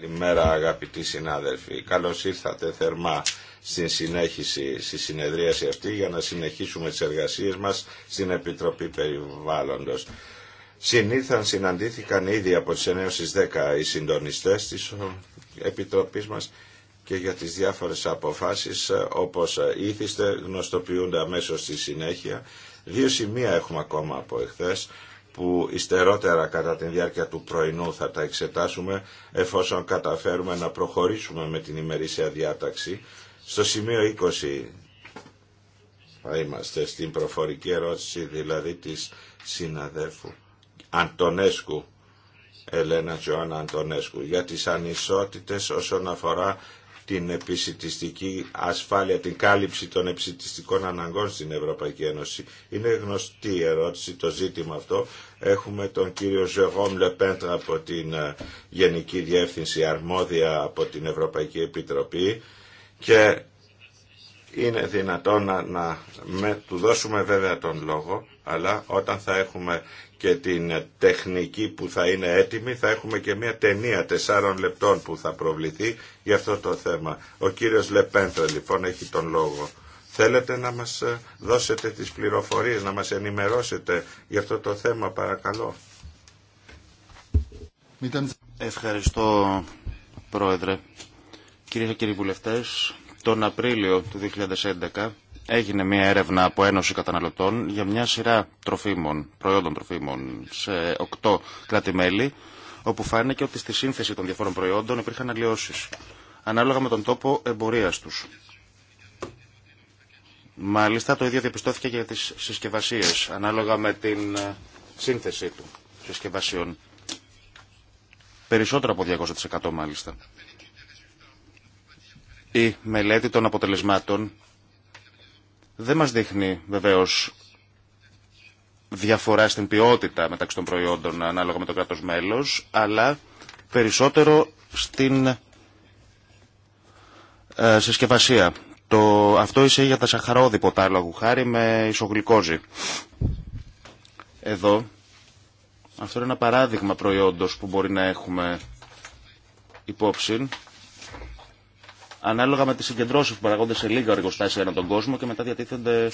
Καλημέρα αγαπητοί συνάδελφοι. Καλώς ήρθατε θερμά στην συνέχιση, στη συνεδρίαση αυτή για να συνεχίσουμε τις εργασίες μας στην Επιτροπή Περιβάλλοντος. Συνήθαν συναντήθηκαν ήδη από τις 9 στις 10 οι συντονιστές της Επιτροπής μας και για τις διάφορες αποφάσεις όπως ήθιστε γνωστοποιούνται αμέσως στη συνέχεια. Δύο σημεία έχουμε ακόμα από εχθές που ιστερότερα κατά τη διάρκεια του πρωινού θα τα εξετάσουμε εφόσον καταφέρουμε να προχωρήσουμε με την ημερήσια διάταξη. Στο σημείο 20 θα είμαστε στην προφορική ερώτηση δηλαδή της συναδέφου Αντωνέσκου Ελένα Τζοάννα Αντωνέσκου για τις ανισότητες όσον αφορά την επισητιστική ασφάλεια, την κάλυψη των επισητιστικών αναγκών στην Ευρωπαϊκή Ένωση. Είναι γνωστή η ερώτηση, το ζήτημα αυτό. Έχουμε τον κύριο Ζεγόμ Λεπέντρα από την ε, Γενική Διεύθυνση Αρμόδια από την Ευρωπαϊκή Επιτροπή και είναι δυνατόν να, του δώσουμε βέβαια τον λόγο, αλλά όταν θα έχουμε και την τεχνική που θα είναι έτοιμη θα έχουμε και μια ταινία τεσσάρων λεπτών που θα προβληθεί για αυτό το θέμα. Ο κύριος Λεπένθρα λοιπόν έχει τον λόγο. Θέλετε να μας ε, δώσετε τις πληροφορίες, να μας ενημερώσετε για αυτό το θέμα παρακαλώ. Ευχαριστώ Πρόεδρε. Κυρίες και κύριοι βουλευτές, τον Απρίλιο του 2011 έγινε μια έρευνα από Ένωση Καταναλωτών για μια σειρά τροφίμων, προϊόντων τροφίμων σε οκτώ κράτη-μέλη, όπου φάνηκε ότι στη σύνθεση των διαφόρων προϊόντων υπήρχαν αλλοιώσει, ανάλογα με τον τόπο εμπορία τους. Μάλιστα το ίδιο διαπιστώθηκε για τις συσκευασίες, ανάλογα με την ε, σύνθεσή του συσκευασιών. Περισσότερο από 200% μάλιστα. Η μελέτη των αποτελεσμάτων δεν μας δείχνει βεβαίως διαφορά στην ποιότητα μεταξύ των προϊόντων ανάλογα με το κράτος μέλος, αλλά περισσότερο στην ε, συσκευασία. Το, αυτό είσαι για τα σαχαρόδι ποτάλογου, χάρη με ισογλυκόζη. Εδώ, αυτό είναι ένα παράδειγμα προϊόντος που μπορεί να έχουμε υπόψη ανάλογα με τις συγκεντρώσει που παραγόνται σε λίγα εργοστάσια ανά τον κόσμο και μετά διατίθενται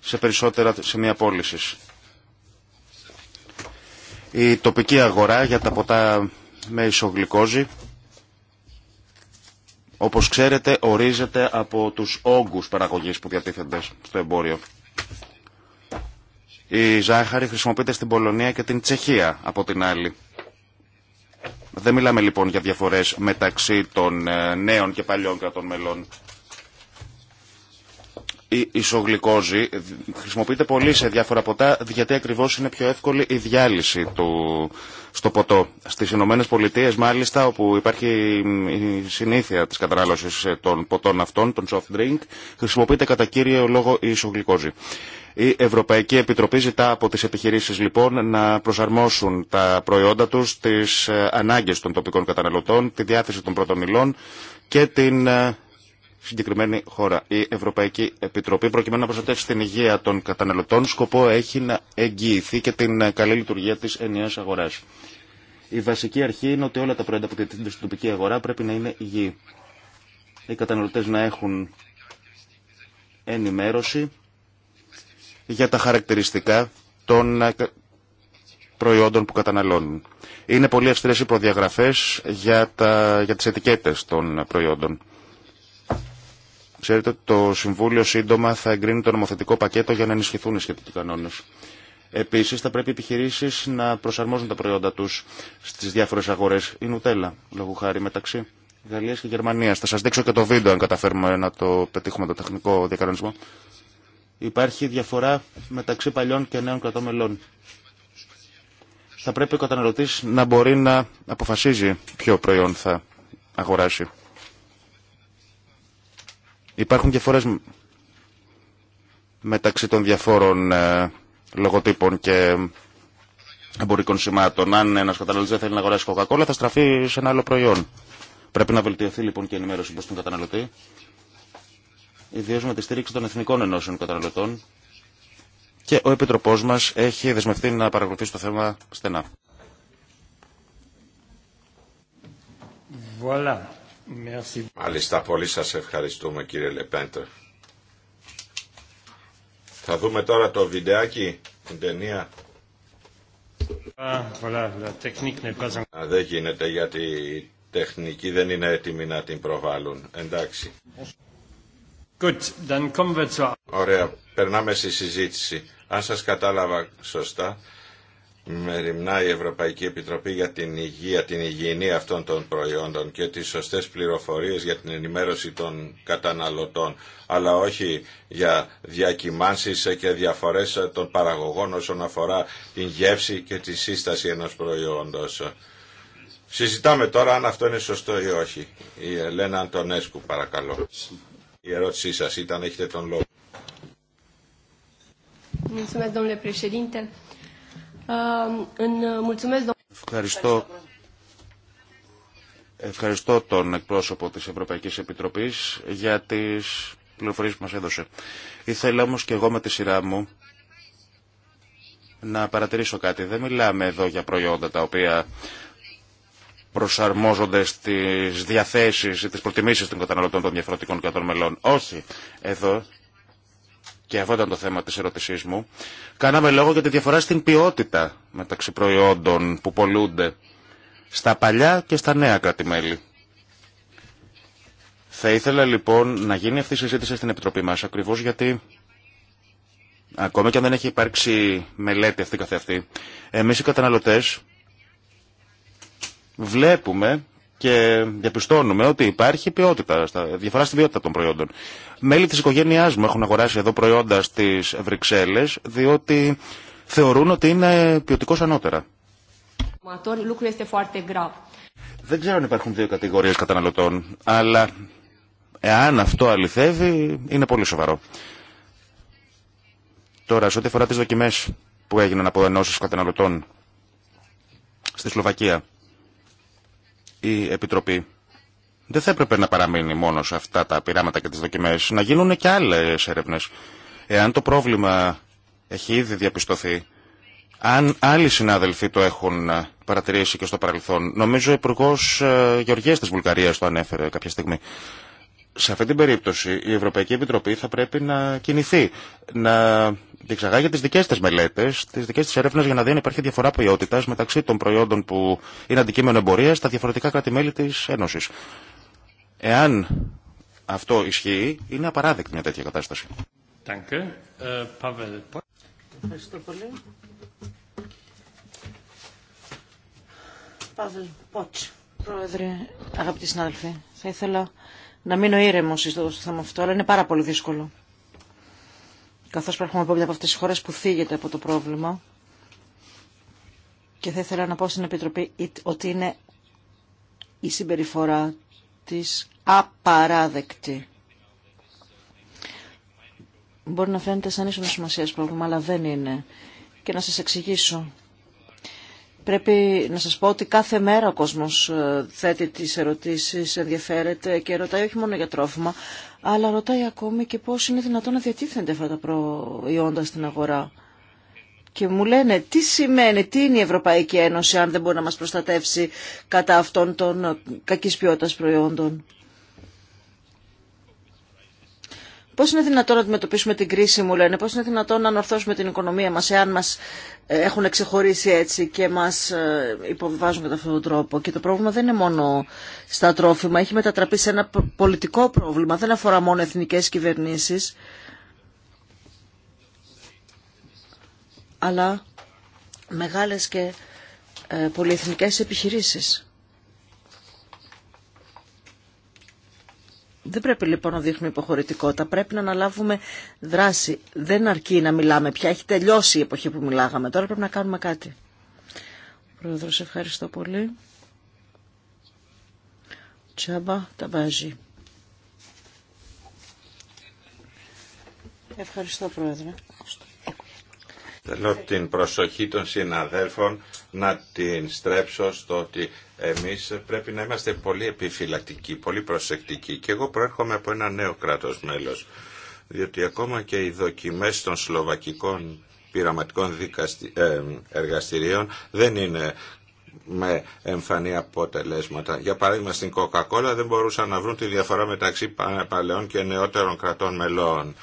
σε περισσότερα σημεία πώληση. Η τοπική αγορά για τα ποτά με ισογλυκόζη όπως ξέρετε ορίζεται από τους όγκους παραγωγής που διατίθενται στο εμπόριο. Η ζάχαρη χρησιμοποιείται στην Πολωνία και την Τσεχία από την άλλη. Δεν μιλάμε λοιπόν για διαφορές μεταξύ των ε, νέων και παλιών κρατών μελών. Η ισογλυκόζη χρησιμοποιείται πολύ σε διάφορα ποτά γιατί ακριβώς είναι πιο εύκολη η διάλυση του, στο ποτό. Στις Ηνωμένε Πολιτείες μάλιστα όπου υπάρχει η συνήθεια της κατανάλωσης ε, των ποτών αυτών, των soft drink, χρησιμοποιείται κατά κύριο λόγο η ισογλυκόζη. Η Ευρωπαϊκή Επιτροπή ζητά από τις επιχειρήσεις λοιπόν να προσαρμόσουν τα προϊόντα τους στις ε, ανάγκες των τοπικών καταναλωτών, τη διάθεση των πρώτων και την ε, συγκεκριμένη χώρα. Η Ευρωπαϊκή Επιτροπή, προκειμένου να προστατεύσει την υγεία των καταναλωτών, σκοπό έχει να εγγυηθεί και την καλή λειτουργία τη ενιαία αγορά. Η βασική αρχή είναι ότι όλα τα προϊόντα που διατίθενται στην τοπική αγορά πρέπει να είναι υγιή. Οι καταναλωτέ να έχουν ενημέρωση για τα χαρακτηριστικά των προϊόντων που καταναλώνουν. Είναι πολύ αυστηρές οι προδιαγραφές για, τα, για τις ετικέτες των προϊόντων. Ξέρετε ότι το Συμβούλιο σύντομα θα εγκρίνει το νομοθετικό πακέτο για να ενισχυθούν οι σχετικοί κανόνε. Επίση, θα πρέπει οι επιχειρήσει να προσαρμόζουν τα προϊόντα του στι διάφορε αγορέ. Η Νουτέλα, λόγω χάρη, μεταξύ Γαλλία και Γερμανία. Θα σα δείξω και το βίντεο, αν καταφέρουμε να το πετύχουμε το τεχνικό διακανονισμό. Υπάρχει διαφορά μεταξύ παλιών και νέων κρατών μελών. Θα πρέπει ο καταναλωτή να μπορεί να αποφασίζει ποιο προϊόν θα αγοράσει. Υπάρχουν φορές μεταξύ των διαφόρων ε, λογοτύπων και εμπορικών σημάτων. Αν ένας καταναλωτής δεν θέλει να αγορασει κοκακόλα θα στραφεί σε ένα άλλο προϊόν. Πρέπει να βελτιωθεί λοιπόν και η ενημέρωση προς τον καταναλωτή, Ιδιώς με τη στήριξη των εθνικών ενώσεων καταναλωτών. Και ο Επιτροπός μας έχει δεσμευτεί να παρακολουθήσει το θέμα στενά. Voilà. Μάλιστα, πολύ σας ευχαριστούμε κύριε Λεπέντρ. Θα δούμε τώρα το βιντεάκι, την ταινία. δεν γίνεται γιατί η τεχνική δεν είναι έτοιμη να την προβάλλουν. Εντάξει. Good, Ωραία, περνάμε στη συζήτηση. Αν σας κατάλαβα σωστά, μεριμνά η Ευρωπαϊκή Επιτροπή για την υγεία, την υγιεινή αυτών των προϊόντων και τις σωστές πληροφορίες για την ενημέρωση των καταναλωτών, αλλά όχι για διακυμάνσεις και διαφορές των παραγωγών όσον αφορά την γεύση και τη σύσταση ενός προϊόντος. Συζητάμε τώρα αν αυτό είναι σωστό ή όχι. Η Ελένα Αντωνέσκου παρακαλώ. Η ερώτησή σας ήταν, έχετε τον λόγο. Ευχαριστώ. Ευχαριστώ τον εκπρόσωπο της Ευρωπαϊκής Επιτροπής για τις πληροφορίες που μας έδωσε. Ήθελα όμως και εγώ με τη σειρά μου να παρατηρήσω κάτι. Δεν μιλάμε εδώ για προϊόντα τα οποία προσαρμόζονται στις διαθέσεις ή τις προτιμήσεις των καταναλωτών των διαφορετικών κρατών μελών. Όχι. Εδώ και αυτό ήταν το θέμα της ερώτησής μου, κάναμε λόγο για τη διαφορά στην ποιότητα μεταξύ προϊόντων που πολλούνται στα παλιά και στα νέα κράτη-μέλη. Θα ήθελα λοιπόν να γίνει αυτή η συζήτηση στην Επιτροπή μας, ακριβώς γιατί ακόμα και αν δεν έχει υπάρξει μελέτη αυτή καθεαυτή, εμείς οι καταναλωτές βλέπουμε και διαπιστώνουμε ότι υπάρχει ποιότητα, διαφορά στην ποιότητα των προϊόντων. Μέλη της οικογένειάς μου έχουν αγοράσει εδώ προϊόντα στις Βρυξέλλες, διότι θεωρούν ότι είναι ποιοτικό ανώτερα. Δεν ξέρω αν υπάρχουν δύο κατηγορίες καταναλωτών, αλλά εάν αυτό αληθεύει είναι πολύ σοβαρό. Τώρα, σε ό,τι αφορά τις δοκιμές που έγιναν από ενώσεις καταναλωτών στη Σλοβακία, η Επιτροπή δεν θα έπρεπε να παραμείνει μόνο σε αυτά τα πειράματα και τις δοκιμές, να γίνουν και άλλες έρευνες. Εάν το πρόβλημα έχει ήδη διαπιστωθεί, αν άλλοι συνάδελφοι το έχουν παρατηρήσει και στο παρελθόν, νομίζω ο Υπουργό ε, Γεωργία τη Βουλγαρία το ανέφερε κάποια στιγμή. Σε αυτή την περίπτωση η Ευρωπαϊκή Επιτροπή θα πρέπει να κινηθεί, να διεξαγάγει τι δικέ τη μελέτε, τι δικέ τη έρευνε για να δει αν υπάρχει διαφορά ποιότητα μεταξύ των προϊόντων που είναι αντικείμενο εμπορία στα διαφορετικά κράτη-μέλη τη Ένωση. Εάν αυτό ισχύει, είναι απαράδεκτη μια τέτοια κατάσταση. Ε, Ευχαριστώ πολύ. Παύλ Πότς, Πρόεδρε, αγαπητοί συνάδελφοι, θα ήθελα να μείνω ήρεμο στο θέμα αυτό, αλλά είναι πάρα πολύ δύσκολο καθώς πρέπει να μια από αυτές τις χώρες που θίγεται από το πρόβλημα και θα ήθελα να πω στην Επιτροπή ότι είναι η συμπεριφορά της απαράδεκτη. Μπορεί να φαίνεται σαν ίσονο σημασία πρόβλημα, αλλά δεν είναι. Και να σας εξηγήσω. Πρέπει να σας πω ότι κάθε μέρα ο κόσμος ε, θέτει τις ερωτήσεις, ενδιαφέρεται και ρωτάει όχι μόνο για τρόφιμα, αλλά ρωτάει ακόμη και πώς είναι δυνατόν να διατίθενται αυτά τα προϊόντα στην αγορά. Και μου λένε τι σημαίνει, τι είναι η Ευρωπαϊκή Ένωση αν δεν μπορεί να μας προστατεύσει κατά αυτών των κακής ποιότητας προϊόντων. Πώ είναι δυνατόν να αντιμετωπίσουμε την κρίση, μου λένε, πώ είναι δυνατόν να ανορθώσουμε την οικονομία μα, εάν μα ε, έχουν ξεχωρίσει έτσι και μα ε, υποβιβάζουν κατά αυτόν τον τρόπο. Και το πρόβλημα δεν είναι μόνο στα τρόφιμα, έχει μετατραπεί σε ένα πολιτικό πρόβλημα. Δεν αφορά μόνο εθνικέ κυβερνήσει, αλλά μεγάλε και ε, πολυεθνικέ επιχειρήσει. Δεν πρέπει λοιπόν να δείχνουμε υποχωρητικότητα, πρέπει να αναλάβουμε δράση. Δεν αρκεί να μιλάμε πια, έχει τελειώσει η εποχή που μιλάγαμε, τώρα πρέπει να κάνουμε κάτι. Πρόεδρος, ευχαριστώ πολύ. Τσάμπα βάζει. Ευχαριστώ, Πρόεδρε. Ευχαριστώ. Θέλω την προσοχή των συναδέλφων να την στρέψω στο ότι εμείς πρέπει να είμαστε πολύ επιφυλακτικοί, πολύ προσεκτικοί. Και εγώ προέρχομαι από ένα νέο κράτος μέλος, διότι ακόμα και οι δοκιμές των σλοβακικών πειραματικών δικαστη... Ε, εργαστηρίων δεν είναι με εμφανή αποτελέσματα. Για παράδειγμα στην Coca-Cola δεν μπορούσαν να βρουν τη διαφορά μεταξύ παλαιών και νεότερων κρατών μελών.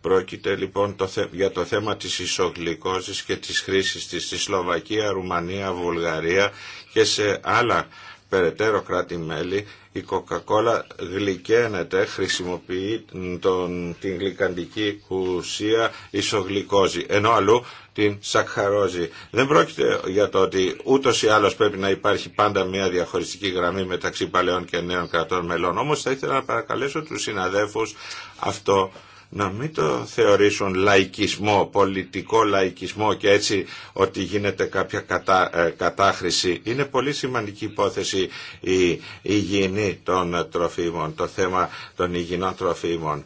Πρόκειται λοιπόν το για το θέμα της ισογλυκόζης και της χρήσης της στη Σλοβακία, Ρουμανία, Βουλγαρία και σε άλλα περαιτέρω κράτη-μέλη η Coca-Cola γλυκαίνεται, χρησιμοποιεί τον, την γλυκαντική ουσία ισογλυκόζη, ενώ αλλού την σακχαρόζη. Δεν πρόκειται για το ότι ούτως ή άλλως πρέπει να υπάρχει πάντα μια διαχωριστική γραμμή μεταξύ παλαιών και νέων κρατών μελών. Όμως θα ήθελα να παρακαλέσω τους συναδέλφους αυτό να μην το θεωρήσουν λαϊκισμό, πολιτικό λαϊκισμό και έτσι ότι γίνεται κάποια κατά, ε, κατάχρηση. Είναι πολύ σημαντική υπόθεση η υγιεινή των τροφίμων, το θέμα των υγιεινών τροφίμων.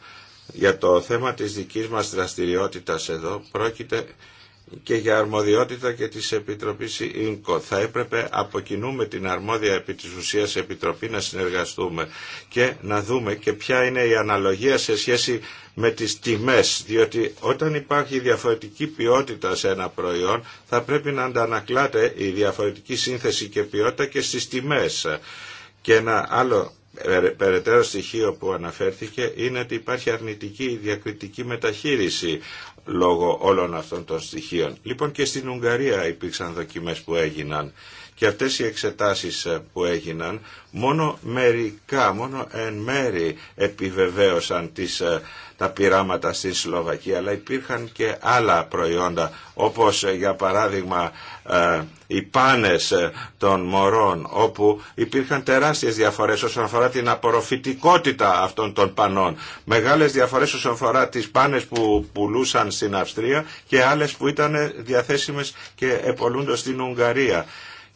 Για το θέμα της δικής μας δραστηριότητας εδώ πρόκειται και για αρμοδιότητα και της Επιτροπής ΙΝΚΟ. Θα έπρεπε από την αρμόδια επί της ουσίας Επιτροπή να συνεργαστούμε και να δούμε και ποια είναι η αναλογία σε σχέση με τις τιμές, διότι όταν υπάρχει διαφορετική ποιότητα σε ένα προϊόν θα πρέπει να αντανακλάται η διαφορετική σύνθεση και ποιότητα και στις τιμές. Και ένα άλλο περαιτέρω στοιχείο που αναφέρθηκε είναι ότι υπάρχει αρνητική διακριτική μεταχείριση λόγω όλων αυτών των στοιχείων. Λοιπόν και στην Ουγγαρία υπήρξαν δοκιμές που έγιναν και αυτές οι εξετάσεις ε, που έγιναν μόνο μερικά, μόνο εν μέρη επιβεβαίωσαν τις, ε, τα πειράματα στη Σλοβακία, αλλά υπήρχαν και άλλα προϊόντα, όπως ε, για παράδειγμα οι πάνες των μωρών, όπου υπήρχαν τεράστιες διαφορές όσον αφορά την απορροφητικότητα αυτών των πανών. Μεγάλες διαφορές όσον αφορά τις πάνες που πουλούσαν στην Αυστρία και άλλες που ήταν διαθέσιμες και επολούντος στην Ουγγαρία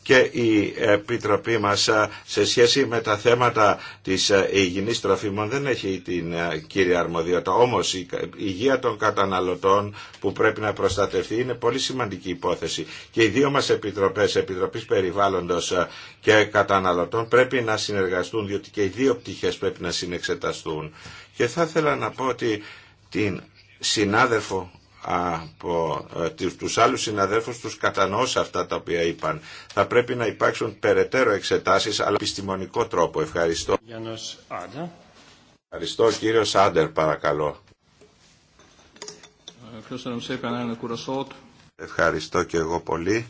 και η Επιτροπή μας σε σχέση με τα θέματα της υγιεινής τροφίμων δεν έχει την κύρια αρμοδιότητα. Όμως η υγεία των καταναλωτών που πρέπει να προστατευτεί είναι πολύ σημαντική υπόθεση. Και οι δύο μας επιτροπές, Επιτροπής Περιβάλλοντος και Καταναλωτών πρέπει να συνεργαστούν διότι και οι δύο πτυχές πρέπει να συνεξεταστούν. Και θα ήθελα να πω ότι την συνάδελφο από ε, τους άλλους συναδέλφους τους κατανοώ σε αυτά τα οποία είπαν. Θα πρέπει να υπάρξουν περαιτέρω εξετάσεις αλλά επιστημονικό τρόπο. Ευχαριστώ. Ευχαριστώ κύριο Άντερ παρακαλώ. Ευχαριστώ και εγώ πολύ.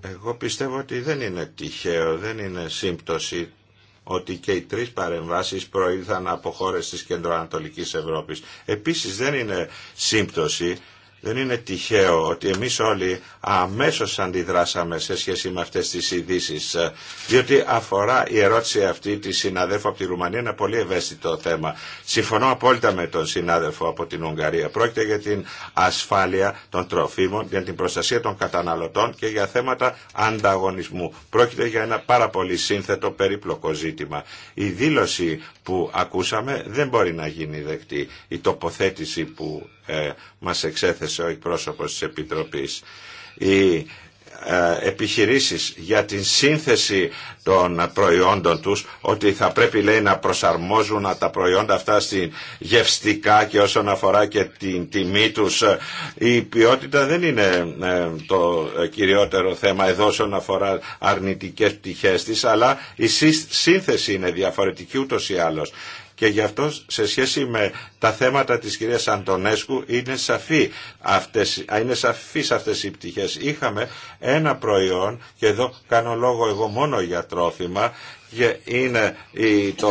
Εγώ πιστεύω ότι δεν είναι τυχαίο, δεν είναι σύμπτωση ότι και οι τρεις παρεμβάσεις προήλθαν από χώρες της Κεντροανατολικής Ευρώπης. Επίσης δεν είναι σύμπτωση δεν είναι τυχαίο ότι εμείς όλοι αμέσως αντιδράσαμε σε σχέση με αυτές τις ειδήσει, διότι αφορά η ερώτηση αυτή τη συναδέλφου από τη Ρουμανία ένα πολύ ευαίσθητο θέμα. Συμφωνώ απόλυτα με τον συνάδελφο από την Ουγγαρία. Πρόκειται για την ασφάλεια των τροφίμων, για την προστασία των καταναλωτών και για θέματα ανταγωνισμού. Πρόκειται για ένα πάρα πολύ σύνθετο περίπλοκο ζήτημα. Η δήλωση που ακούσαμε δεν μπορεί να γίνει δεκτή η τοποθέτηση που ε, μας εξέθεσε ο εκπρόσωπος της Επιτροπής. Η ε, επιχειρήσεις για την σύνθεση των προϊόντων τους ότι θα πρέπει λέει να προσαρμόζουν τα προϊόντα αυτά στη γευστικά και όσον αφορά και την τιμή τους ε, η ποιότητα δεν είναι ε, το κυριότερο θέμα εδώ όσον αφορά αρνητικές πτυχές της αλλά η σύνθεση είναι διαφορετική ούτως ή άλλως και γι' αυτό σε σχέση με τα θέματα της κυρίας Αντωνέσκου είναι, σαφή αυτές, είναι σαφείς αυτές οι πτυχές. Είχαμε ένα προϊόν και εδώ κάνω λόγο εγώ μόνο για τρόφιμα είναι η, το,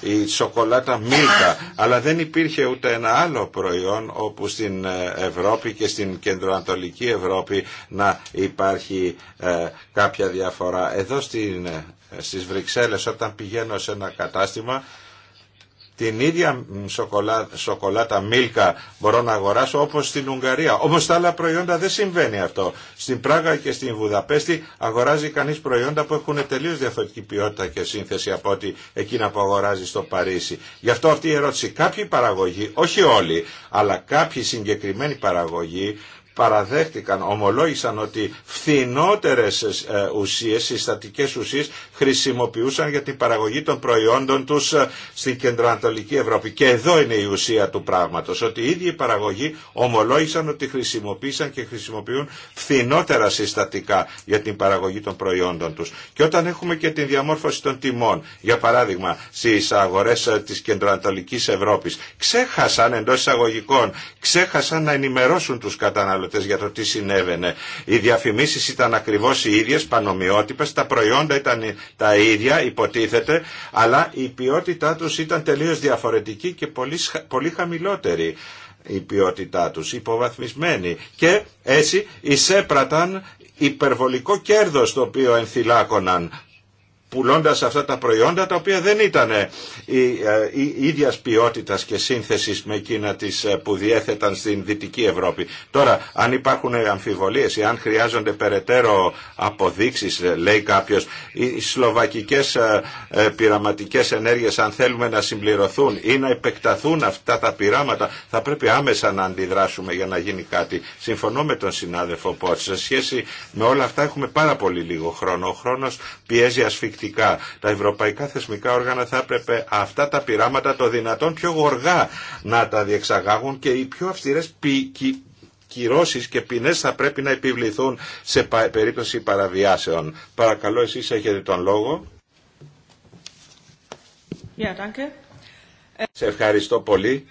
η σοκολάτα Μίλκα αλλά δεν υπήρχε ούτε ένα άλλο προϊόν όπου στην ε, Ευρώπη και στην κεντροανατολική Ευρώπη να υπάρχει ε, κάποια διαφορά. Εδώ στην ε, στις Βρυξέλλες όταν πηγαίνω σε ένα κατάστημα την ίδια σοκολάτα μίλκα μπορώ να αγοράσω όπως στην Ουγγαρία. Όμως τα άλλα προϊόντα δεν συμβαίνει αυτό. Στην Πράγα και στην Βουδαπέστη αγοράζει κανείς προϊόντα που έχουν τελείως διαφορετική ποιότητα και σύνθεση από ότι εκείνα που αγοράζει στο Παρίσι. Γι' αυτό αυτή η ερώτηση. Κάποιοι παραγωγοί, όχι όλοι, αλλά κάποιοι συγκεκριμένοι παραγωγοί παραδέχτηκαν, ομολόγησαν ότι φθηνότερες ε, ουσίες, συστατικές ουσίες χρησιμοποιούσαν για την παραγωγή των προϊόντων τους ε, στην κεντροανατολική Ευρώπη. Και εδώ είναι η ουσία του πράγματος, ότι οι ίδιοι οι παραγωγοί ομολόγησαν ότι χρησιμοποίησαν και χρησιμοποιούν φθηνότερα συστατικά για την παραγωγή των προϊόντων τους. Και όταν έχουμε και την διαμόρφωση των τιμών, για παράδειγμα στις αγορές ε, της κεντροανατολικής Ευρώπης, ξέχασαν εντός εισαγωγικών, ξέχασαν να ενημερώσουν τους καταναλωτές για το Οι διαφημίσεις ήταν ακριβώς οι ίδιες, πανομοιότυπες, τα προϊόντα ήταν τα ίδια υποτίθεται, αλλά η ποιότητά τους ήταν τελείως διαφορετική και πολύ, πολύ χαμηλότερη η ποιότητά τους, υποβαθμισμένη και έτσι εισέπραταν υπερβολικό κέρδος το οποίο ενθυλάκωναν πουλώντας αυτά τα προϊόντα τα οποία δεν ήταν ε, η, ε, η ίδιας ποιότητας και σύνθεσης με εκείνα ε, που διέθεταν στην Δυτική Ευρώπη. Τώρα, αν υπάρχουν αμφιβολίες ή αν χρειάζονται περαιτέρω αποδείξεις, λέει κάποιος, οι σλοβακικές πειραματικές ενέργειες αν θέλουμε να συμπληρωθούν ή να επεκταθούν αυτά τα πειράματα, θα πρέπει άμεσα να αντιδράσουμε για να γίνει κάτι. Συμφωνώ με τον συνάδελφο Πότς. Σε σχέση με όλα αυτά έχουμε πάρα πολύ λίγο χρόνο. χρόνος πιέζει ασφικτή τα ευρωπαϊκά θεσμικά όργανα θα έπρεπε αυτά τα πειράματα το δυνατόν πιο γοργά να τα διεξαγάγουν και οι πιο αυστηρές κυρώσεις και ποινές θα πρέπει να επιβληθούν σε περίπτωση παραβιάσεων. Παρακαλώ εσείς έχετε τον λόγο. Σε ευχαριστώ πολύ.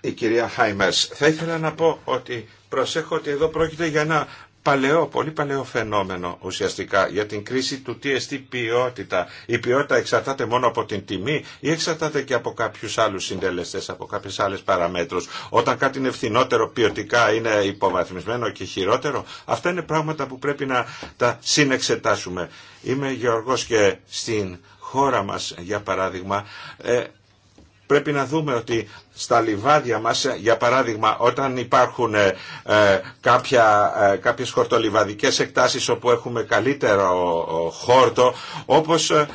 Η κυρία Χάιμες θα ήθελα να πω ότι προσέχω ότι εδώ πρόκειται για ένα παλαιό, πολύ παλαιό φαινόμενο ουσιαστικά για την κρίση του τι εστί ποιότητα. Η ποιότητα εξαρτάται μόνο από την τιμή ή εξαρτάται και από κάποιους άλλους συντελεστές, από κάποιες άλλες παραμέτρους. Όταν κάτι είναι φθηνότερο ποιοτικά είναι υποβαθμισμένο και χειρότερο, αυτά είναι πράγματα που πρέπει να τα συνεξετάσουμε. Είμαι Γεωργός και στην χώρα μας για παράδειγμα ε, πρέπει να δούμε ότι στα λιβάδια μας, ε, για παράδειγμα, όταν υπάρχουν ε, ε, κάποια, ε, κάποιες χορτολιβαδικές εκτάσεις όπου έχουμε καλύτερο χόρτο, όπως ε,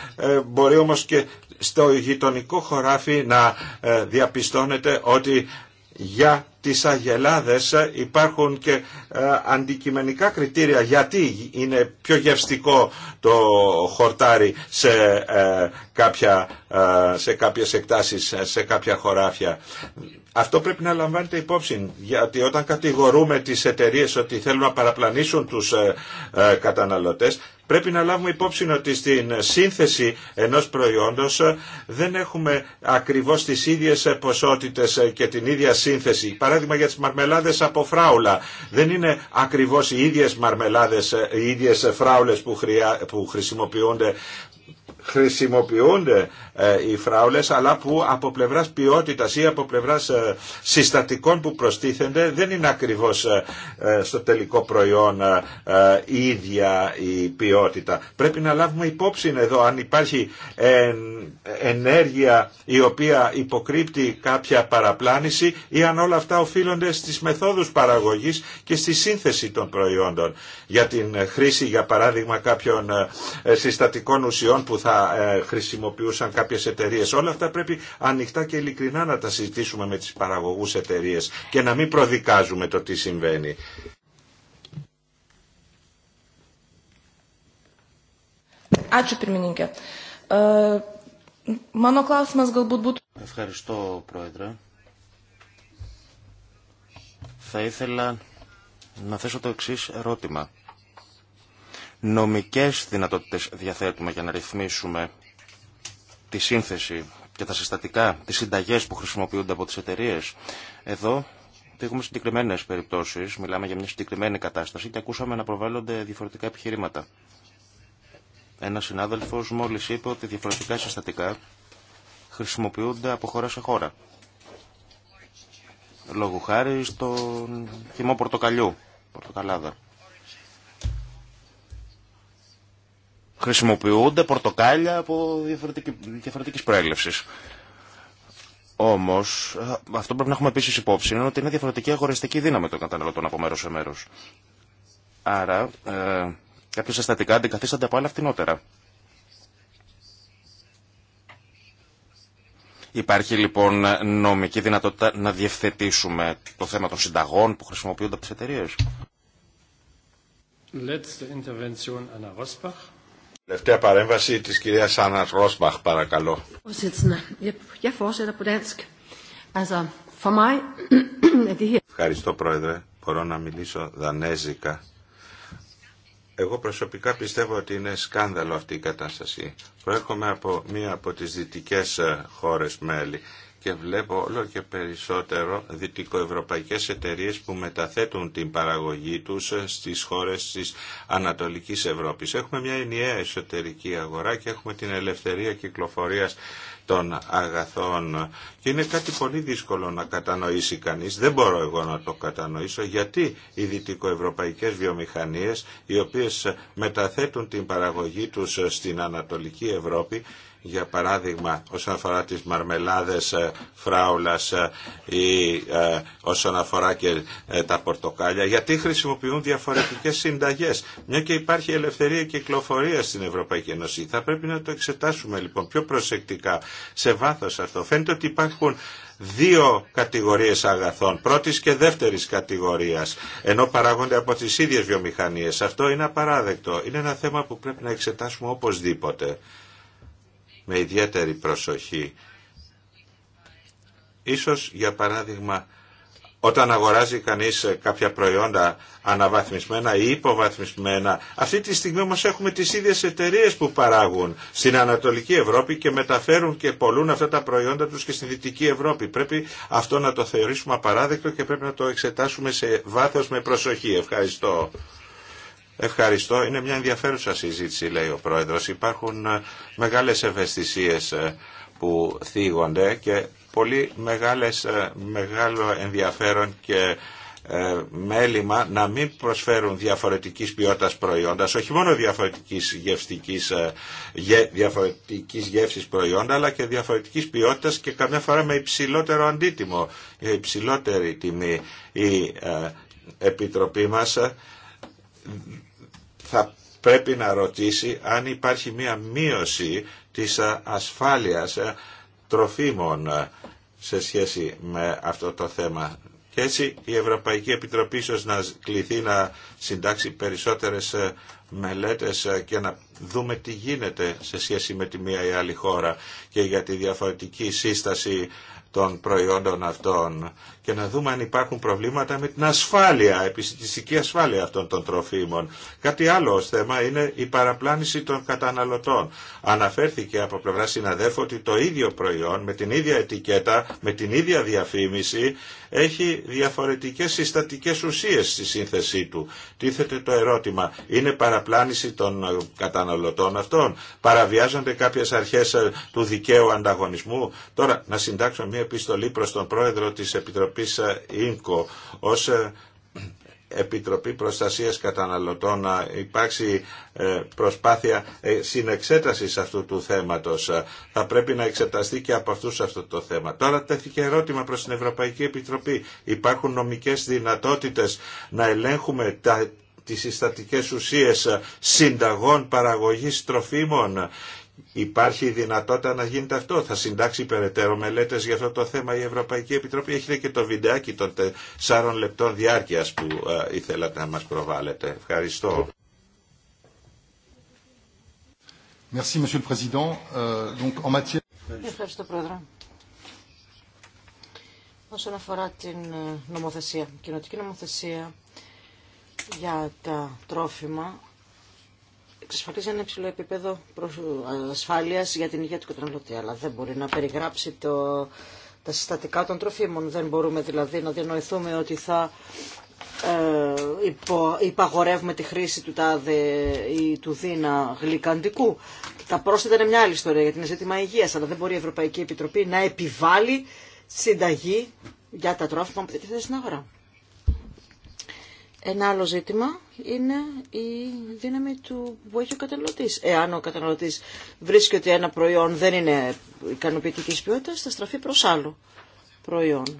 μπορεί όμως και στο γειτονικό χωράφι να διαπιστώνεται ότι για τις αγελάδες ε, υπάρχουν και ε, αντικειμενικά κριτήρια γιατί είναι πιο γευστικό το χορτάρι σε, ε, κάποια, σε κάποιες εκτάσεις, σε κάποια χωράφια. Αυτό πρέπει να λαμβάνετε υπόψη, γιατί όταν κατηγορούμε τις εταιρείε ότι θέλουν να παραπλανήσουν τους καταναλωτές, πρέπει να λάβουμε υπόψη ότι στην σύνθεση ενός προϊόντος δεν έχουμε ακριβώς τις ίδιες ποσότητες και την ίδια σύνθεση παράδειγμα για τις μαρμελάδες από φράουλα. Δεν είναι ακριβώς οι ίδιες μαρμελάδες, ε, οι ίδιες φράουλες που, χρησιμοποιούνται χρησιμοποιούνται ε, οι φράουλες αλλά που από πλευράς ποιότητας ή από πλευράς ε, συστατικών που προστίθενται δεν είναι ακριβώς ε, στο τελικό προϊόν η ίδια η ποιότητα. Πρέπει να λάβουμε υπόψη εδώ αν υπάρχει ενέργεια η οποία υποκρύπτει κάποια παραπλάνηση ή αν όλα αυτά οφείλονται στις μεθόδους παραγωγής και στη σύνθεση των προϊόντων για την χρήση για παράδειγμα κάποιων συστατικών ουσιών που θα ε, χρησιμοποιούσαν κάποιες εταιρείες. Όλα αυτά πρέπει ανοιχτά και ειλικρινά να τα συζητήσουμε με τις παραγωγούς εταιρείες και να μην προδικάζουμε το τι συμβαίνει. Ε, Ευχαριστώ, Πρόεδρε. Θα ήθελα να θέσω το εξής ερώτημα νομικές δυνατότητες διαθέτουμε για να ρυθμίσουμε τη σύνθεση και τα συστατικά, τις συνταγές που χρησιμοποιούνται από τις εταιρείε. Εδώ έχουμε συγκεκριμένε περιπτώσεις, μιλάμε για μια συγκεκριμένη κατάσταση και ακούσαμε να προβάλλονται διαφορετικά επιχειρήματα. Ένα συνάδελφος μόλις είπε ότι διαφορετικά συστατικά χρησιμοποιούνται από χώρα σε χώρα. Λόγω χάρη στον χυμό πορτοκαλιού, πορτοκαλάδα. χρησιμοποιούνται πορτοκάλια από διαφορετική, διαφορετικής προέλευσης. Όμω, ε, αυτό πρέπει να έχουμε επίση υπόψη είναι ότι είναι διαφορετική αγοραστική δύναμη των καταναλωτών από μέρο σε μέρο. Άρα, ε, κάποια συστατικά αντικαθίστανται από άλλα φτηνότερα. Υπάρχει λοιπόν νομική δυνατότητα να διευθετήσουμε το θέμα των συνταγών που χρησιμοποιούνται από τι εταιρείε. Τελευταία παρέμβαση της κυρίας Άννα Ρόσμπαχ, παρακαλώ. Ευχαριστώ, Πρόεδρε. Μπορώ να μιλήσω δανέζικα. Εγώ προσωπικά πιστεύω ότι είναι σκάνδαλο αυτή η κατάσταση. Προέρχομαι από μία από τις δυτικές ε, χώρες μέλη και βλέπω όλο και περισσότερο δυτικοευρωπαϊκές εταιρείες που μεταθέτουν την παραγωγή τους στις χώρες της Ανατολικής Ευρώπης. Έχουμε μια ενιαία εσωτερική αγορά και έχουμε την ελευθερία κυκλοφορίας των αγαθών και είναι κάτι πολύ δύσκολο να κατανοήσει κανείς, δεν μπορώ εγώ να το κατανοήσω γιατί οι δυτικοευρωπαϊκές βιομηχανίες οι οποίες μεταθέτουν την παραγωγή τους στην Ανατολική Ευρώπη για παράδειγμα όσον αφορά τις μαρμελάδες ε, φράουλας ε, ή ε, όσον αφορά και τα πορτοκάλια, γιατί χρησιμοποιούν διαφορετικές συνταγές. Μια και υπάρχει ελευθερία κυκλοφορία στην Ευρωπαϊκή Ένωση. Θα πρέπει να το εξετάσουμε λοιπόν πιο προσεκτικά σε βάθος αυτό. Φαίνεται ότι υπάρχουν δύο κατηγορίες αγαθών, πρώτης και δεύτερης κατηγορίας, ενώ παράγονται από τις ίδιες βιομηχανίες. Αυτό είναι απαράδεκτο. Είναι ένα θέμα που πρέπει να εξετάσουμε οπωσδήποτε με ιδιαίτερη προσοχή. Ίσως για παράδειγμα όταν αγοράζει κανείς κάποια προϊόντα αναβαθμισμένα ή υποβαθμισμένα. Αυτή τη στιγμή όμως έχουμε τις ίδιες εταιρείε που παράγουν στην Ανατολική Ευρώπη και μεταφέρουν και πολλούν αυτά τα προϊόντα τους και στη Δυτική Ευρώπη. Πρέπει αυτό να το θεωρήσουμε απαράδεκτο και πρέπει να το εξετάσουμε σε βάθος με προσοχή. Ευχαριστώ. Ευχαριστώ. Είναι μια ενδιαφέρουσα συζήτηση, λέει ο Πρόεδρος. Υπάρχουν ε, μεγάλες ευαισθησίες ε, που θίγονται και πολύ μεγάλες, ε, μεγάλο ενδιαφέρον και μέλημα να μην προσφέρουν διαφορετικής ποιότητας προϊόντα, όχι μόνο διαφορετικής, γευστικής, γε, διαφορετικής γεύσης προϊόντα, αλλά και διαφορετικής ποιότητας και καμιά φορά με υψηλότερο αντίτιμο, υψηλότερη τιμή η Επιτροπή μας θα πρέπει να ρωτήσει αν υπάρχει μία μείωση της ασφάλειας τροφίμων σε σχέση με αυτό το θέμα. Και έτσι η Ευρωπαϊκή Επιτροπή ίσως να κληθεί να συντάξει περισσότερες μελέτες και να δούμε τι γίνεται σε σχέση με τη μία ή άλλη χώρα και για τη διαφορετική σύσταση των προϊόντων αυτών και να δούμε αν υπάρχουν προβλήματα με την ασφάλεια, επιστημιστική ασφάλεια αυτών των τροφίμων. Κάτι άλλο ως θέμα είναι η παραπλάνηση των καταναλωτών. Αναφέρθηκε από πλευρά συναδέλφου ότι το ίδιο προϊόν με την ίδια ετικέτα, με την ίδια διαφήμιση έχει διαφορετικές συστατικές ουσίες στη σύνθεσή του. Τίθεται το ερώτημα, είναι παραπλάνηση των ε, καταναλωτών αυτών, παραβιάζονται κάποιες αρχές ε, του δικαίου ανταγωνισμού. Τώρα να συντάξω μια επιστολή προς τον πρόεδρο της Επιτροπής Επιτροπής ε, ΙΝΚΟ ως ε, Επιτροπή Προστασίας Καταναλωτών να υπάρξει ε, προσπάθεια συνεξέτασης αυτού του θέματος. Θα πρέπει να εξεταστεί και από αυτούς αυτό το θέμα. Τώρα τέθηκε ερώτημα προς την Ευρωπαϊκή Επιτροπή. Υπάρχουν νομικές δυνατότητες να ελέγχουμε τα τις συστατικές ουσίες συνταγών παραγωγής τροφίμων Υπάρχει δυνατότητα να γίνεται αυτό. Θα συντάξει περαιτέρω μελέτε για αυτό το θέμα η Ευρωπαϊκή Επιτροπή. Έχετε και το βιντεάκι των τεσσάρων λεπτών διάρκεια που ε, ήθελατε να μα προβάλλετε. Ευχαριστώ. Euh, Ευχαριστώ, Πρόεδρε. Όσον αφορά την ε, νομοθεσία, κοινοτική νομοθεσία για τα τρόφιμα, εξασφαλίζει ένα υψηλό επίπεδο ασφάλειας για την υγεία του καταναλωτή, αλλά δεν μπορεί να περιγράψει το, τα συστατικά των τροφίμων. Δεν μπορούμε δηλαδή να διανοηθούμε ότι θα ε, υπαγορεύουμε τη χρήση του τάδε ή του δίνα γλυκαντικού. Τα πρόσθετα είναι μια άλλη ιστορία γιατί είναι ζήτημα υγείας, αλλά δεν μπορεί η Ευρωπαϊκή ειναι ζητημα υγεια αλλα δεν μπορει η ευρωπαικη επιτροπη να επιβάλλει συνταγή για τα τρόφιμα που διατίθεται στην αγορά. Ένα άλλο ζήτημα είναι η δύναμη του που έχει ο καταναλωτή. Εάν ο καταναλωτή βρίσκει ότι ένα προϊόν δεν είναι ικανοποιητική ποιότητα, θα στραφεί προ άλλο προϊόν.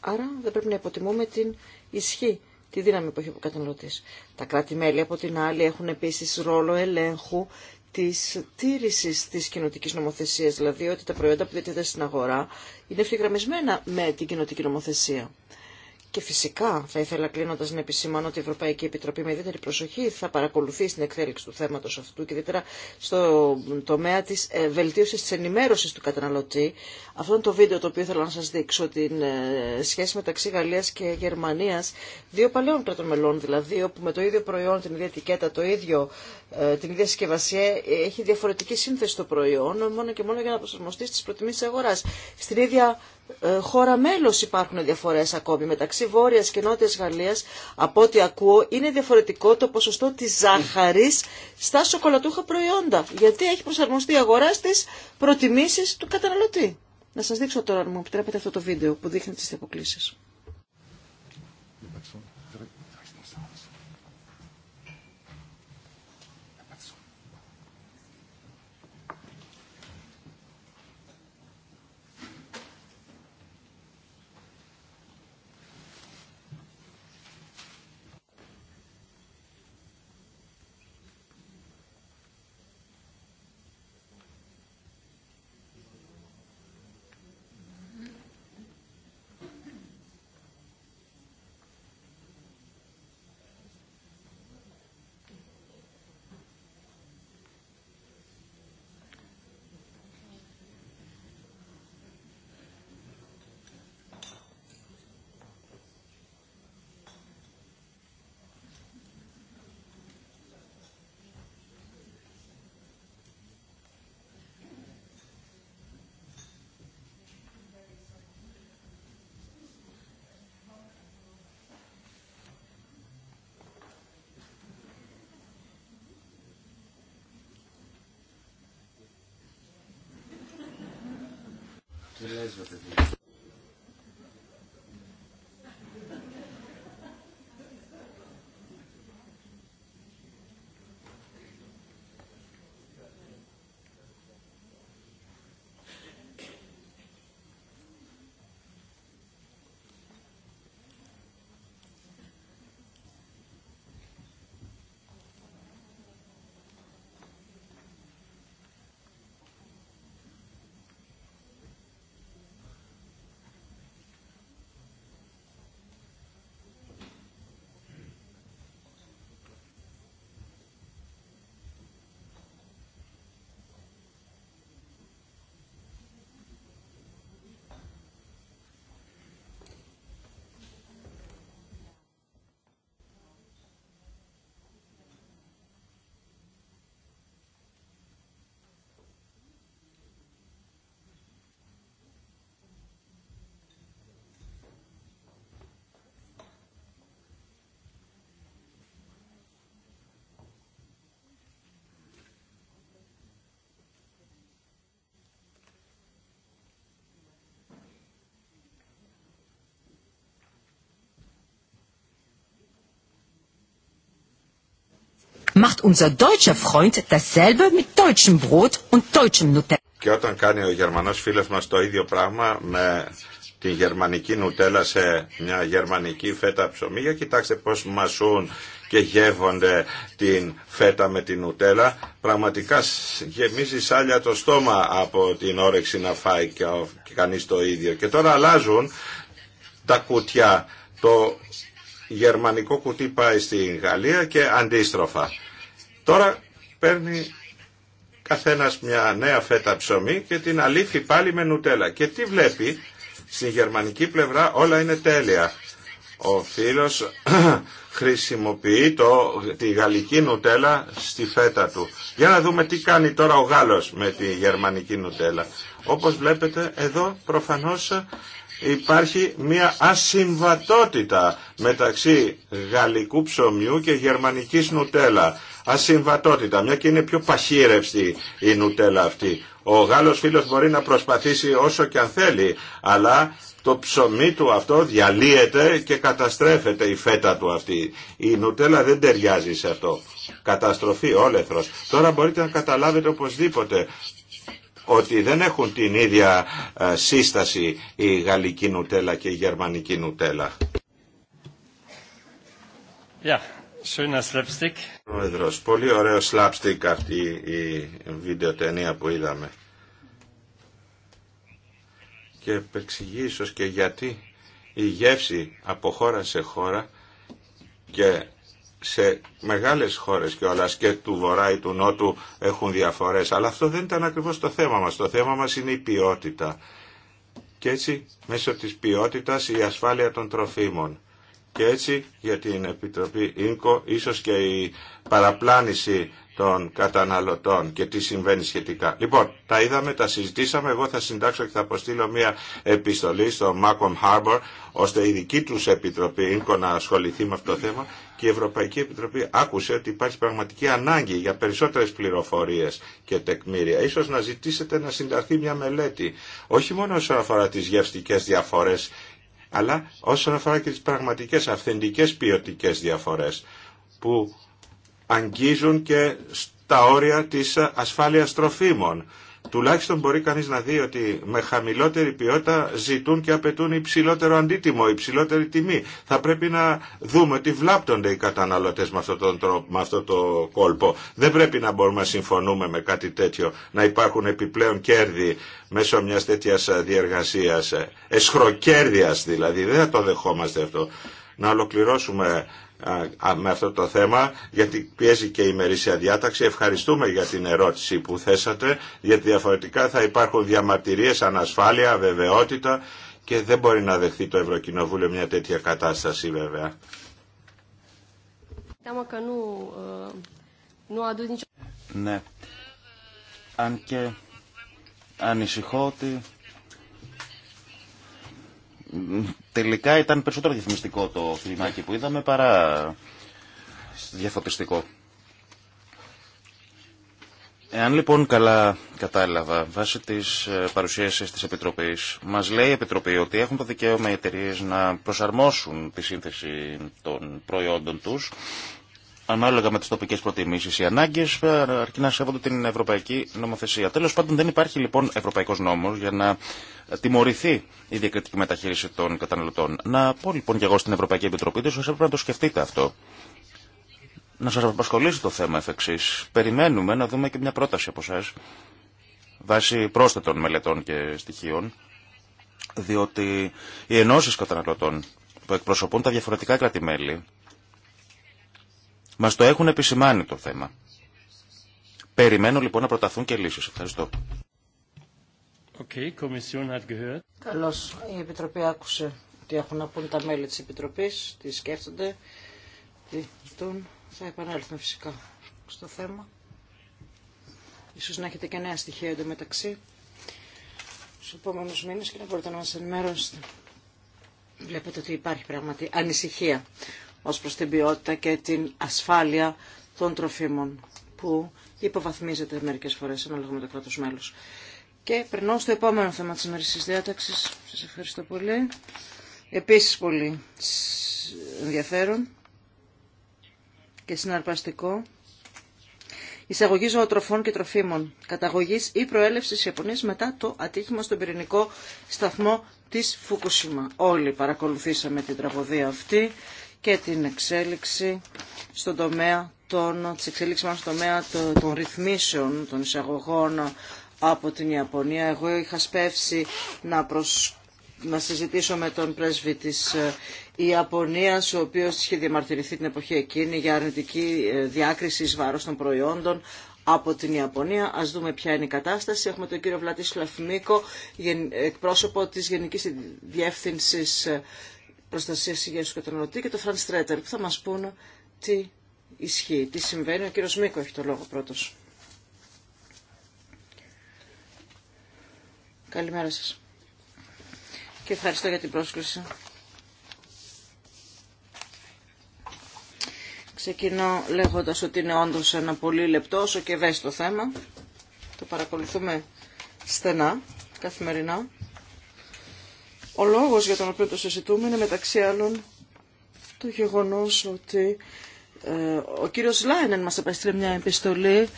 Άρα δεν πρέπει να υποτιμούμε την ισχύ, τη δύναμη που έχει ο καταναλωτή. Τα κράτη-μέλη από την άλλη έχουν επίση ρόλο ελέγχου τη τήρησης τη κοινοτική νομοθεσία, δηλαδή ότι τα προϊόντα που διατίθεται στην αγορά είναι ευθυγραμμισμένα με την κοινοτική νομοθεσία. Και φυσικά θα ήθελα κλείνοντας να επισημάνω ότι η Ευρωπαϊκή Επιτροπή με ιδιαίτερη προσοχή θα παρακολουθεί στην εξέλιξη του θέματος αυτού και ιδιαίτερα στο τομέα της ε, βελτίωσης της ενημέρωσης του καταναλωτή. Αυτό είναι το βίντεο το οποίο ήθελα να σας δείξω, την ε, σχέση μεταξύ Γαλλίας και Γερμανίας, δύο παλαιών κρατών δηλαδή, όπου με το ίδιο προϊόν, την ίδια ετικέτα, το ίδιο ε, την ίδια συσκευασία έχει διαφορετική σύνθεση το προϊόν, μόνο και μόνο για να προσαρμοστεί στις προτιμήσεις αγοράς. Στην ίδια ε, χώρα μέλος υπάρχουν διαφορές ακόμη μεταξύ Βόρειας και Νότιας Γαλλίας. Από ό,τι ακούω είναι διαφορετικό το ποσοστό της ζάχαρης στα σοκολατούχα προϊόντα, γιατί έχει προσαρμοστεί η αγορά στις προτιμήσεις του καταναλωτή. Να σας δείξω τώρα, αν μου επιτρέπετε, αυτό το βίντεο που δείχνει τις αποκλήσεις. It is Και όταν κάνει ο Γερμανός φίλος μας το ίδιο πράγμα με τη γερμανική νουτέλα σε μια γερμανική φέτα ψωμί, για κοιτάξτε πώς μασούν και γεύονται την φέτα με την νουτέλα, πραγματικά γεμίζει σάλια το στόμα από την όρεξη να φάει και, κανείς το ίδιο. Και τώρα αλλάζουν τα κουτιά, το γερμανικό κουτί πάει στην Γαλλία και αντίστροφα. Τώρα παίρνει καθένας μια νέα φέτα ψωμί και την αλήθει πάλι με νουτέλα. Και τι βλέπει, στην γερμανική πλευρά όλα είναι τέλεια. Ο φίλος χρησιμοποιεί το, τη γαλλική νουτέλα στη φέτα του. Για να δούμε τι κάνει τώρα ο Γάλλος με τη γερμανική νουτέλα. Όπως βλέπετε εδώ προφανώς υπάρχει μια ασυμβατότητα μεταξύ γαλλικού ψωμιού και γερμανικής νουτέλα ασυμβατότητα, μια και είναι πιο παχύρευστη η νουτέλα αυτή. Ο Γάλλος φίλος μπορεί να προσπαθήσει όσο και αν θέλει, αλλά το ψωμί του αυτό διαλύεται και καταστρέφεται η φέτα του αυτή. Η νουτέλα δεν ταιριάζει σε αυτό. Καταστροφή όλεθρος. Τώρα μπορείτε να καταλάβετε οπωσδήποτε ότι δεν έχουν την ίδια ε, σύσταση η γαλλική νουτέλα και η γερμανική νουτέλα. Πρόεδρος, πολύ ωραίο σλάπστικ αυτή η ταινία που είδαμε. Και επεξηγεί ίσως και γιατί η γεύση από χώρα σε χώρα και σε μεγάλες χώρες και όλα και του Βορρά ή του Νότου έχουν διαφορές. Αλλά αυτό δεν ήταν ακριβώς το θέμα μας. Το θέμα μας είναι η ποιότητα. Και έτσι μέσω της ποιότητας η ασφάλεια των τροφίμων. Και έτσι για την Επιτροπή ΙΝΚΟ ίσως και η παραπλάνηση των καταναλωτών και τι συμβαίνει σχετικά. Λοιπόν, τα είδαμε, τα συζητήσαμε. Εγώ θα συντάξω και θα αποστείλω μια επιστολή στο Μάκομ Harbor ώστε η δική του Επιτροπή ΙΝΚΟ να ασχοληθεί με αυτό το θέμα και η Ευρωπαϊκή Επιτροπή άκουσε ότι υπάρχει πραγματική ανάγκη για περισσότερες πληροφορίες και τεκμήρια. Ίσως να ζητήσετε να συνταχθεί μια μελέτη, όχι μόνο όσον αφορά τις γευστικέ διαφορές αλλά όσον αφορά και τις πραγματικές αυθεντικές ποιοτικέ διαφορές που αγγίζουν και στα όρια της ασφάλειας τροφίμων τουλάχιστον μπορεί κανείς να δει ότι με χαμηλότερη ποιότητα ζητούν και απαιτούν υψηλότερο αντίτιμο, υψηλότερη τιμή. Θα πρέπει να δούμε ότι βλάπτονται οι καταναλωτές με αυτό, τον τρόπο, με αυτό το κόλπο. Δεν πρέπει να μπορούμε να συμφωνούμε με κάτι τέτοιο, να υπάρχουν επιπλέον κέρδη μέσω μιας τέτοιας διεργασίας, εσχροκέρδειας δηλαδή, δεν θα το δεχόμαστε αυτό. Να ολοκληρώσουμε με αυτό το θέμα γιατί πιέζει και η ημερήσια διάταξη. Ευχαριστούμε για την ερώτηση που θέσατε γιατί διαφορετικά θα υπάρχουν διαμαρτυρίες, ανασφάλεια, αβεβαιότητα και δεν μπορεί να δεχθεί το Ευρωκοινοβούλιο μια τέτοια κατάσταση βέβαια. Ναι. Αν και ανησυχώ ότι τελικά ήταν περισσότερο διαφημιστικό το φιλμάκι που είδαμε παρά διαφωτιστικό. Εάν λοιπόν καλά κατάλαβα, βάσει της ε, παρουσίαση τη Επιτροπή, μα λέει η Επιτροπή ότι έχουν το δικαίωμα οι εταιρείε να προσαρμόσουν τη σύνθεση των προϊόντων τους, ανάλογα με τι τοπικέ προτιμήσει ή ανάγκε, ε, αρκεί να σέβονται την ευρωπαϊκή νομοθεσία. Τέλο πάντων, δεν υπάρχει λοιπόν ευρωπαϊκό νόμο για να τιμωρηθεί η διακριτική μεταχείριση των καταναλωτών. Να πω λοιπόν και εγώ στην Ευρωπαϊκή Επιτροπή, ίσω έπρεπε να το σκεφτείτε αυτό. Να σα απασχολήσει το θέμα εφ' εξής. Περιμένουμε να δούμε και μια πρόταση από εσά βάσει πρόσθετων μελετών και στοιχείων, διότι οι ενώσει καταναλωτών που εκπροσωπούν τα διαφορετικά κράτη-μέλη μας το έχουν επισημάνει το θέμα. Περιμένω λοιπόν να προταθούν και λύσεις. Ευχαριστώ. Καλώ. Καλώς. Η Επιτροπή άκουσε τι έχουν να πούν τα μέλη της Επιτροπής, τι σκέφτονται, τι ζητούν. Θα επανέλθουμε φυσικά στο θέμα. Ίσως να έχετε και νέα στοιχεία εντωμεταξύ στους επόμενους μήνες και να μπορείτε να μας ενημερώσετε. Βλέπετε ότι υπάρχει πράγματι ανησυχία ως προς την ποιότητα και την ασφάλεια των τροφίμων που υποβαθμίζεται μερικές φορές ανάλογα με το κράτος μέλος. Και περνώ στο επόμενο θέμα της ημερησής διάταξης. Σας ευχαριστώ πολύ. Επίσης πολύ ενδιαφέρον και συναρπαστικό. Εισαγωγή ζωοτροφών και τροφίμων. Καταγωγή ή προέλευση Ιαπωνία μετά το ατύχημα στον πυρηνικό σταθμό τη Φουκουσίμα. Όλοι παρακολουθήσαμε την τραγωδία αυτή και την εξέλιξη στον τομέα των, της εξέλιξης μας στον τομέα των, ρυθμίσεων, των εισαγωγών από την Ιαπωνία. Εγώ είχα σπεύσει να, προσ... συζητήσω με τον πρέσβη της ε, Ιαπωνίας, ο οποίος είχε διαμαρτυρηθεί την εποχή εκείνη για αρνητική ε, διάκριση εις βάρος των προϊόντων από την Ιαπωνία. Ας δούμε ποια είναι η κατάσταση. Έχουμε τον κύριο Βλατίσλαφ Μίκο, εκπρόσωπο της Γενικής Διεύθυνσης ε, προστασίας υγεία του καταναλωτή και το Φραν Στρέτερ που θα μα πούνε τι ισχύει, τι συμβαίνει. Ο κύριο Μίκο έχει το λόγο πρώτο. Καλημέρα σα. Και ευχαριστώ για την πρόσκληση. Ξεκινώ λέγοντας ότι είναι όντως ένα πολύ λεπτό όσο και ευαίσθητο θέμα. Το παρακολουθούμε στενά, καθημερινά. Ο λόγος για τον οποίο το συζητούμε είναι μεταξύ άλλων το γεγονός ότι ε, ο κύριος Λάινεν μας επέστειλε μια επιστολή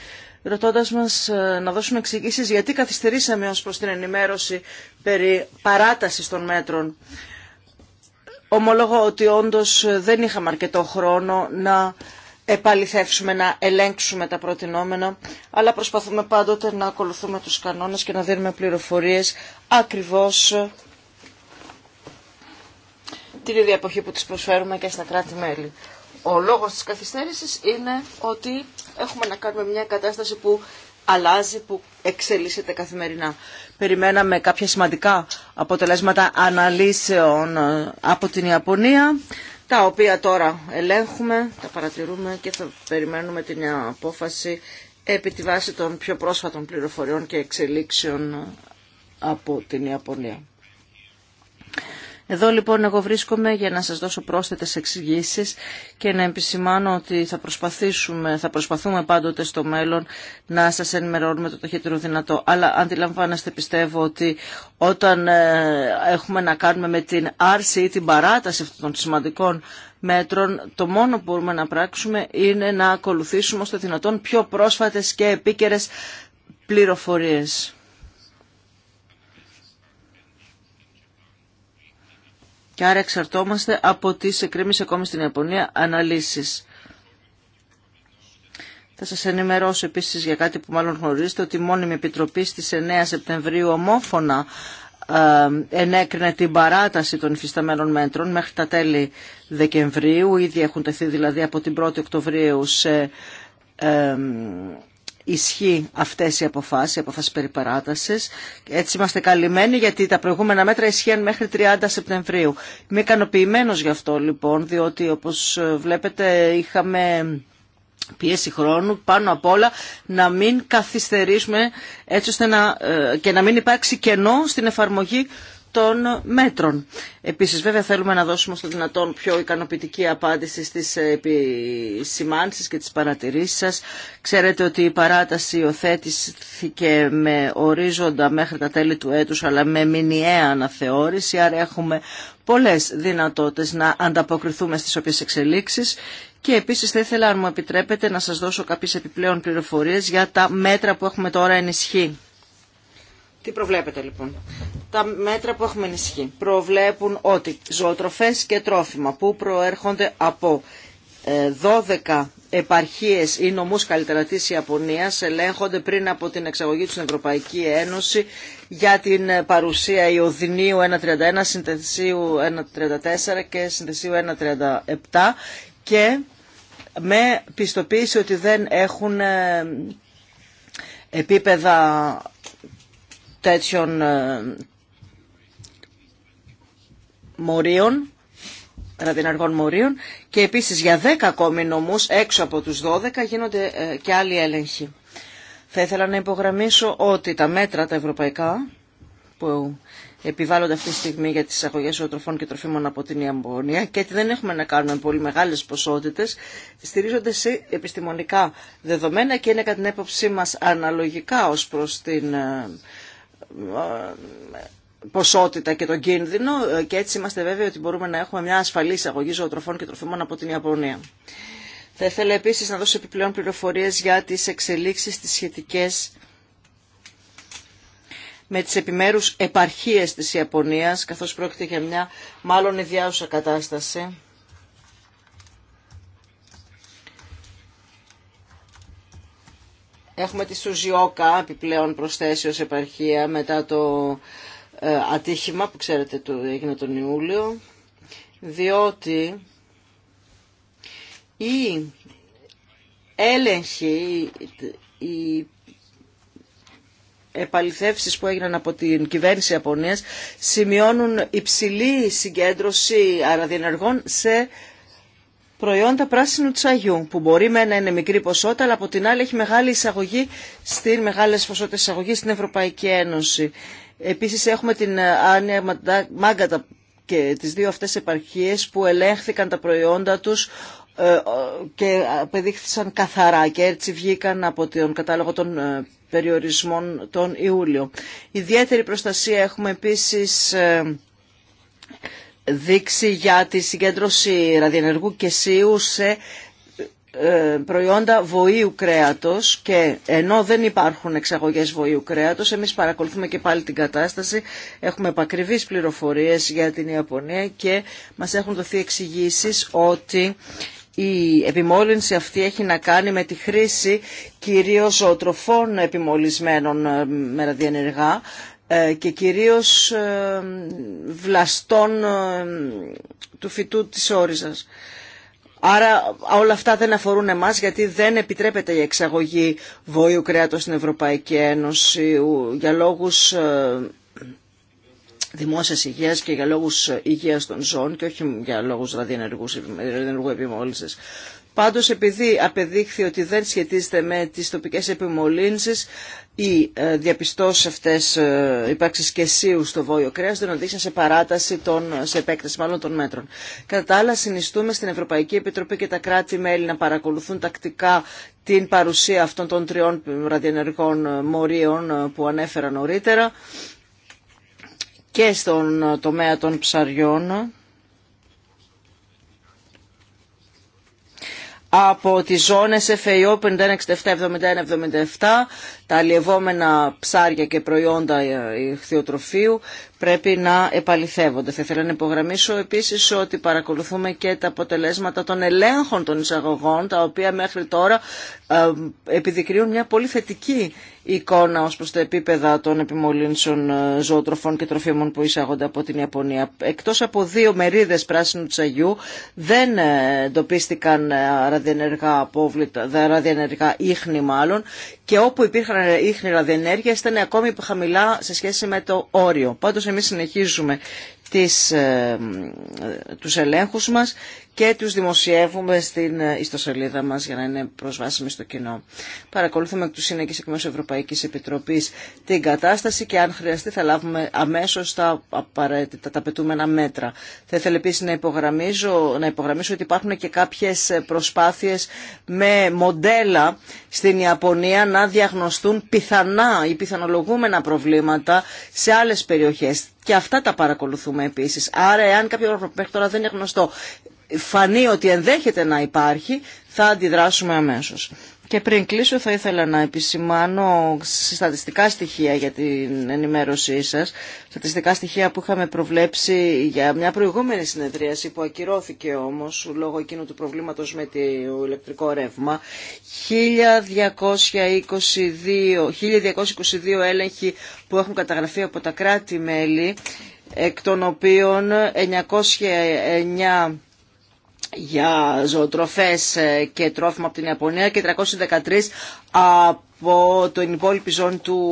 ρωτώντας μας ε, να δώσουμε εξηγήσεις γιατί καθυστερήσαμε ως προς την ενημέρωση περί παράτασης των μέτρων. Ομολόγω ότι όντως δεν είχαμε αρκετό χρόνο να επαληθεύσουμε, να ελέγξουμε τα προτινόμενα, αλλά προσπαθούμε πάντοτε να ακολουθούμε τους κανόνες και να δίνουμε πληροφορίες ακριβώς την ίδια εποχή που τις προσφέρουμε και στα κράτη-μέλη. Ο λόγος της καθυστέρησης είναι ότι έχουμε να κάνουμε μια κατάσταση που αλλάζει, που εξελίσσεται καθημερινά. Περιμέναμε κάποια σημαντικά αποτελέσματα αναλύσεων ε, από την Ιαπωνία, τα οποία τώρα ελέγχουμε, τα παρατηρούμε και θα περιμένουμε την απόφαση επί τη βάση των πιο πρόσφατων πληροφοριών και εξελίξεων ε, από την Ιαπωνία. Εδώ λοιπόν εγώ βρίσκομαι για να σας δώσω πρόσθετες εξηγήσεις και να επισημάνω ότι θα προσπαθήσουμε, θα προσπαθούμε πάντοτε στο μέλλον να σας ενημερώνουμε το ταχύτερο δυνατό. Αλλά αντιλαμβάνεστε πιστεύω ότι όταν ε, έχουμε να κάνουμε με την άρση ή την παράταση αυτών των σημαντικών μέτρων, το μόνο που μπορούμε να πράξουμε είναι να ακολουθήσουμε το δυνατόν πιο πρόσφατες και επίκαιρες πληροφορίες. Και άρα εξαρτώμαστε από τις εκκρίμεις ακόμη στην Ιαπωνία αναλύσεις. Θα σας ενημερώσω επίσης για κάτι που μάλλον γνωρίζετε, ότι η μόνιμη επιτροπή στις 9 Σεπτεμβρίου ομόφωνα ε, ενέκρινε την παράταση των υφισταμένων μέτρων μέχρι τα τέλη Δεκεμβρίου. Ήδη έχουν τεθεί δηλαδή από την 1η Οκτωβρίου σε ε, ισχύ αυτές οι αποφάσεις, οι αποφάσεις περί Έτσι είμαστε καλυμμένοι γιατί τα προηγούμενα μέτρα ισχύαν μέχρι 30 Σεπτεμβρίου. Είμαι ικανοποιημένο γι' αυτό λοιπόν, διότι όπως βλέπετε είχαμε πίεση χρόνου πάνω απ' όλα να μην καθυστερήσουμε έτσι ώστε να, ε, και να μην υπάρξει κενό στην εφαρμογή των μέτρων. Επίσης βέβαια θέλουμε να δώσουμε στο δυνατόν πιο ικανοποιητική απάντηση στις επισημάνσεις και τις παρατηρήσεις σας. Ξέρετε ότι η παράταση υιοθέτηθηκε με ορίζοντα μέχρι τα τέλη του έτους αλλά με μηνιαία αναθεώρηση άρα έχουμε πολλές δυνατότητες να ανταποκριθούμε στις οποίες εξελίξεις και επίσης θα ήθελα αν μου επιτρέπετε να σας δώσω κάποιες επιπλέον πληροφορίες για τα μέτρα που έχουμε τώρα ενισχύει. Τι προβλέπετε λοιπόν. Τα μέτρα που έχουμε ενισχύει προβλέπουν ότι ζωοτροφές και τρόφιμα που προέρχονται από 12 ε, επαρχίες ή νομούς καλύτερα της Ιαπωνίας ελέγχονται πριν από την εξαγωγή του στην Ευρωπαϊκή Ένωση για την ε, παρουσία ιωδινίου 1.31, συνθεσίου 1.34 και συνθεσίου 1.37 και με πιστοποίηση ότι δεν έχουν ε, επίπεδα τέτοιων ε, μορίων, ραδιναργών μορίων και επίσης για 10 ακόμη νομούς έξω από τους 12 γίνονται ε, και άλλοι έλεγχοι. Θα ήθελα να υπογραμμίσω ότι τα μέτρα τα ευρωπαϊκά που επιβάλλονται αυτή τη στιγμή για τις αγωγές ζωοτροφών και τροφίμων από την Ιαμπονία και ότι δεν έχουμε να κάνουμε πολύ μεγάλες ποσότητες, στηρίζονται σε επιστημονικά δεδομένα και είναι κατά την έποψή μας αναλογικά ως προς την ε, ποσότητα και τον κίνδυνο ε, και έτσι είμαστε βέβαιοι ότι μπορούμε να έχουμε μια ασφαλή εισαγωγή ζωοτροφών και τροφίμων από την Ιαπωνία. Θα ήθελα επίσης να δώσω επιπλέον πληροφορίες για τις εξελίξεις τις σχετικές με τις επιμέρους επαρχίες της Ιαπωνίας, καθώς πρόκειται για μια μάλλον ιδιάζουσα κατάσταση. Έχουμε τη Σουζιόκα επιπλέον προσθέσει ως επαρχία μετά το ε, ατύχημα που ξέρετε το, έγινε τον Ιούλιο διότι η έλεγχοι, οι επαληθεύσεις που έγιναν από την κυβέρνηση Ιαπωνίας σημειώνουν υψηλή συγκέντρωση αραδιενεργών σε προϊόντα πράσινου τσαγιού, που μπορεί με να είναι μικρή ποσότητα, αλλά από την άλλη έχει μεγάλη εισαγωγή, στην, μεγάλες ποσότητες εισαγωγή στην Ευρωπαϊκή Ένωση. Επίσης έχουμε την ε, Άνια Μάγκατα και τις δύο αυτές επαρχίες που ελέγχθηκαν τα προϊόντα τους ε, και απεδείχθησαν καθαρά και έτσι βγήκαν από τον κατάλογο των ε, περιορισμών τον Ιούλιο. Ιδιαίτερη προστασία έχουμε επίσης δείξει για τη συγκέντρωση ραδιενεργού κεσίου σε ε, προϊόντα βοήου κρέατος και ενώ δεν υπάρχουν εξαγωγές βοήου κρέατος, εμείς παρακολουθούμε και πάλι την κατάσταση, έχουμε επακριβείς πληροφορίες για την Ιαπωνία και μας έχουν δοθεί εξηγήσει ότι η επιμόλυνση αυτή έχει να κάνει με τη χρήση κυρίως τροφών επιμολυσμένων ε, με ραδιενεργά, ε, και κυρίως ε, βλαστών ε, του φυτού της όριζας. Άρα όλα αυτά δεν αφορούν εμάς γιατί δεν επιτρέπεται η εξαγωγή βόηου κρέατος στην Ευρωπαϊκή Ένωση για λόγους δημόσιας υγείας και για λόγους υγείας των ζώων και όχι για λόγους ραδιενεργού επιμόλυσης. Πάντως επειδή απεδείχθη ότι δεν σχετίζεται με τις τοπικές επιμολύνσεις, οι ε, διαπιστώσεις αυτές ε, υπάρξης και σίου στο Βόλιο Κρέας δεν οδήγησαν σε παράταση, των, σε επέκταση μάλλον των μέτρων. Κατά τα άλλα συνιστούμε στην Ευρωπαϊκή Επιτροπή και τα κράτη-μέλη να παρακολουθούν τακτικά την παρουσία αυτών των τριών ραδιενεργών ε, μορίων που ανέφερα νωρίτερα και στον τομέα των ψαριών από τις ζώνες FAO 5167 77 τα αλλιευόμενα ψάρια και προϊόντα ε, χθιοτροφίου πρέπει να επαληθεύονται. Θα ήθελα να υπογραμμίσω επίσης ότι παρακολουθούμε και τα αποτελέσματα των ελέγχων των εισαγωγών, τα οποία μέχρι τώρα ε, επιδεικνύουν μια πολύ θετική εικόνα ως προς τα επίπεδα των επιμολύνσεων ε, ζωοτροφών και τροφίμων που εισάγονται από την Ιαπωνία. Εκτός από δύο μερίδες πράσινου τσαγιού δεν εντοπίστηκαν ραδιενεργά, απόβλητα, ραδιενεργά ίχνη μάλλον και όπου υπήρχαν ε, ίχνη ραδιενέργεια ήταν ακόμη χαμηλά σε σχέση με το όριο. Πάντως εμείς συνεχίζουμε τις, ε, τους ελέγχους μας και τους δημοσιεύουμε στην ε, ιστοσελίδα μας για να είναι προσβάσιμοι στο κοινό. Παρακολουθούμε εκ του σύνεκης εκ Επιτροπή Ευρωπαϊκής Επιτροπής την κατάσταση και αν χρειαστεί θα λάβουμε αμέσως τα απαραίτητα, τα πετούμενα μέτρα. Θα ήθελα επίσης να υπογραμμίσω, να υπογραμμίσω ότι υπάρχουν και κάποιες προσπάθειες με μοντέλα στην Ιαπωνία να διαγνωστούν πιθανά ή πιθανολογούμενα προβλήματα σε άλλες περιοχές και αυτά τα παρακολουθούμε επίσης. Άρα εάν κάποιο μέχρι τώρα δεν είναι γνωστό φανεί ότι ενδέχεται να υπάρχει, θα αντιδράσουμε αμέσως. Και πριν κλείσω θα ήθελα να επισημάνω στατιστικά στοιχεία για την ενημέρωσή σας, στατιστικά στοιχεία που είχαμε προβλέψει για μια προηγούμενη συνεδρίαση που ακυρώθηκε όμως λόγω εκείνου του προβλήματος με το ηλεκτρικό ρεύμα. 1222, 1222 έλεγχοι που έχουν καταγραφεί από τα κράτη-μέλη, εκ των οποίων 909 για ζωοτροφές ε, και τρόφιμα από την Ιαπωνία και 313 από την υπόλοιπη ζώνη του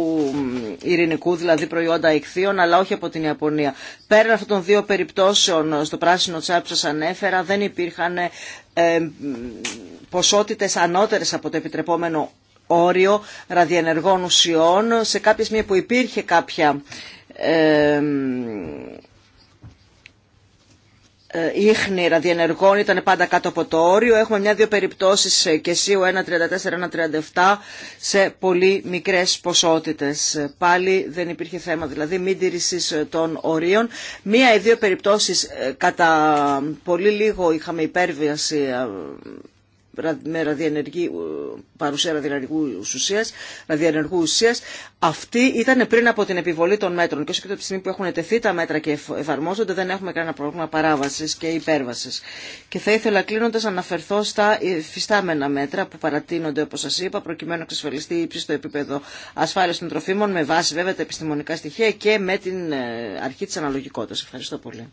ειρηνικού, δηλαδή προϊόντα ηχθείων, αλλά όχι από την Ιαπωνία. Πέραν αυτών των δύο περιπτώσεων στο πράσινο τσάι που σας ανέφερα δεν υπήρχαν ε, ποσότητες ανώτερες από το επιτρεπόμενο όριο ραδιενεργών ουσιών. Σε κάποιες μία που υπήρχε κάποια ε, ε, ίχνη ραδιενεργών ήταν πάντα κάτω από το όριο. Έχουμε μια-δύο περιπτώσει ε, και ΣΥΟ 1.34-1.37 σε πολύ μικρέ ποσότητε. Πάλι δεν υπήρχε θέμα δηλαδή μη τήρηση ε, των ορίων. Μία ή δύο περιπτώσει κατά πολύ λίγο είχαμε υπέρβαση με ραδιενεργή, ε, παρουσία ραδιενεργού ουσίας, ραδιενεργού ουσίας, αυτή ήταν πριν από την επιβολή των μέτρων. Και όσο και τη στιγμή που έχουν τεθεί τα μέτρα και εφαρμόζονται, δεν έχουμε κανένα πρόβλημα παράβασης και υπέρβασης. Και θα ήθελα κλείνοντα να αναφερθώ στα φυστάμενα μέτρα που παρατείνονται, όπως σας είπα, προκειμένου να εξασφαλιστεί η στο επίπεδο ασφάλειας των τροφίμων, με βάση βέβαια τα επιστημονικά στοιχεία και με την ε, αρχή τη αναλογικότητα. Ευχαριστώ πολύ.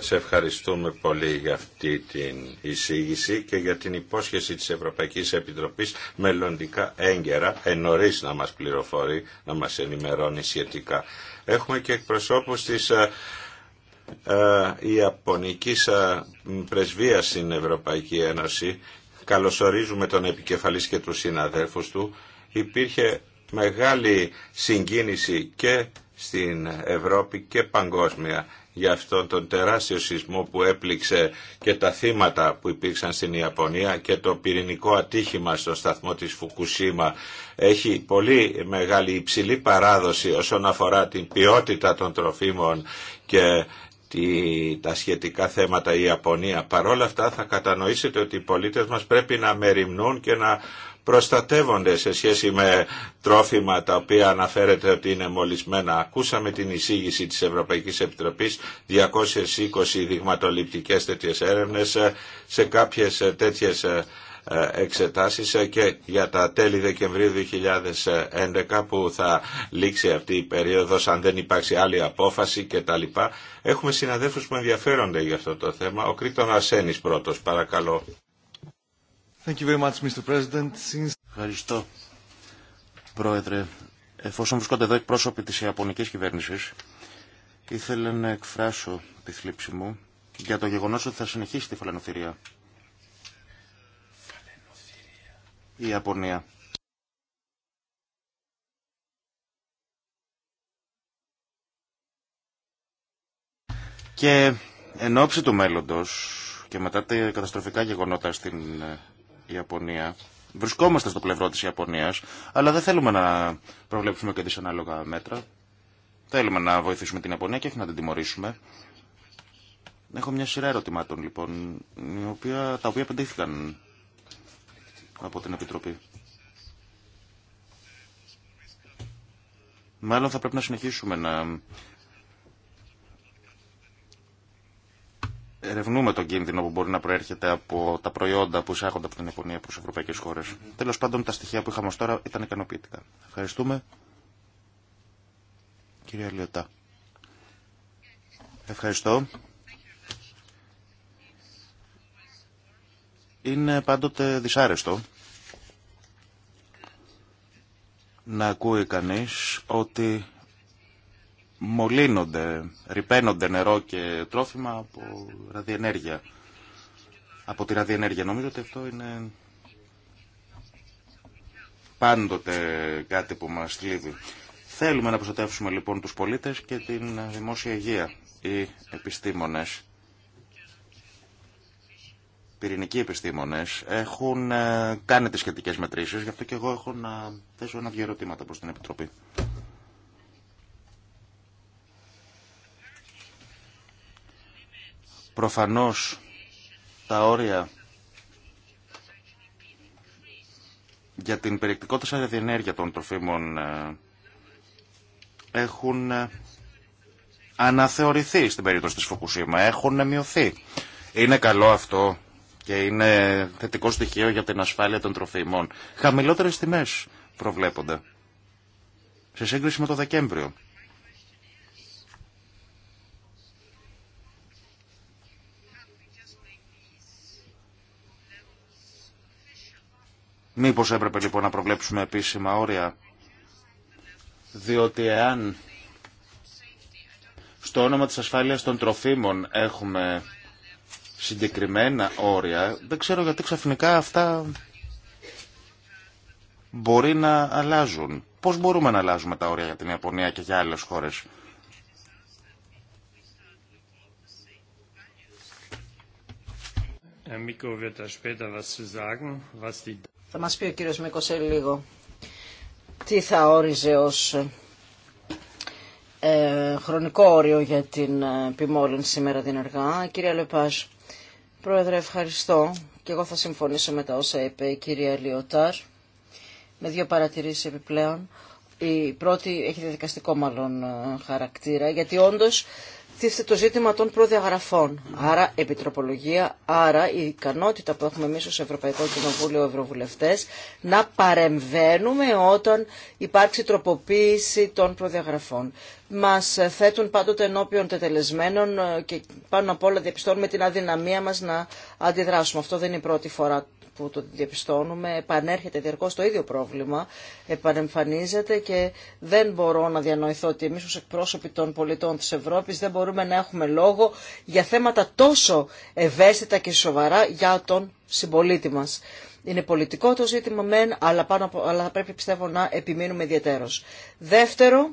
Σε ευχαριστούμε πολύ για αυτή την εισήγηση και για την υπόσχεση της Ευρωπαϊκής Επιτροπής μελλοντικά έγκαιρα, ενωρίς να μας πληροφορεί, να μας ενημερώνει σχετικά. Έχουμε και εκπροσώπους της ε, ε, Ιαπωνικής ε, Πρεσβείας στην Ευρωπαϊκή Ένωση. Καλωσορίζουμε τον επικεφαλής και τους συναδέλφους του. Υπήρχε μεγάλη συγκίνηση και στην Ευρώπη και παγκόσμια για αυτόν τον τεράστιο σεισμό που έπληξε και τα θύματα που υπήρξαν στην Ιαπωνία και το πυρηνικό ατύχημα στο σταθμό της Φουκουσίμα έχει πολύ μεγάλη υψηλή παράδοση όσον αφορά την ποιότητα των τροφίμων και τα σχετικά θέματα η Ιαπωνία. Παρόλα αυτά θα κατανοήσετε ότι οι πολίτες μας πρέπει να μεριμνούν και να προστατεύονται σε σχέση με τρόφιμα τα οποία αναφέρεται ότι είναι μολυσμένα. Ακούσαμε την εισήγηση της Ευρωπαϊκής Επιτροπής, 220 δειγματοληπτικές τέτοιες έρευνες σε κάποιες τέτοιες ε, εξετάσεις και για τα τέλη Δεκεμβρίου 2011 που θα λήξει αυτή η περίοδος αν δεν υπάρξει άλλη απόφαση κτλ. Έχουμε συναδέλφους που ενδιαφέρονται για αυτό το θέμα. Ο Κρήτον Ασένης πρώτος, παρακαλώ. Thank Ευχαριστώ, Πρόεδρε. Εφόσον βρισκόνται εδώ εκπρόσωποι της Ιαπωνικής κυβέρνησης, ήθελα να εκφράσω τη θλίψη μου για το γεγονός ότι θα συνεχίσει τη φαλαινοθυρία. Η Ιαπωνία. Και εν ώψη του μέλλοντος και μετά τα καταστροφικά γεγονότα στην ε, Ιαπωνία. Βρισκόμαστε στο πλευρό της Ιαπωνίας, αλλά δεν θέλουμε να προβλέψουμε και ανάλογα μέτρα. Θέλουμε να βοηθήσουμε την Ιαπωνία και όχι να την τιμωρήσουμε. Έχω μια σειρά ερωτημάτων, λοιπόν, οποία, τα οποία απαντήθηκαν από την Επιτροπή. Μάλλον θα πρέπει να συνεχίσουμε να ερευνούμε τον κίνδυνο που μπορεί να προέρχεται από τα προϊόντα που εισάγονται από την Ιαπωνία προ ευρωπαϊκέ χώρε. Τέλο πάντων, τα στοιχεία που είχαμε ω τώρα ήταν ικανοποιητικά. Ευχαριστούμε. Κυρία Λιωτά. Ευχαριστώ. Είναι πάντοτε δυσάρεστο να ακούει κανείς ότι μολύνονται, ρηπαίνονται νερό και τρόφιμα από ραδιενέργεια. Από τη ραδιενέργεια. Νομίζω ότι αυτό είναι πάντοτε κάτι που μας θλίβει. Θέλουμε να προστατεύσουμε λοιπόν τους πολίτες και την δημόσια υγεία. Οι επιστήμονες, πυρηνικοί επιστήμονες, έχουν ε, κάνει τις σχετικές μετρήσεις, γι' αυτό και εγώ έχω να θέσω ένα-δυο ερωτήματα προς την Επιτροπή. Προφανώς τα όρια για την περιεκτικότητα σαν διενέργεια των τροφίμων ε, έχουν ε, αναθεωρηθεί στην περίπτωση της Φουκουσίμα, έχουν μειωθεί. Είναι καλό αυτό και είναι θετικό στοιχείο για την ασφάλεια των τροφίμων. Χαμηλότερες τιμές προβλέπονται σε σύγκριση με το Δεκέμβριο. Μήπως έπρεπε λοιπόν να προβλέψουμε επίσημα όρια, διότι εάν στο όνομα της ασφάλειας των τροφίμων έχουμε συγκεκριμένα όρια, δεν ξέρω γιατί ξαφνικά αυτά μπορεί να αλλάζουν. Πώς μπορούμε να αλλάζουμε τα όρια για την Ιαπωνία και για άλλες χώρες. Ε, wird da später was zu sagen, was die θα μας πει ο κύριος Μίκος λίγο τι θα όριζε ως ε, χρονικό όριο για την ε, επιμόλυνση σήμερα την αργά. Κύριε Λεπάζ, Πρόεδρε, ευχαριστώ. Και εγώ θα συμφωνήσω με τα όσα είπε η κυρία Λιωτάρ, με δύο παρατηρήσεις επιπλέον. Η πρώτη έχει διαδικαστικό μάλλον ε, χαρακτήρα, γιατί όντως τίθεται το ζήτημα των προδιαγραφών. Άρα επιτροπολογία, άρα η ικανότητα που έχουμε εμεί ω Ευρωπαϊκό Κοινοβούλιο Ευρωβουλευτέ να παρεμβαίνουμε όταν υπάρξει τροποποίηση των προδιαγραφών. Μα θέτουν πάντοτε ενώπιον τετελεσμένων ε, και πάνω απ' όλα διαπιστώνουμε την αδυναμία μα να αντιδράσουμε. Αυτό δεν είναι η πρώτη φορά που το διαπιστώνουμε, επανέρχεται διαρκώς το ίδιο πρόβλημα, επανεμφανίζεται και δεν μπορώ να διανοηθώ ότι εμείς ως εκπρόσωποι των πολιτών της Ευρώπης δεν μπορούμε να έχουμε λόγο για θέματα τόσο ευαίσθητα και σοβαρά για τον συμπολίτη μας. Είναι πολιτικό το ζήτημα μεν, αλλά, πάνω, αλλά πρέπει πιστεύω να επιμείνουμε ιδιαίτερος. Δεύτερο,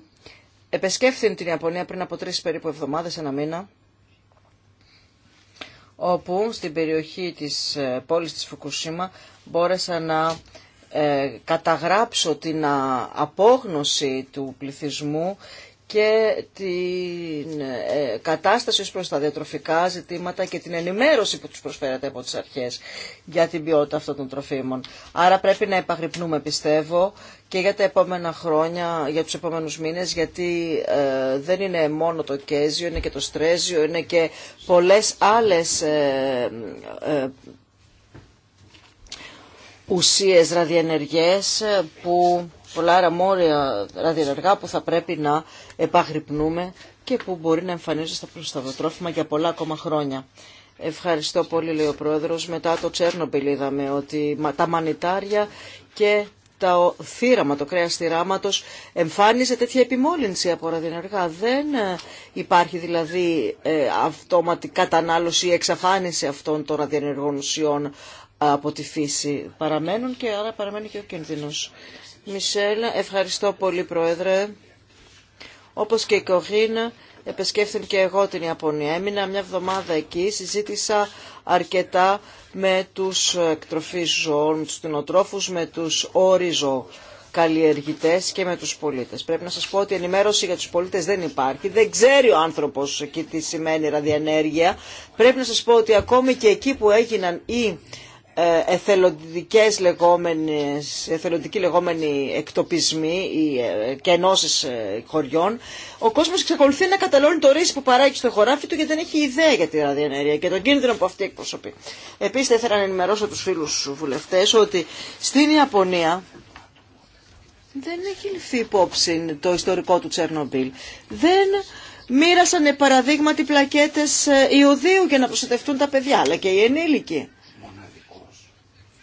επεσκέφθη την Ιαπωνία πριν από τρεις περίπου εβδομάδες, ένα μήνα, όπου στην περιοχή της ε, πόλης της Φουκουσίμα μπόρεσα να ε, καταγράψω την απόγνωση του πληθυσμού και την ε, κατάσταση ως προς τα διατροφικά ζητήματα και την ενημέρωση που τους προσφέρεται από τις αρχές για την ποιότητα αυτών των τροφίμων. Άρα πρέπει να επαγρυπνούμε πιστεύω και για τα επόμενα χρόνια, για τους επόμενους μήνες, γιατί ε, δεν είναι μόνο το κέζιο, είναι και το στρέζιο, είναι και πολλές άλλες ε, ε, ουσίες ραδιενεργές που πολλά αραμόρια ραδιενεργά που θα πρέπει να επαγρυπνούμε και που μπορεί να εμφανίζεται στα προστατοτρόφιμα για πολλά ακόμα χρόνια. Ευχαριστώ πολύ, λέει ο Πρόεδρο, Μετά το Τσέρνομπιλ είδαμε ότι τα μανιτάρια και το θύραμα, το κρέας θυράματος εμφάνιζε τέτοια επιμόλυνση από ραδιενεργά. Δεν ε, υπάρχει δηλαδή ε, αυτόματη κατανάλωση ή εξαφάνιση αυτών των ραδιενεργών ε, από τη φύση. Παραμένουν και άρα παραμένει και ο κίνδυνος. Μισελ, ευχαριστώ πολύ Πρόεδρε. Όπως και η Κογίνα επισκέφθηκε και εγώ την Ιαπωνία. Έμεινα μια εβδομάδα εκεί, συζήτησα αρκετά με τους εκτροφείς ζώων, τους με τους όριζο καλλιεργητές και με τους πολίτες. Πρέπει να σας πω ότι ενημέρωση για τους πολίτες δεν υπάρχει. Δεν ξέρει ο άνθρωπος εκεί τι σημαίνει ραδιενέργεια. Πρέπει να σας πω ότι ακόμη και εκεί που έγιναν οι ε, εθελοντικές λεγόμενες, εθελοντικοί λεγόμενοι εκτοπισμοί ή ε, και ε, χωριών, ο κόσμος εξακολουθεί να καταλώνει το ρίσκο που παράγει στο χωράφι του γιατί δεν έχει ιδέα για τη ραδιενέργεια και τον κίνδυνο που αυτή εκπροσωπεί. Επίσης θα ήθελα να ενημερώσω τους φίλους βουλευτές ότι στην Ιαπωνία δεν έχει ληφθεί υπόψη το ιστορικό του Τσέρνομπιλ. Δεν μοίρασαν παραδείγματι πλακέτες ιωδίου για να προστατευτούν τα παιδιά αλλά και οι ενήλικοι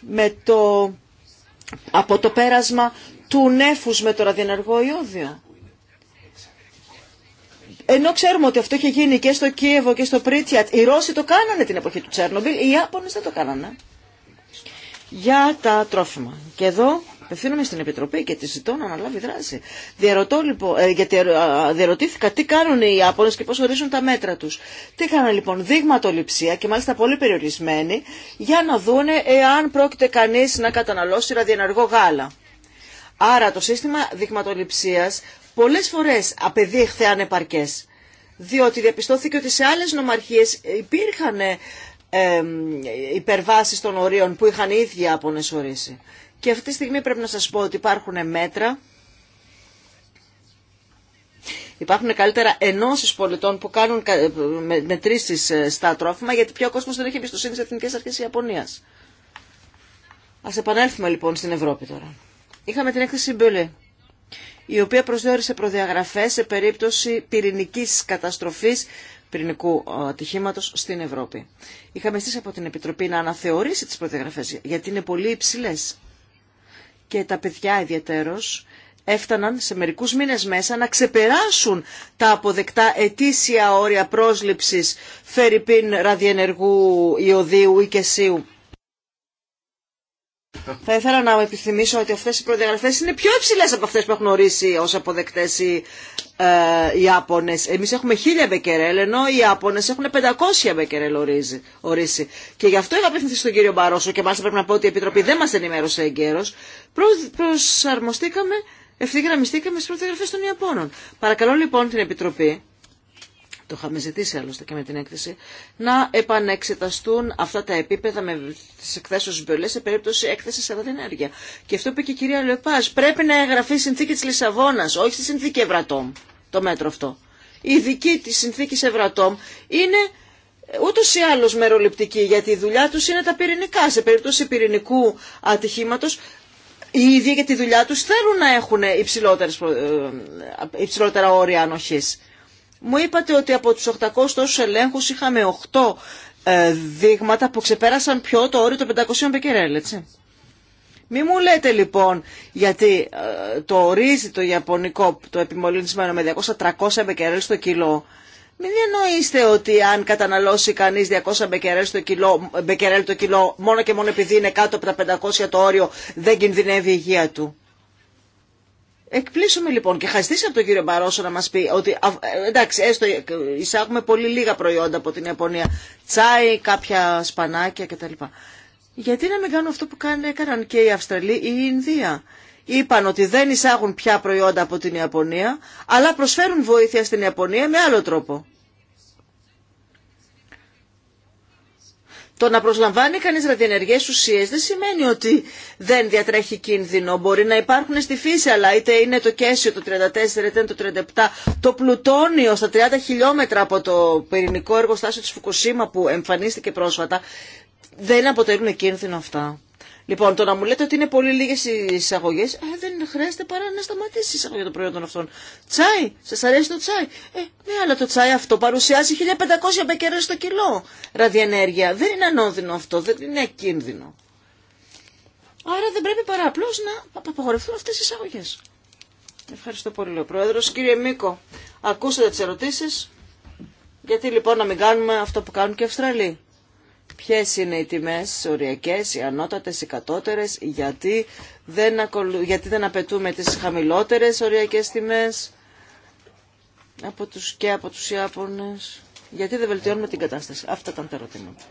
με το, από το πέρασμα του νέφους με το ραδιενεργό ιόδιο. Ενώ ξέρουμε ότι αυτό έχει γίνει και στο Κίεβο και στο Πρίτσιατ, οι Ρώσοι το κάνανε την εποχή του Τσέρνομπιλ, οι Ιάπωνες δεν το κάνανε. Για τα τρόφιμα. Και εδώ απευθύνομαι στην Επιτροπή και τη ζητώ να αναλάβει δράση. Διαρωτώ λοιπόν, ε, γιατί ε, διαρωτήθηκα τι κάνουν οι Ιάπωνες και πώ ορίζουν τα μέτρα του. Τι είχαν λοιπόν δείγματοληψία και μάλιστα πολύ περιορισμένη για να δούνε εάν πρόκειται κανεί να καταναλώσει ραδιενεργό γάλα. Άρα το σύστημα πολλέ πολλές φορές απεδείχθε ανεπαρκέ. Διότι διαπιστώθηκε ότι σε άλλε νομαρχίε υπήρχαν ε, υπερβάσεις των ορίων που είχαν οι ίδιοι Ιάπωνες ορίσει. Και αυτή τη στιγμή πρέπει να σας πω ότι υπάρχουν μέτρα Υπάρχουν καλύτερα ενώσει πολιτών που κάνουν μετρήσει ε, στα τρόφιμα, γιατί πια ο κόσμο δεν έχει εμπιστοσύνη στι εθνικέ αρχέ Ιαπωνία. Α επανέλθουμε λοιπόν στην Ευρώπη τώρα. Είχαμε την έκθεση Μπελέ, η οποία προσδιορίσε προδιαγραφέ σε περίπτωση πυρηνική καταστροφή πυρηνικού ε, ατυχήματο στην Ευρώπη. Είχαμε στήσει από την Επιτροπή να αναθεωρήσει τι προδιαγραφέ, γιατί είναι πολύ υψηλέ και τα παιδιά ιδιαίτερος έφταναν σε μερικούς μήνες μέσα να ξεπεράσουν τα αποδεκτά ετήσια όρια πρόσληψης φερρυπίν ραδιενεργού ιωδίου ή κεσίου. Θα ήθελα να επιθυμήσω ότι αυτές οι προδιαγραφές είναι πιο υψηλές από αυτές που έχουν ορίσει ως αποδεκτές οι ε, Ιάπωνες. Εμείς έχουμε 1000 μπεκερέλ, ενώ οι Ιάπωνες έχουν 500 μπεκερέλ ορίζει, ορίσει. Και γι' αυτό είχα απευθυνθεί στον κύριο Μπαρόσο και μάλιστα πρέπει να πω ότι η Επιτροπή δεν μας ενημέρωσε εγκαίρως. προσαρμοστήκαμε, ευθυγραμμιστήκαμε στις προδιαγραφές των Ιαπώνων. Παρακαλώ λοιπόν την Επιτροπή το είχαμε ζητήσει άλλωστε και με την έκθεση, να επανεξεταστούν αυτά τα επίπεδα με τις εκθέσεις Μπελέ σε περίπτωση έκθεσης κατά την ενέργεια. Και αυτό είπε και η κυρία Λεπά, πρέπει να εγγραφεί η συνθήκη τη Λισαβόνα, όχι στη συνθήκη Ευρατόμ, το μέτρο αυτό. Η δική τη συνθήκη βρατών είναι ούτω ή άλλω μεροληπτική, γιατί η δουλειά του είναι τα πυρηνικά. Σε περίπτωση πυρηνικού ατυχήματο, οι ίδιοι για τη δουλειά του θέλουν να έχουν ε, υψηλότερα όρια ανοχή. Μου είπατε ότι από τους 800 τόσους ελέγχους είχαμε 8 ε, δείγματα που ξεπέρασαν πιο το όριο των 500 μπεκερέλ, έτσι. Μη μου λέτε λοιπόν, γιατί ε, το ορίζει το Ιαπωνικό, το επιμολυνσμένο με 200-300 μπεκερέλ στο κιλό, μην εννοείστε ότι αν καταναλώσει κανείς 200 μπεκερέλ, στο κιλο μην διανοειστε οτι αν καταναλωσει κανεις 200 μπεκερελ στο μπεκερελ το κιλό, μόνο και μόνο επειδή είναι κάτω από τα 500 το όριο, δεν κινδυνεύει η υγεία του. Εκπλήσουμε λοιπόν και χαστήσει από τον κύριο Μπαρόσο να μας πει ότι εντάξει έστω εισάγουμε πολύ λίγα προϊόντα από την Ιαπωνία, τσάι, κάποια σπανάκια κτλ. Γιατί να μην κάνουν αυτό που έκαναν και η Αυστραλία ή η Ινδία. Είπαν ότι δεν εισάγουν πια προϊόντα από την Ιαπωνία, αλλά προσφέρουν βοήθεια στην Ιαπωνία με άλλο τρόπο. Το να προσλαμβάνει κανείς ραδιενεργές ουσίες δεν σημαίνει ότι δεν διατρέχει κίνδυνο. Μπορεί να υπάρχουν στη φύση, αλλά είτε είναι το κέσιο το 34, είτε είναι το 37, το πλουτόνιο στα 30 χιλιόμετρα από το πυρηνικό εργοστάσιο της Φουκουσίμα που εμφανίστηκε πρόσφατα, δεν αποτελούν κίνδυνο αυτά. Λοιπόν, το να μου λέτε ότι είναι πολύ λίγε οι εισαγωγέ, ε, δεν χρειάζεται παρά να σταματήσει η εισαγωγή των προϊόντων αυτών. Τσάι, σα αρέσει το τσάι. Ε, ναι, αλλά το τσάι αυτό παρουσιάζει 1500 μπεκέρε το κιλό ραδιενέργεια. Δεν είναι ανώδυνο αυτό, δεν είναι κίνδυνο. Άρα δεν πρέπει παρά απλώ να απαγορευτούν αυτέ οι εισαγωγέ. Ευχαριστώ πολύ, ο Πρόεδρο. Κύριε Μίκο, ακούσατε τι ερωτήσει. Γιατί λοιπόν να μην κάνουμε αυτό που κάνουν και οι Αυστραλοί ποιες είναι οι τιμές οριακές, οι ανώτατες, οι κατώτερες, γιατί δεν, ακολου... γιατί δεν απαιτούμε τις χαμηλότερες οριακές τιμές από τους... και από τους Ιάπωνες. Γιατί δεν βελτιώνουμε την κατάσταση. Αυτά ήταν τα ερωτήματα.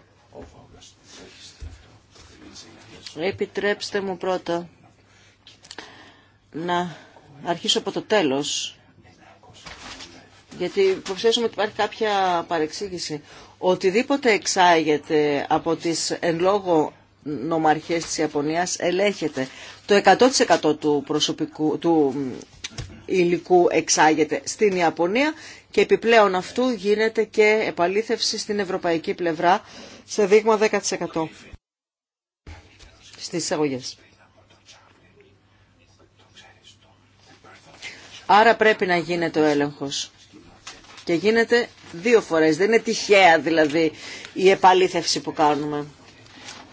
Επιτρέψτε μου πρώτα να αρχίσω από το τέλος. Γιατί υποψιάζομαι ότι υπάρχει κάποια παρεξήγηση οτιδήποτε εξάγεται από τις εν λόγω νομαρχές της Ιαπωνίας ελέγχεται. Το 100% του, προσωπικού, του υλικού εξάγεται στην Ιαπωνία και επιπλέον αυτού γίνεται και επαλήθευση στην ευρωπαϊκή πλευρά σε δείγμα 10% στις εισαγωγές. Άρα πρέπει να γίνεται ο έλεγχος και γίνεται δύο φορές. Δεν είναι τυχαία δηλαδή η επαλήθευση που κάνουμε.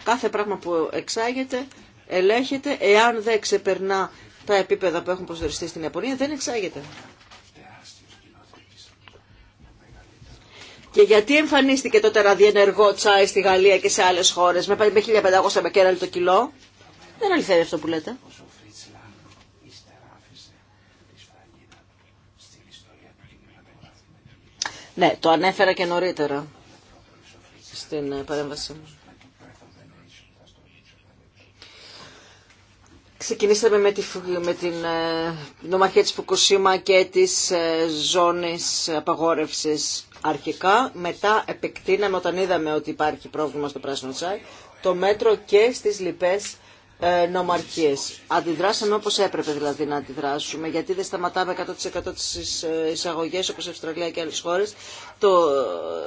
Κάθε πράγμα που εξάγεται ελέγχεται. Εάν δεν ξεπερνά τα επίπεδα που έχουν προσδοριστεί στην Ιαπωνία δεν εξάγεται. Και γιατί εμφανίστηκε τότε ραδιενεργό τσάι στη Γαλλία και σε άλλες χώρες με 1500 μπεκέραλι το κιλό. Δεν αληθεύει αυτό που λέτε. Ναι, το ανέφερα και νωρίτερα στην ε, παρέμβασή μου. Ξεκινήσαμε με, τη, με την ε, νομαρχία της Φουκουσίμα και της ε, ζώνης απαγόρευσης αρχικά. Μετά επεκτείναμε όταν είδαμε ότι υπάρχει πρόβλημα στο πράσινο τσάι το μέτρο και στις λοιπές ε, νομαρχίες. Αντιδράσαμε όπως έπρεπε δηλαδή να αντιδράσουμε, γιατί δεν σταματάμε 100% τις ε, εισαγωγέ όπως η Αυστραλία και άλλες χώρες,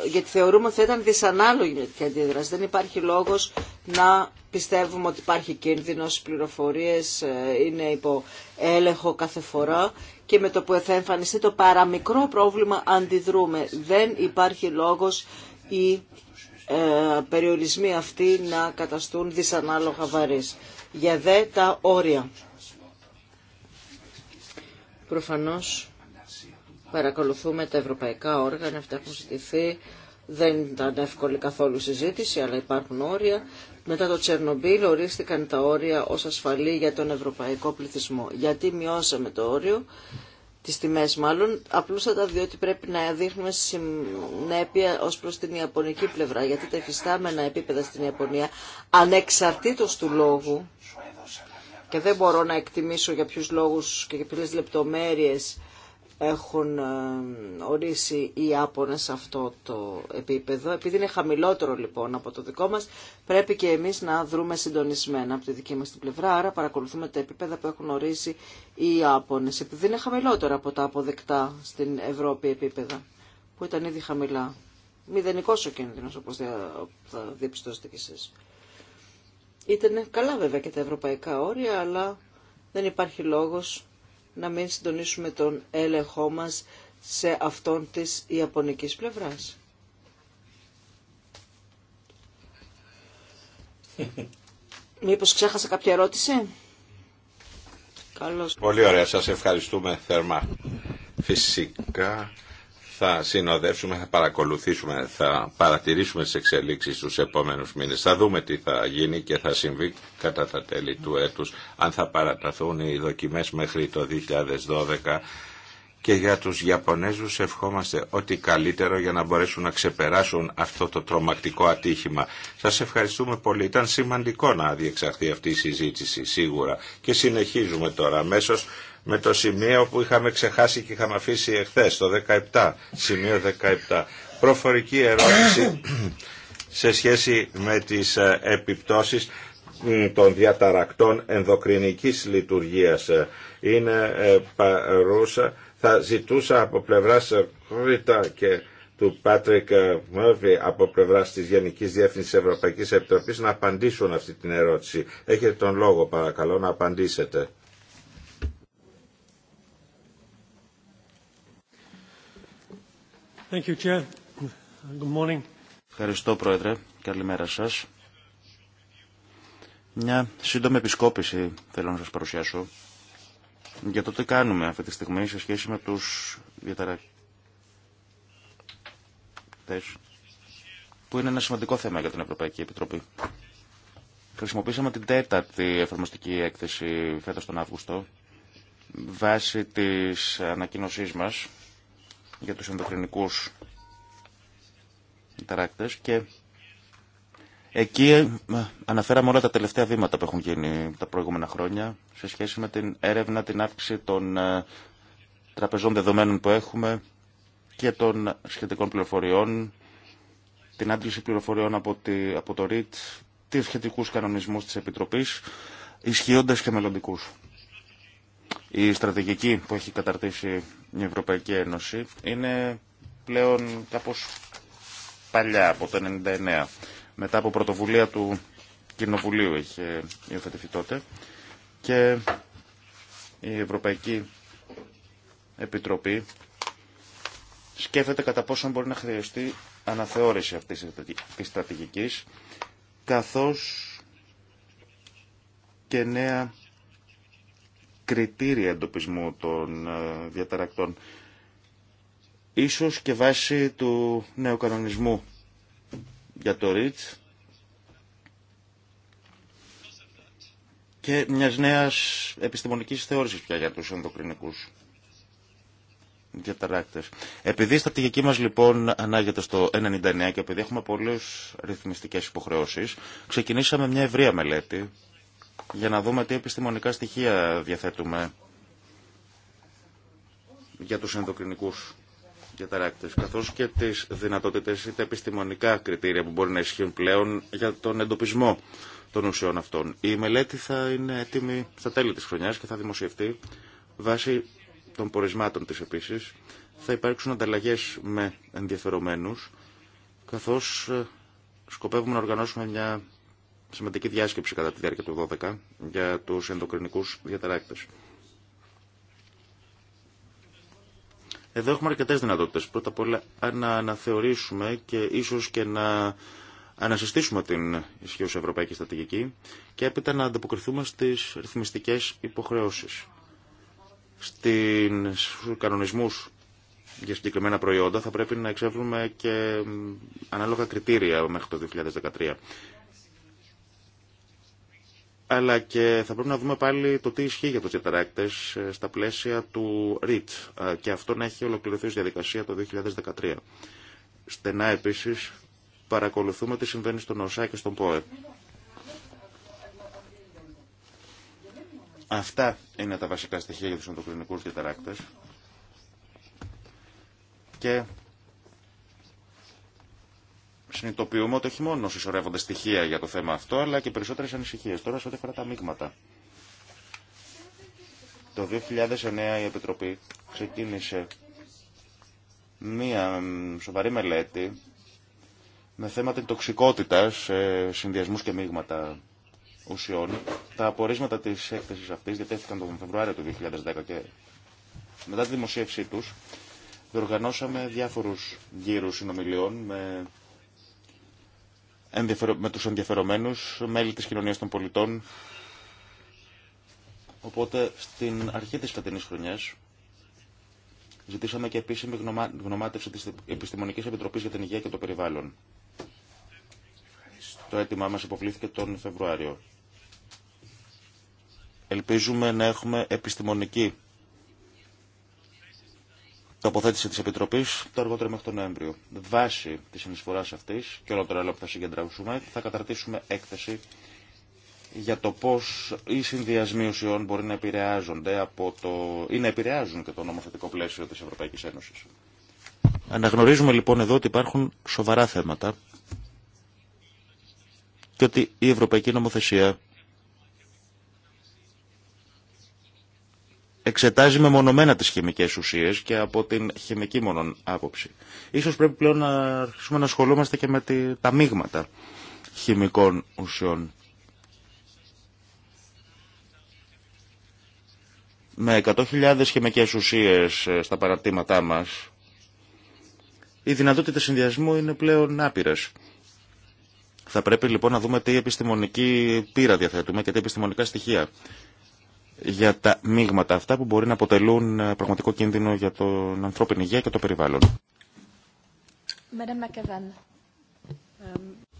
γιατί θεωρούμε ότι θα ήταν δυσανάλογη η αντίδραση. Δεν υπάρχει λόγος να πιστεύουμε ότι υπάρχει κίνδυνο οι πληροφορίες ε, είναι υπό έλεγχο κάθε φορά και με το που θα εμφανιστεί το παραμικρό πρόβλημα αντιδρούμε. Δεν υπάρχει λόγος οι περιορισμοί αυτοί να καταστούν δυσανάλογα βαρύς για δε τα όρια. Προφανώς παρακολουθούμε τα ευρωπαϊκά όργανα, αυτά έχουν ζητηθεί. Δεν ήταν εύκολη καθόλου συζήτηση, αλλά υπάρχουν όρια. Μετά το Τσερνομπίλ ορίστηκαν τα όρια ως ασφαλή για τον ευρωπαϊκό πληθυσμό. Γιατί μειώσαμε το όριο, τις τιμές μάλλον, απλούστατα διότι πρέπει να δείχνουμε συνέπεια ως προς την Ιαπωνική πλευρά. Γιατί τα εφιστάμενα επίπεδα στην Ιαπωνία, ανεξαρτήτως του λόγου, και δεν μπορώ να εκτιμήσω για ποιους λόγους και για ποιες λεπτομέρειες έχουν ε, ορίσει οι Ιάπωνες σε αυτό το επίπεδο. Επειδή είναι χαμηλότερο λοιπόν από το δικό μας, πρέπει και εμείς να δρούμε συντονισμένα από τη δική μας την πλευρά, άρα παρακολουθούμε τα επίπεδα που έχουν ορίσει οι Ιάπωνες, επειδή είναι χαμηλότερα από τα αποδεκτά στην Ευρώπη επίπεδα, που ήταν ήδη χαμηλά. Μηδενικός ο κίνδυνος, όπως θα διαπιστώσετε κι εσείς. Ήταν καλά βέβαια και τα ευρωπαϊκά όρια, αλλά δεν υπάρχει λόγος να μην συντονίσουμε τον έλεγχό μας σε αυτόν της ιαπωνικής πλευράς. Μήπως ξέχασα κάποια ερώτηση? Καλώς. Πολύ ωραία, σας ευχαριστούμε θερμά. Φυσικά θα συνοδεύσουμε, θα παρακολουθήσουμε, θα παρατηρήσουμε τις εξελίξεις τους επόμενους μήνες. Θα δούμε τι θα γίνει και θα συμβεί κατά τα τέλη του έτους, αν θα παραταθούν οι δοκιμές μέχρι το 2012. Και για τους Ιαπωνέζους ευχόμαστε ότι καλύτερο για να μπορέσουν να ξεπεράσουν αυτό το τρομακτικό ατύχημα. Σας ευχαριστούμε πολύ. Ήταν σημαντικό να διεξαχθεί αυτή η συζήτηση σίγουρα. Και συνεχίζουμε τώρα αμέσως με το σημείο που είχαμε ξεχάσει και είχαμε αφήσει εχθές, το 17, σημείο 17. Προφορική ερώτηση σε σχέση με τις ε, επιπτώσεις των διαταρακτών ενδοκρινικής λειτουργίας. Ε, είναι ε, παρούσα. Θα ζητούσα από πλευρά και του Πάτρικ Μόρβι από πλευρά τη Γενική Διεύθυνση Ευρωπαϊκή Επιτροπή να απαντήσουν αυτή την ερώτηση. Έχετε τον λόγο, παρακαλώ, να απαντήσετε. Ευχαριστώ, Πρόεδρε. Καλημέρα σας. Μια σύντομη επισκόπηση θέλω να σας παρουσιάσω για το τι κάνουμε αυτή τη στιγμή σε σχέση με τους διαταρακτές που είναι ένα σημαντικό θέμα για την Ευρωπαϊκή Επιτροπή. Χρησιμοποίησαμε την τέταρτη εφαρμοστική έκθεση φέτος τον Αύγουστο βάσει της ανακοίνωσής μας για τους ενδοκρινικούς ταράκτες και εκεί ε, αναφέραμε όλα τα τελευταία βήματα που έχουν γίνει τα προηγούμενα χρόνια σε σχέση με την έρευνα, την αύξηση των ε, τραπεζών δεδομένων που έχουμε και των σχετικών πληροφοριών, την άντληση πληροφοριών από, τη, από το ΡΙΤ, τις σχετικούς κανονισμούς της Επιτροπής, ισχύοντας και μελλοντικού. Η στρατηγική που έχει καταρτήσει η Ευρωπαϊκή Ένωση είναι πλέον κάπως παλιά, από το 1999. Μετά από πρωτοβουλία του Κοινοβουλίου είχε υιοθετηθεί τότε και η Ευρωπαϊκή Επιτροπή σκέφτεται κατά πόσο μπορεί να χρειαστεί αναθεώρηση αυτής της στρατηγικής καθώς και νέα κριτήρια εντοπισμού των ε, διαταρακτών. Ίσως και βάσει του νέου κανονισμού για το ΡΙΤΣ και μιας νέας επιστημονικής θεώρησης πια για τους ενδοκρινικούς διαταράκτες. Επειδή η στρατηγική μας λοιπόν ανάγεται στο 99 και επειδή έχουμε πολλές ρυθμιστικές υποχρεώσεις, ξεκινήσαμε μια ευρεία μελέτη για να δούμε τι επιστημονικά στοιχεία διαθέτουμε για τους ενδοκρινικούς διαταράκτες, καθώς και τις δυνατότητες ή τα επιστημονικά κριτήρια που μπορεί να ισχύουν πλέον για τον εντοπισμό των ουσιών αυτών. Η μελέτη θα είναι έτοιμη στα τέλη της χρονιάς και θα δημοσιευτεί βάσει των πορισμάτων της επίσης. Θα υπάρξουν ανταλλαγές με ενδιαφερομένους, καθώς ε, σκοπεύουμε να οργανώσουμε μια σημαντική διάσκεψη κατά τη διάρκεια του 12 για τους ενδοκρινικούς διαταράκτες. Εδώ έχουμε αρκετέ δυνατότητε. Πρώτα απ' όλα να αναθεωρήσουμε και ίσω και να ανασυστήσουμε την ισχύουσα ευρωπαϊκή στρατηγική και έπειτα να ανταποκριθούμε στι ρυθμιστικέ υποχρεώσει. Στου κανονισμού για συγκεκριμένα προϊόντα θα πρέπει να εξεύρουμε και ανάλογα κριτήρια μέχρι το 2013 αλλά και θα πρέπει να δούμε πάλι το τι ισχύει για τους διαταράκτες ε, στα πλαίσια του REIT ε, και αυτό να έχει ολοκληρωθεί ως διαδικασία το 2013. Στενά επίσης παρακολουθούμε τι συμβαίνει στον ΟΣΑ και στον ΠΟΕ. Αυτά είναι τα βασικά στοιχεία για τους ανθρωπινικούς διαταράκτες και συνειδητοποιούμε ότι όχι μόνο συσσωρεύονται στοιχεία για το θέμα αυτό, αλλά και περισσότερε ανησυχίες. Τώρα σε ό,τι αφορά τα μείγματα. Το 2009 η Επιτροπή ξεκίνησε μία σοβαρή μελέτη με θέμα την τοξικότητα σε συνδυασμού και μείγματα ουσιών. Τα απορίσματα της έκθεσης αυτής διατέθηκαν τον Φεβρουάριο του 2010 και μετά τη δημοσίευσή του διοργανώσαμε διάφορους γύρους συνομιλιών με με τους ενδιαφερομένους, μέλη της κοινωνίας των πολιτών. Οπότε στην αρχή της φετινής χρονιάς ζητήσαμε και επίσημη γνωμάτευση της Επιστημονικής Επιτροπής για την Υγεία και το Περιβάλλον. Το αίτημά μας υποβλήθηκε τον Φεβρουάριο. Ελπίζουμε να έχουμε επιστημονική τοποθέτηση τη Επιτροπή το αργότερο μέχρι τον Νοέμβριο. Βάσει τη συνεισφορά αυτή και όλο το άλλο που θα συγκεντρώσουμε θα καταρτήσουμε έκθεση για το πώ οι συνδυασμοί ουσιών μπορεί να επηρεάζονται από το... ή να επηρεάζουν και το νομοθετικό πλαίσιο τη Ευρωπαϊκή Ένωση. Αναγνωρίζουμε λοιπόν εδώ ότι υπάρχουν σοβαρά θέματα και ότι η Ευρωπαϊκή Νομοθεσία εξετάζει μεμονωμένα τις χημικές ουσίες και από την χημική μόνον άποψη. Ίσως πρέπει πλέον να αρχίσουμε να ασχολούμαστε και με τα μείγματα χημικών ουσιών. Με 100.000 χημικές ουσίες ε, στα παρατήματά μας, οι δυνατότητα συνδυασμού είναι πλέον άπειρες. Θα πρέπει λοιπόν να δούμε τι επιστημονική πείρα διαθέτουμε και τι επιστημονικά στοιχεία για τα μείγματα αυτά που μπορεί να αποτελούν ε, πραγματικό κίνδυνο για τον ανθρώπινη υγεία και το περιβάλλον.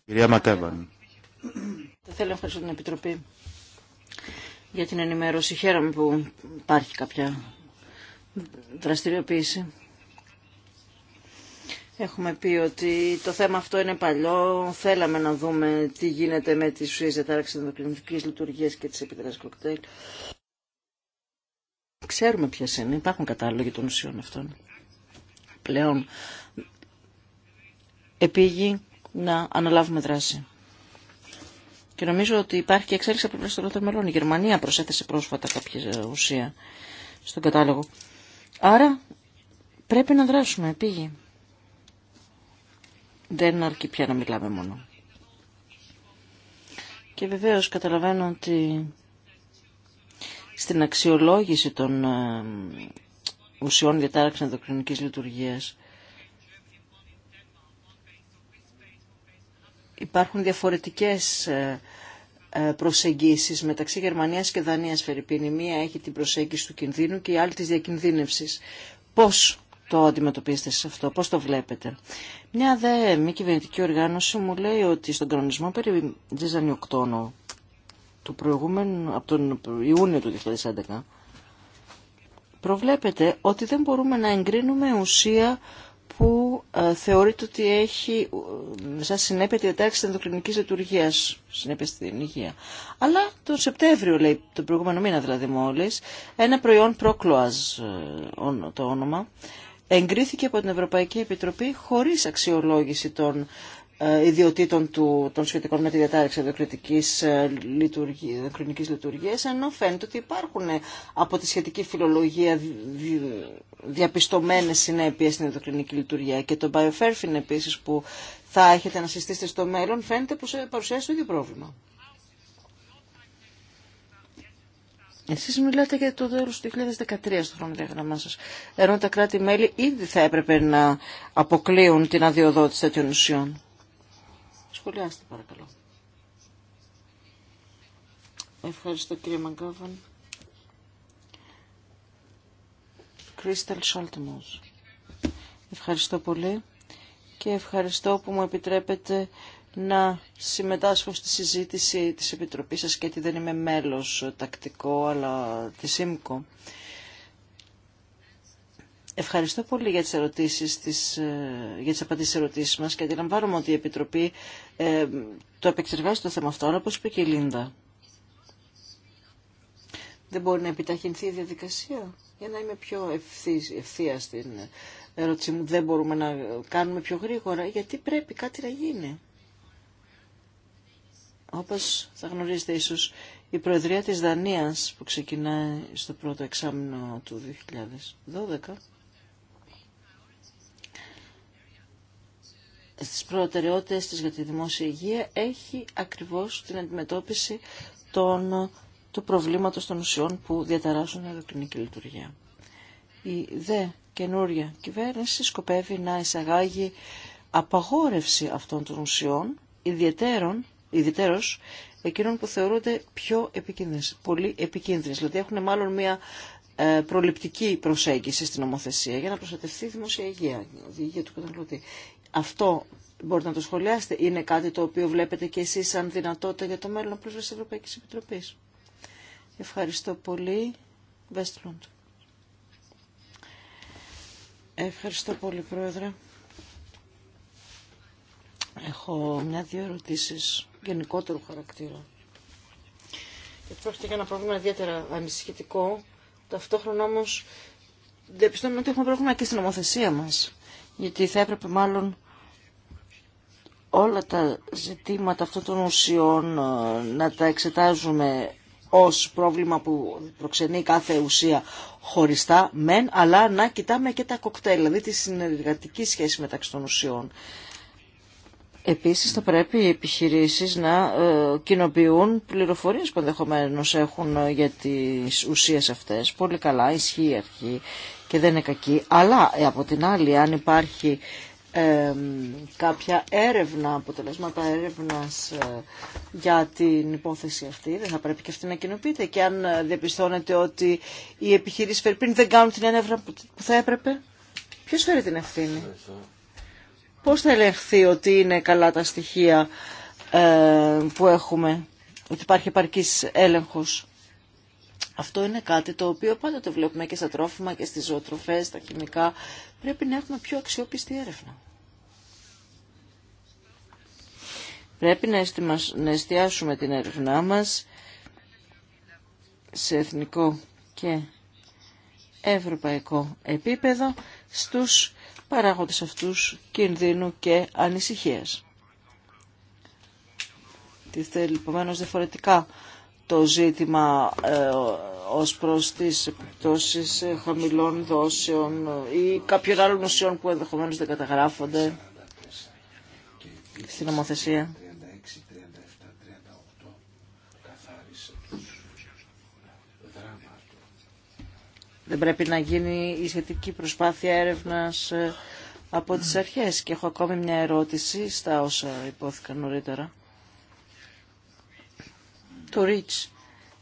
Κυρία Μακέβαν. Θα θέλω να ευχαριστώ την Επιτροπή για την ενημέρωση. Χαίρομαι που υπάρχει κάποια δραστηριοποίηση. Έχουμε πει ότι το θέμα αυτό είναι παλιό. Θέλαμε να δούμε τι γίνεται με τις ουσίες των ενδοκρινικής λειτουργίας και τις επιδράσεις κοκτέιλ. Ξέρουμε ποιε είναι, υπάρχουν κατάλογοι των ουσιών αυτών. Πλέον επίγει να αναλάβουμε δράση. Και νομίζω ότι υπάρχει και εξέλιξη από πλευρά των Η Γερμανία προσέθεσε πρόσφατα κάποια ουσία στον κατάλογο. Άρα πρέπει να δράσουμε, επίγει. Δεν αρκεί πια να μιλάμε μόνο. Και βεβαίως καταλαβαίνω ότι στην αξιολόγηση των ε, ουσιών διατάραξης ενδοκρινικής λειτουργίας. Υπάρχουν διαφορετικές ε, ε, προσεγγίσεις μεταξύ Γερμανίας και Δανίας, Φερρυπίνη. μία έχει την προσέγγιση του κινδύνου και η άλλη της διακινδύνευσης. Πώς το αντιμετωπίζετε σε αυτό, πώς το βλέπετε. Μια δε μη κυβερνητική οργάνωση μου λέει ότι στον κανονισμό περί ζυζανιοκτώνου του προηγούμενου, από τον Ιούνιο του 2011, προβλέπεται ότι δεν μπορούμε να εγκρίνουμε ουσία που ε, θεωρείται ότι έχει ε, σαν συνέπεια τη διατάξη ενδοκρινικής λειτουργίας, συνέπεια στην υγεία. Αλλά τον Σεπτέμβριο, λέει, τον προηγούμενο μήνα δηλαδή μόλις, ένα προϊόν Procloaz ε, το όνομα, εγκρίθηκε από την Ευρωπαϊκή Επιτροπή χωρίς αξιολόγηση των ε, ιδιωτήτων του, των σχετικών με τη διατάρξη ενδοκρινικής ε, λειτουργίας, ενώ φαίνεται ότι υπάρχουν ε, από τη σχετική φιλολογία διαπιστωμένες συνέπειες στην ενδοκρινική λειτουργία και το BioFairfin επίσης που θα έχετε να συστήσετε στο μέλλον φαίνεται που παρουσιάζει το ίδιο πρόβλημα. Εσείς μιλάτε για το τέλος του 2013 στο χρόνο διάγραμμά σας, ενώ τα κράτη-μέλη ήδη θα έπρεπε να αποκλείουν την αδειοδότηση τέτοιων ουσιών. Σχολιάστε παρακαλώ. Ευχαριστώ κύριε Μαγκάβαν. Κρίσταλ Σόλτιμος. Ευχαριστώ πολύ και ευχαριστώ που μου επιτρέπετε να συμμετάσχω στη συζήτηση της Επιτροπής σας και δεν είμαι μέλος τακτικό αλλά της ύμκο. Ευχαριστώ πολύ για τις, ερωτήσεις της, ε, για τις απαντήσεις ερωτήσεις μας και αντιλαμβάνομαι ότι η Επιτροπή ε, το επεξεργάζει το θέμα αυτό, όπως είπε και η Λίνδα. Δεν μπορεί να επιταχυνθεί η διαδικασία για να είμαι πιο ευθεία στην ερώτησή μου. Δεν μπορούμε να κάνουμε πιο γρήγορα γιατί πρέπει κάτι να γίνει. Όπως θα γνωρίζετε ίσως η Προεδρία της Δανίας που ξεκινάει στο πρώτο εξάμεινο του 2012 στις προτεραιότητες της για τη δημόσια υγεία έχει ακριβώς την αντιμετώπιση των, του προβλήματος των ουσιών που διαταράσσουν την κλινική λειτουργία. Η δε καινούρια κυβέρνηση σκοπεύει να εισαγάγει απαγόρευση αυτών των ουσιών, ιδιαίτερων, ιδιαίτερος εκείνων που θεωρούνται πιο επικίνδυνες, πολύ επικίνδυνες. Δηλαδή έχουν μάλλον μια ε, προληπτική προσέγγιση στην νομοθεσία για να προστατευτεί η δημόσια υγεία, η υγεία του καταναλωτή. Αυτό μπορείτε να το σχολιάσετε. Είναι κάτι το οποίο βλέπετε και εσείς σαν δυνατότητα για το μέλλον προς της Ευρωπαϊκής Επιτροπής. Ευχαριστώ πολύ. Βέστλουντ. Ευχαριστώ πολύ, Πρόεδρε. Έχω μια-δύο ερωτήσει γενικότερου χαρακτήρα. Γιατί πρόκειται για ένα πρόβλημα ιδιαίτερα ανησυχητικό. Ταυτόχρονα όμω διαπιστώνουμε ότι έχουμε πρόβλημα και στην νομοθεσία μας γιατί θα έπρεπε μάλλον όλα τα ζητήματα αυτών των ουσιών ε, να τα εξετάζουμε ως πρόβλημα που προξενεί κάθε ουσία χωριστά, μεν, αλλά να κοιτάμε και τα κοκτέιλ, δηλαδή τη συνεργατική σχέση μεταξύ των ουσιών. Επίσης θα πρέπει οι επιχειρήσεις να ε, κοινοποιούν πληροφορίες που ενδεχομένω έχουν ε, για τις ουσίες αυτές. Πολύ καλά, ισχύει η αρχή και δεν είναι κακή. Αλλά ε, από την άλλη αν υπάρχει κάποια έρευνα, αποτελέσματα έρευνας ε, για την υπόθεση αυτή, δεν θα πρέπει και αυτή να κοινοποιείται και αν ε, διαπιστώνετε ότι οι επιχειρήσει Φερπίν δεν κάνουν την έρευνα που θα έπρεπε. Ποιο φέρει την ευθύνη. Πώς θα ελεγχθεί ότι είναι καλά τα στοιχεία που έχουμε, ότι υπάρχει επαρκή έλεγχο, αυτό είναι κάτι το οποίο πάντα το βλέπουμε και στα τρόφιμα και στις ζωοτροφές, στα χημικά. Πρέπει να έχουμε πιο αξιόπιστη έρευνα. Πρέπει να εστιάσουμε την έρευνά μας σε εθνικό και ευρωπαϊκό επίπεδο στους παράγοντες αυτούς κινδύνου και ανησυχίας. Τι θέλει, επομένως, διαφορετικά το ζήτημα ε, ως προς τις επιπτώσεις χαμηλών δόσεων ή κάποιων άλλων ουσιών που ενδεχομένως δεν καταγράφονται στην νομοθεσία. Δεν πρέπει να γίνει η σχετική προσπάθεια έρευνας ε, από τις αρχές. Και έχω ακόμη μια ερώτηση στα όσα υπόθηκαν νωρίτερα το ριτς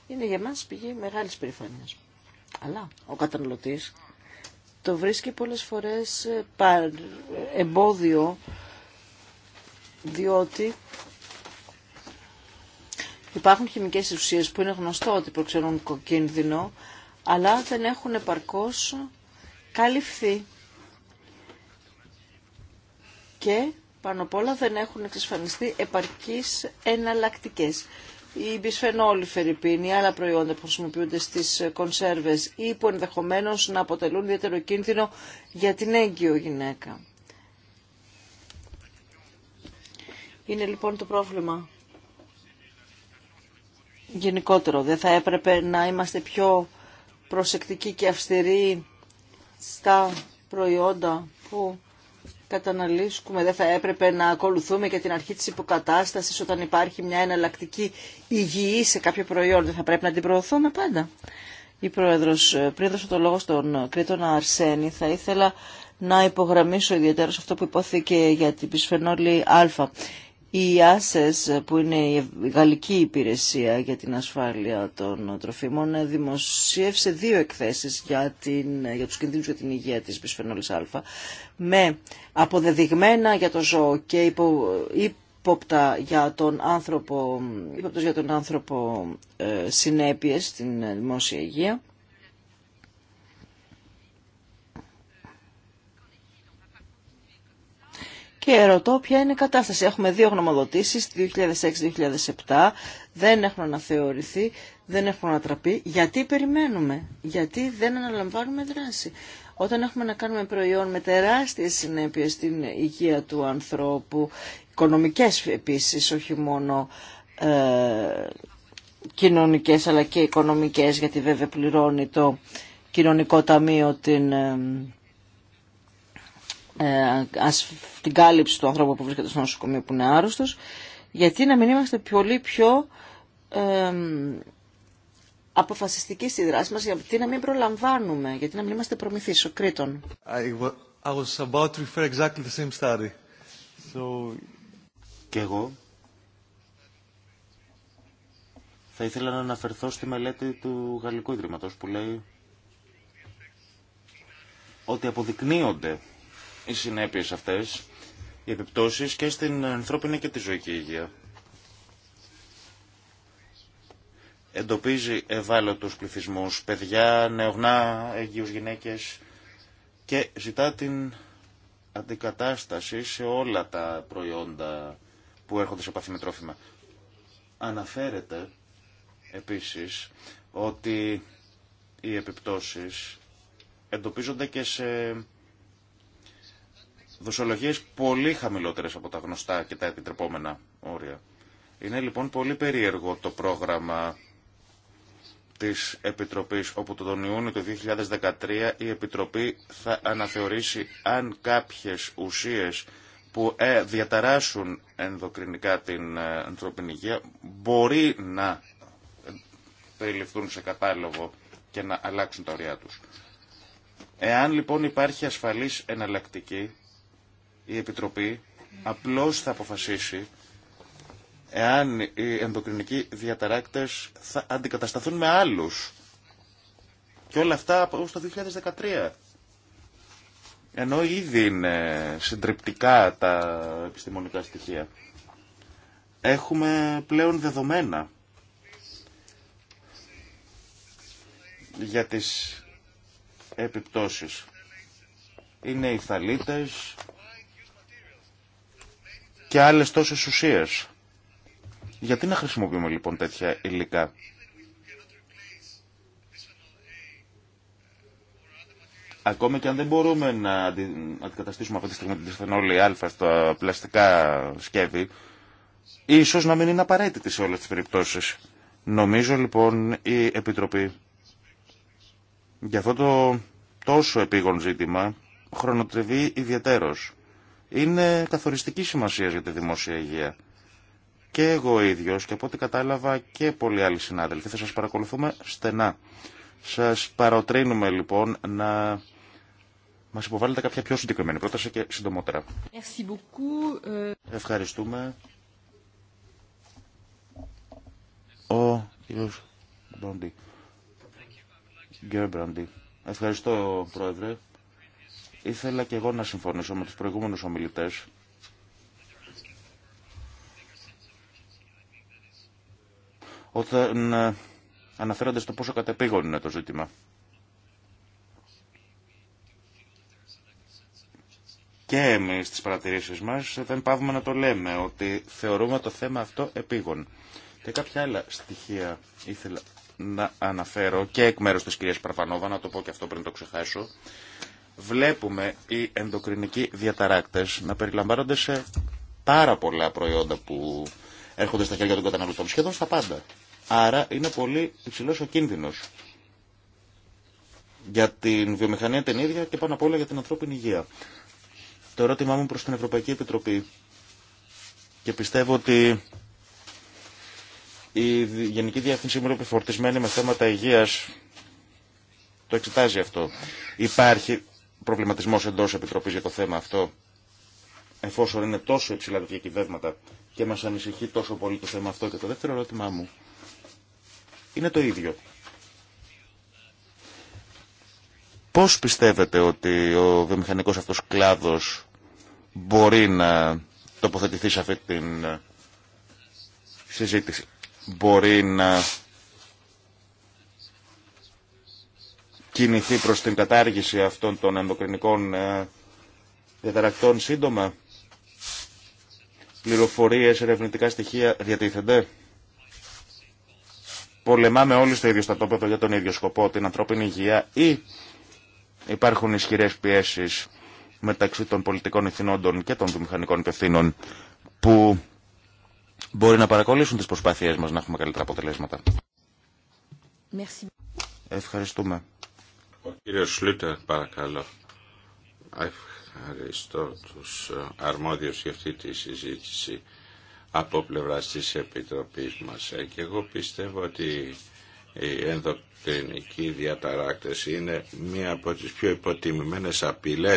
είναι για μας πηγή μεγάλης περηφάνειας. Αλλά ο καταναλωτής το βρίσκει πολλές φορές ε, ε, εμπόδιο διότι υπάρχουν χημικές ουσίες που είναι γνωστό ότι προξενούν κίνδυνο αλλά δεν έχουν επαρκώς καλυφθεί και πάνω απ' όλα δεν έχουν εξασφανιστεί επαρκείς εναλλακτικές η μπισφενόλη φερρυπίνη, άλλα προϊόντα που χρησιμοποιούνται στις κονσέρβες ή που ενδεχομένως να αποτελούν ιδιαίτερο κίνδυνο για την έγκυο γυναίκα. Είναι λοιπόν το πρόβλημα γενικότερο. Δεν θα έπρεπε να είμαστε πιο προσεκτικοί και αυστηροί στα προϊόντα που καταναλύσκουμε, δεν θα έπρεπε να ακολουθούμε και την αρχή της υποκατάστασης όταν υπάρχει μια εναλλακτική υγιή σε κάποιο προϊόν, δεν θα πρέπει να την προωθούμε πάντα. Η Πρόεδρος, πριν δώσω το λόγο στον Κρήτονα Αρσένη, θα ήθελα να υπογραμμίσω ιδιαίτερα σε αυτό που υπόθηκε για την πισφενόλη Α. Η ΆΣΕΣ που είναι η Γαλλική Υπηρεσία για την Ασφάλεια των Τροφίμων δημοσίευσε δύο εκθέσεις για, την, για τους κινδύνους για την υγεία της Μπισφενόλης Α με αποδεδειγμένα για το ζώο και υπο, ύποπτα για τον άνθρωπο, για τον άνθρωπο ε, συνέπειες στην δημόσια υγεία και ρωτώ ποια είναι η κατάσταση. Έχουμε δύο γνωμοδοτήσεις, 2006-2007, δεν έχουν αναθεωρηθεί, δεν έχουν ανατραπεί. Γιατί περιμένουμε, γιατί δεν αναλαμβάνουμε δράση. Όταν έχουμε να κάνουμε προϊόν με τεράστιες συνέπειες στην υγεία του ανθρώπου, οικονομικές επίσης, όχι μόνο ε, κοινωνικές αλλά και οικονομικές, γιατί βέβαια πληρώνει το κοινωνικό ταμείο την... Ε, ε, την κάλυψη του ανθρώπου που βρίσκεται στο νοσοκομείο που είναι άρρωστος, γιατί να μην είμαστε πολύ πιο ε, αποφασιστικοί στη δράση μας, γιατί να μην προλαμβάνουμε, γιατί να μην είμαστε προμηθείς ο Κρήτον. Και εγώ θα ήθελα να αναφερθώ στη μελέτη του Γαλλικού Ιδρύματος που λέει ότι αποδεικνύονται οι συνέπειε αυτές, οι επιπτώσει και στην ανθρώπινη και τη ζωική υγεία. Εντοπίζει ευάλωτου πληθυσμού, παιδιά, νεογνά, έγκυου γυναίκες και ζητά την αντικατάσταση σε όλα τα προϊόντα που έρχονται σε επαφή με τρόφιμα. Αναφέρεται επίσης ότι οι επιπτώσεις εντοπίζονται και σε δοσολογίες πολύ χαμηλότερε από τα γνωστά και τα επιτρεπόμενα όρια. Είναι λοιπόν πολύ περίεργο το πρόγραμμα της Επιτροπής, όπου τον Ιούνιο του 2013 η Επιτροπή θα αναθεωρήσει αν κάποιες ουσίες που ε, διαταράσουν ενδοκρινικά την ε, ανθρώπινη υγεία μπορεί να ε, περιληφθούν σε κατάλογο και να αλλάξουν τα ωριά τους. Εάν λοιπόν υπάρχει ασφαλής εναλλακτική, η Επιτροπή απλώς θα αποφασίσει εάν οι ενδοκρινικοί διαταράκτες θα αντικατασταθούν με άλλους. Και όλα αυτά από το 2013. Ενώ ήδη είναι συντριπτικά τα επιστημονικά στοιχεία. Έχουμε πλέον δεδομένα για τις επιπτώσεις. Είναι οι θαλίτες, και άλλες τόσες ουσίες. Γιατί να χρησιμοποιούμε λοιπόν τέτοια υλικά. Ακόμη και αν δεν μπορούμε να αντικαταστήσουμε αυτή τη στιγμή την τεσθενόλη α στα πλαστικά σκεύη, ίσως να μην είναι απαραίτητη σε όλες τις περιπτώσεις. Νομίζω λοιπόν η Επιτροπή για αυτό το τόσο επίγον ζήτημα χρονοτριβεί ιδιαίτερος είναι καθοριστική σημασία για τη δημόσια υγεία. Και εγώ ίδιο, και από ό,τι κατάλαβα και πολλοί άλλοι συνάδελφοι θα σας παρακολουθούμε στενά. Σας παροτρύνουμε λοιπόν να μας υποβάλλετε κάποια πιο συγκεκριμένη πρόταση και συντομότερα. Ε. Ευχαριστούμε. Ο Ευχαριστώ πρόεδρε. Ήθελα και εγώ να συμφωνήσω με τους προηγούμενους ομιλητές όταν ε, αναφέρονται στο πόσο κατεπήγον είναι το ζήτημα. Και εμείς στις παρατηρήσεις μας δεν πάβουμε να το λέμε ότι θεωρούμε το θέμα αυτό επίγον. Και κάποια άλλα στοιχεία ήθελα να αναφέρω και εκ μέρους της κυρίας Παρφανόβα, να το πω και αυτό πριν το ξεχάσω βλέπουμε οι ενδοκρινικοί διαταράκτες να περιλαμβάνονται σε πάρα πολλά προϊόντα που έρχονται στα χέρια των καταναλωτών, σχεδόν στα πάντα. Άρα είναι πολύ υψηλό ο κίνδυνος για την βιομηχανία την ίδια και πάνω απ' όλα για την ανθρώπινη υγεία. Το ερώτημά μου προς την Ευρωπαϊκή Επιτροπή και πιστεύω ότι η Γενική Διεύθυνση είναι επιφορτισμένη με θέματα υγείας το εξετάζει αυτό. Υπάρχει προβληματισμός εντό επιτροπή για το θέμα αυτό, εφόσον είναι τόσο υψηλά τα διακυβεύματα και μας ανησυχεί τόσο πολύ το θέμα αυτό. Και το δεύτερο ερώτημά μου είναι το ίδιο. Πώς πιστεύετε ότι ο βιομηχανικό αυτός κλάδος μπορεί να τοποθετηθεί σε αυτή την συζήτηση. Μπορεί να κινηθεί προς την κατάργηση αυτών των ενδοκρινικών ε, διαταρακτών σύντομα. Πληροφορίες, ερευνητικά στοιχεία διατίθενται. Πολεμάμε όλοι στο ίδιο στατόπεδο για τον ίδιο σκοπό, την ανθρώπινη υγεία ή υπάρχουν ισχυρές πιέσεις μεταξύ των πολιτικών ηθινόντων και των βιομηχανικών υπευθύνων που μπορεί να παρακολουθήσουν τις προσπάθειές μας να έχουμε καλύτερα αποτελέσματα. Merci. Ευχαριστούμε. Ο Σλούτερ παρακαλώ. Ευχαριστώ τους αρμόδιους για αυτή τη συζήτηση από πλευρά τη επιτροπή μα. Ε, και εγώ πιστεύω ότι η ενδοκρινική διαταράκτηση είναι μία από τι πιο υποτιμημένε απειλέ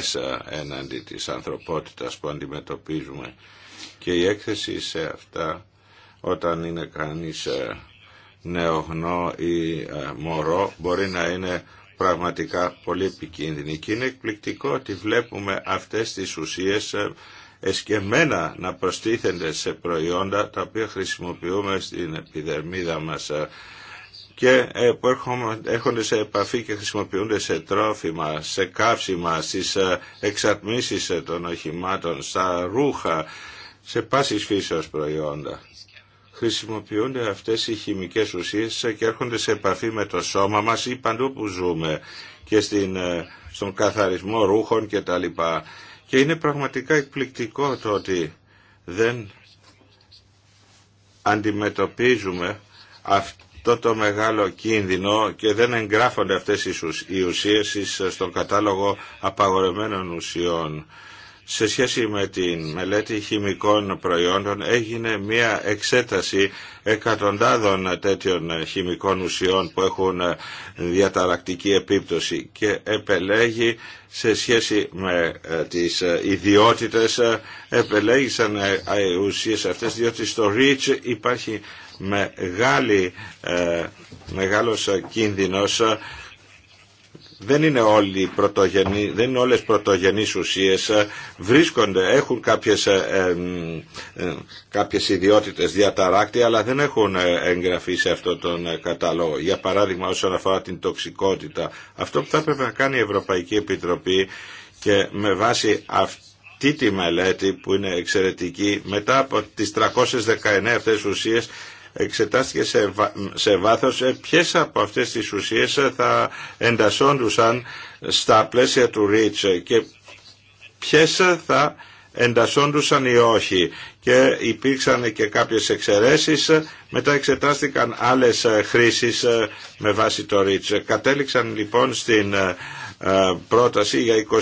έναντι ε, της ανθρωπότητας που αντιμετωπίζουμε και η έκθεση σε αυτά όταν είναι κανείς ε, νεογνώ ή μωρό μπορεί να είναι πραγματικά πολύ επικίνδυνη και είναι εκπληκτικό ότι βλέπουμε αυτές τις ουσίες ε, εσκεμμένα να προστίθενται σε προϊόντα τα οποία χρησιμοποιούμε στην επιδερμίδα μας ε, και ε, που έχουν σε επαφή και χρησιμοποιούνται σε τρόφιμα, σε κάψιμα, στις εξατμίσεις των οχημάτων, στα ρούχα, σε πάσης φύσεως προϊόντα χρησιμοποιούνται αυτές οι χημικές ουσίες και έρχονται σε επαφή με το σώμα μας ή παντού που ζούμε και στην, ε, στον καθαρισμό ρούχων και τα λοιπά. Και είναι πραγματικά εκπληκτικό το ότι δεν αντιμετωπίζουμε αυτό το μεγάλο κίνδυνο και δεν εγγράφονται αυτές οι ουσίες ε, στον κατάλογο απαγορευμένων ουσιών σε σχέση με την μελέτη χημικών προϊόντων έγινε μια εξέταση εκατοντάδων τέτοιων χημικών ουσιών που έχουν διαταρακτική επίπτωση και επελέγει σε σχέση με ε, τις ε, ιδιότητες ε, επελέγησαν οι ουσίες αυτές διότι στο REACH υπάρχει μεγάλη, μεγάλος κίνδυνος δεν είναι, όλοι δεν είναι όλες πρωτογενείς ουσίες, ε, βρίσκονται, έχουν κάποιες, ε, ε, κάποιες ιδιότητες διαταράκτη, αλλά δεν έχουν ε, εγγραφεί σε αυτόν τον κατάλογο. Για παράδειγμα όσον αφορά την τοξικότητα, αυτό που θα έπρεπε να κάνει η Ευρωπαϊκή Επιτροπή και με βάση αυτή τη μελέτη που είναι εξαιρετική μετά από τις 319 αυτές ουσίες εξετάστηκε σε, βά σε βάθος ε, ποιες από αυτές τις ουσίες ε, θα εντασσόντουσαν στα πλαίσια του ριτς ε, και ποιες θα εντασσόντουσαν ή όχι και υπήρξαν και κάποιες εξαιρέσεις μετά εξετάστηκαν άλλες χρήσεις με βάση το ριτς κατέληξαν λοιπόν στην πρόταση για 22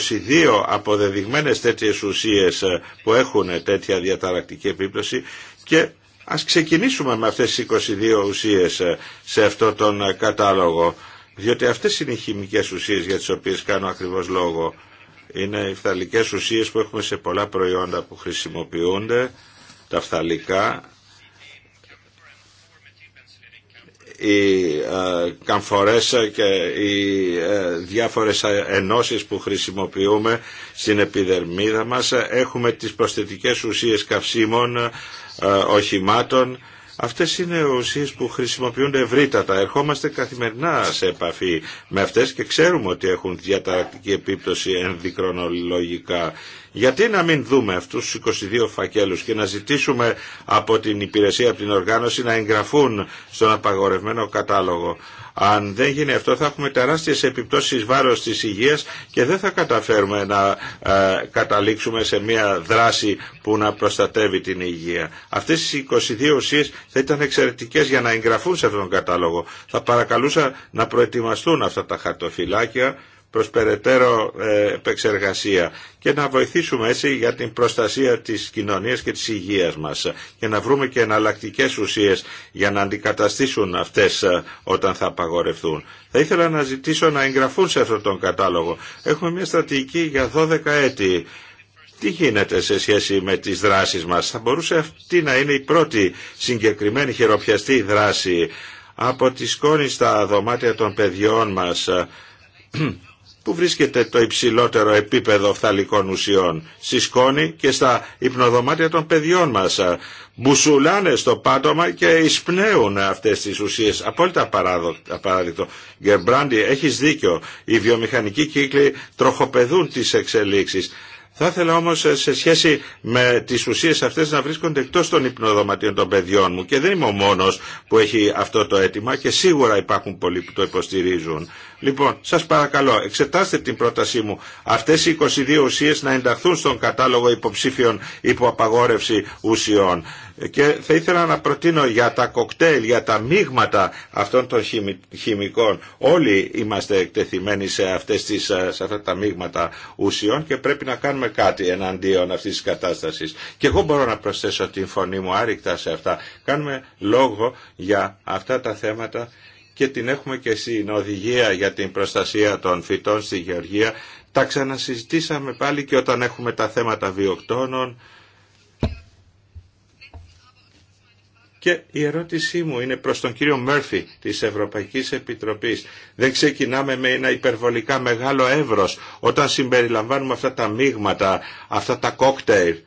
αποδεδειγμένες τέτοιες ουσίες που έχουν τέτοια διαταρακτική επίπτωση και Ας ξεκινήσουμε με αυτές τις 22 ουσίες ε, σε αυτό τον ε, κατάλογο, διότι αυτές είναι οι χημικές ουσίες για τις οποίες κάνω ακριβώς λόγο. Είναι οι φθαλικές ουσίες που έχουμε σε πολλά προϊόντα που χρησιμοποιούνται, τα φθαλικά, οι ε, καμφορές και οι διάφορες ενώσεις που χρησιμοποιούμε στην επιδερμίδα μας. Έχουμε τις προσθετικές ουσίες καυσίμων ε, οχημάτων. Αυτές είναι ουσίες που χρησιμοποιούνται ευρύτατα. Ερχόμαστε καθημερινά σε επαφή με αυτές και ξέρουμε ότι έχουν διαταρακτική επίπτωση ενδικρονολογικά γιατί να μην δούμε αυτούς τους 22 φακέλους και να ζητήσουμε από την υπηρεσία, από την οργάνωση να εγγραφούν στον απαγορευμένο κατάλογο. Αν δεν γίνει αυτό θα έχουμε τεράστιες επιπτώσεις βάρος της υγείας και δεν θα καταφέρουμε να ε, καταλήξουμε σε μια δράση που να προστατεύει την υγεία. Αυτές οι 22 ουσίες θα ήταν εξαιρετικές για να εγγραφούν σε αυτόν τον κατάλογο. Θα παρακαλούσα να προετοιμαστούν αυτά τα χαρτοφυλάκια προς περαιτέρω ε, επεξεργασία και να βοηθήσουμε έτσι για την προστασία της κοινωνίας και της υγείας μας και να βρούμε και εναλλακτικέ ουσίες για να αντικαταστήσουν αυτές ε, όταν θα απαγορευτούν. Θα ήθελα να ζητήσω να εγγραφούν σε αυτόν τον κατάλογο. Έχουμε μια στρατηγική για 12 έτη. Τι γίνεται σε σχέση με τις δράσεις μας. Θα μπορούσε αυτή να είναι η πρώτη συγκεκριμένη χειροπιαστή δράση από τη σκόνη στα δωμάτια των παιδιών μας Πού βρίσκεται το υψηλότερο επίπεδο φθαλικών ουσιών, στη σκόνη και στα υπνοδωμάτια των παιδιών μας. Μπουσουλάνε στο πάτωμα και εισπνέουν αυτές τις ουσίες. Απόλυτα απαράδεκτο. Γκερμπράντι, έχεις δίκιο. Οι βιομηχανικοί κύκλοι τροχοπεδούν τις εξελίξεις. Θα ήθελα όμω ε, σε σχέση με τι ουσίε αυτέ να βρίσκονται εκτό των υπνοδωματίων των παιδιών μου και δεν είμαι ο μόνο που έχει αυτό το αίτημα και σίγουρα υπάρχουν πολλοί που το υποστηρίζουν. Λοιπόν, σας παρακαλώ, εξετάστε την πρότασή μου. Αυτές οι 22 ουσίε να ενταχθούν στον κατάλογο υποψήφιων υπό απαγόρευση ουσιών. Ε, και θα ήθελα να προτείνω για τα κοκτέιλ, για τα μείγματα αυτών των χημικών. Όλοι είμαστε εκτεθειμένοι σε, αυτές τις, ε, σε αυτά τα μείγματα ουσιών και πρέπει να κάνουμε κάτι εναντίον αυτή τη κατάσταση. Και εγώ μπορώ να προσθέσω την φωνή μου άρρηκτα σε αυτά. Κάνουμε λόγο για αυτά τα θέματα και την έχουμε και στην οδηγία για την προστασία των φυτών στη Γεωργία. Τα ξανασυζητήσαμε πάλι και όταν έχουμε τα θέματα βιοκτώνων. Και η ερώτησή μου είναι προς τον κύριο Μέρφυ της Ευρωπαϊκής Επιτροπής. Δεν ξεκινάμε με ένα υπερβολικά μεγάλο εύρος όταν συμπεριλαμβάνουμε αυτά τα μείγματα, αυτά τα κόκτέιλ.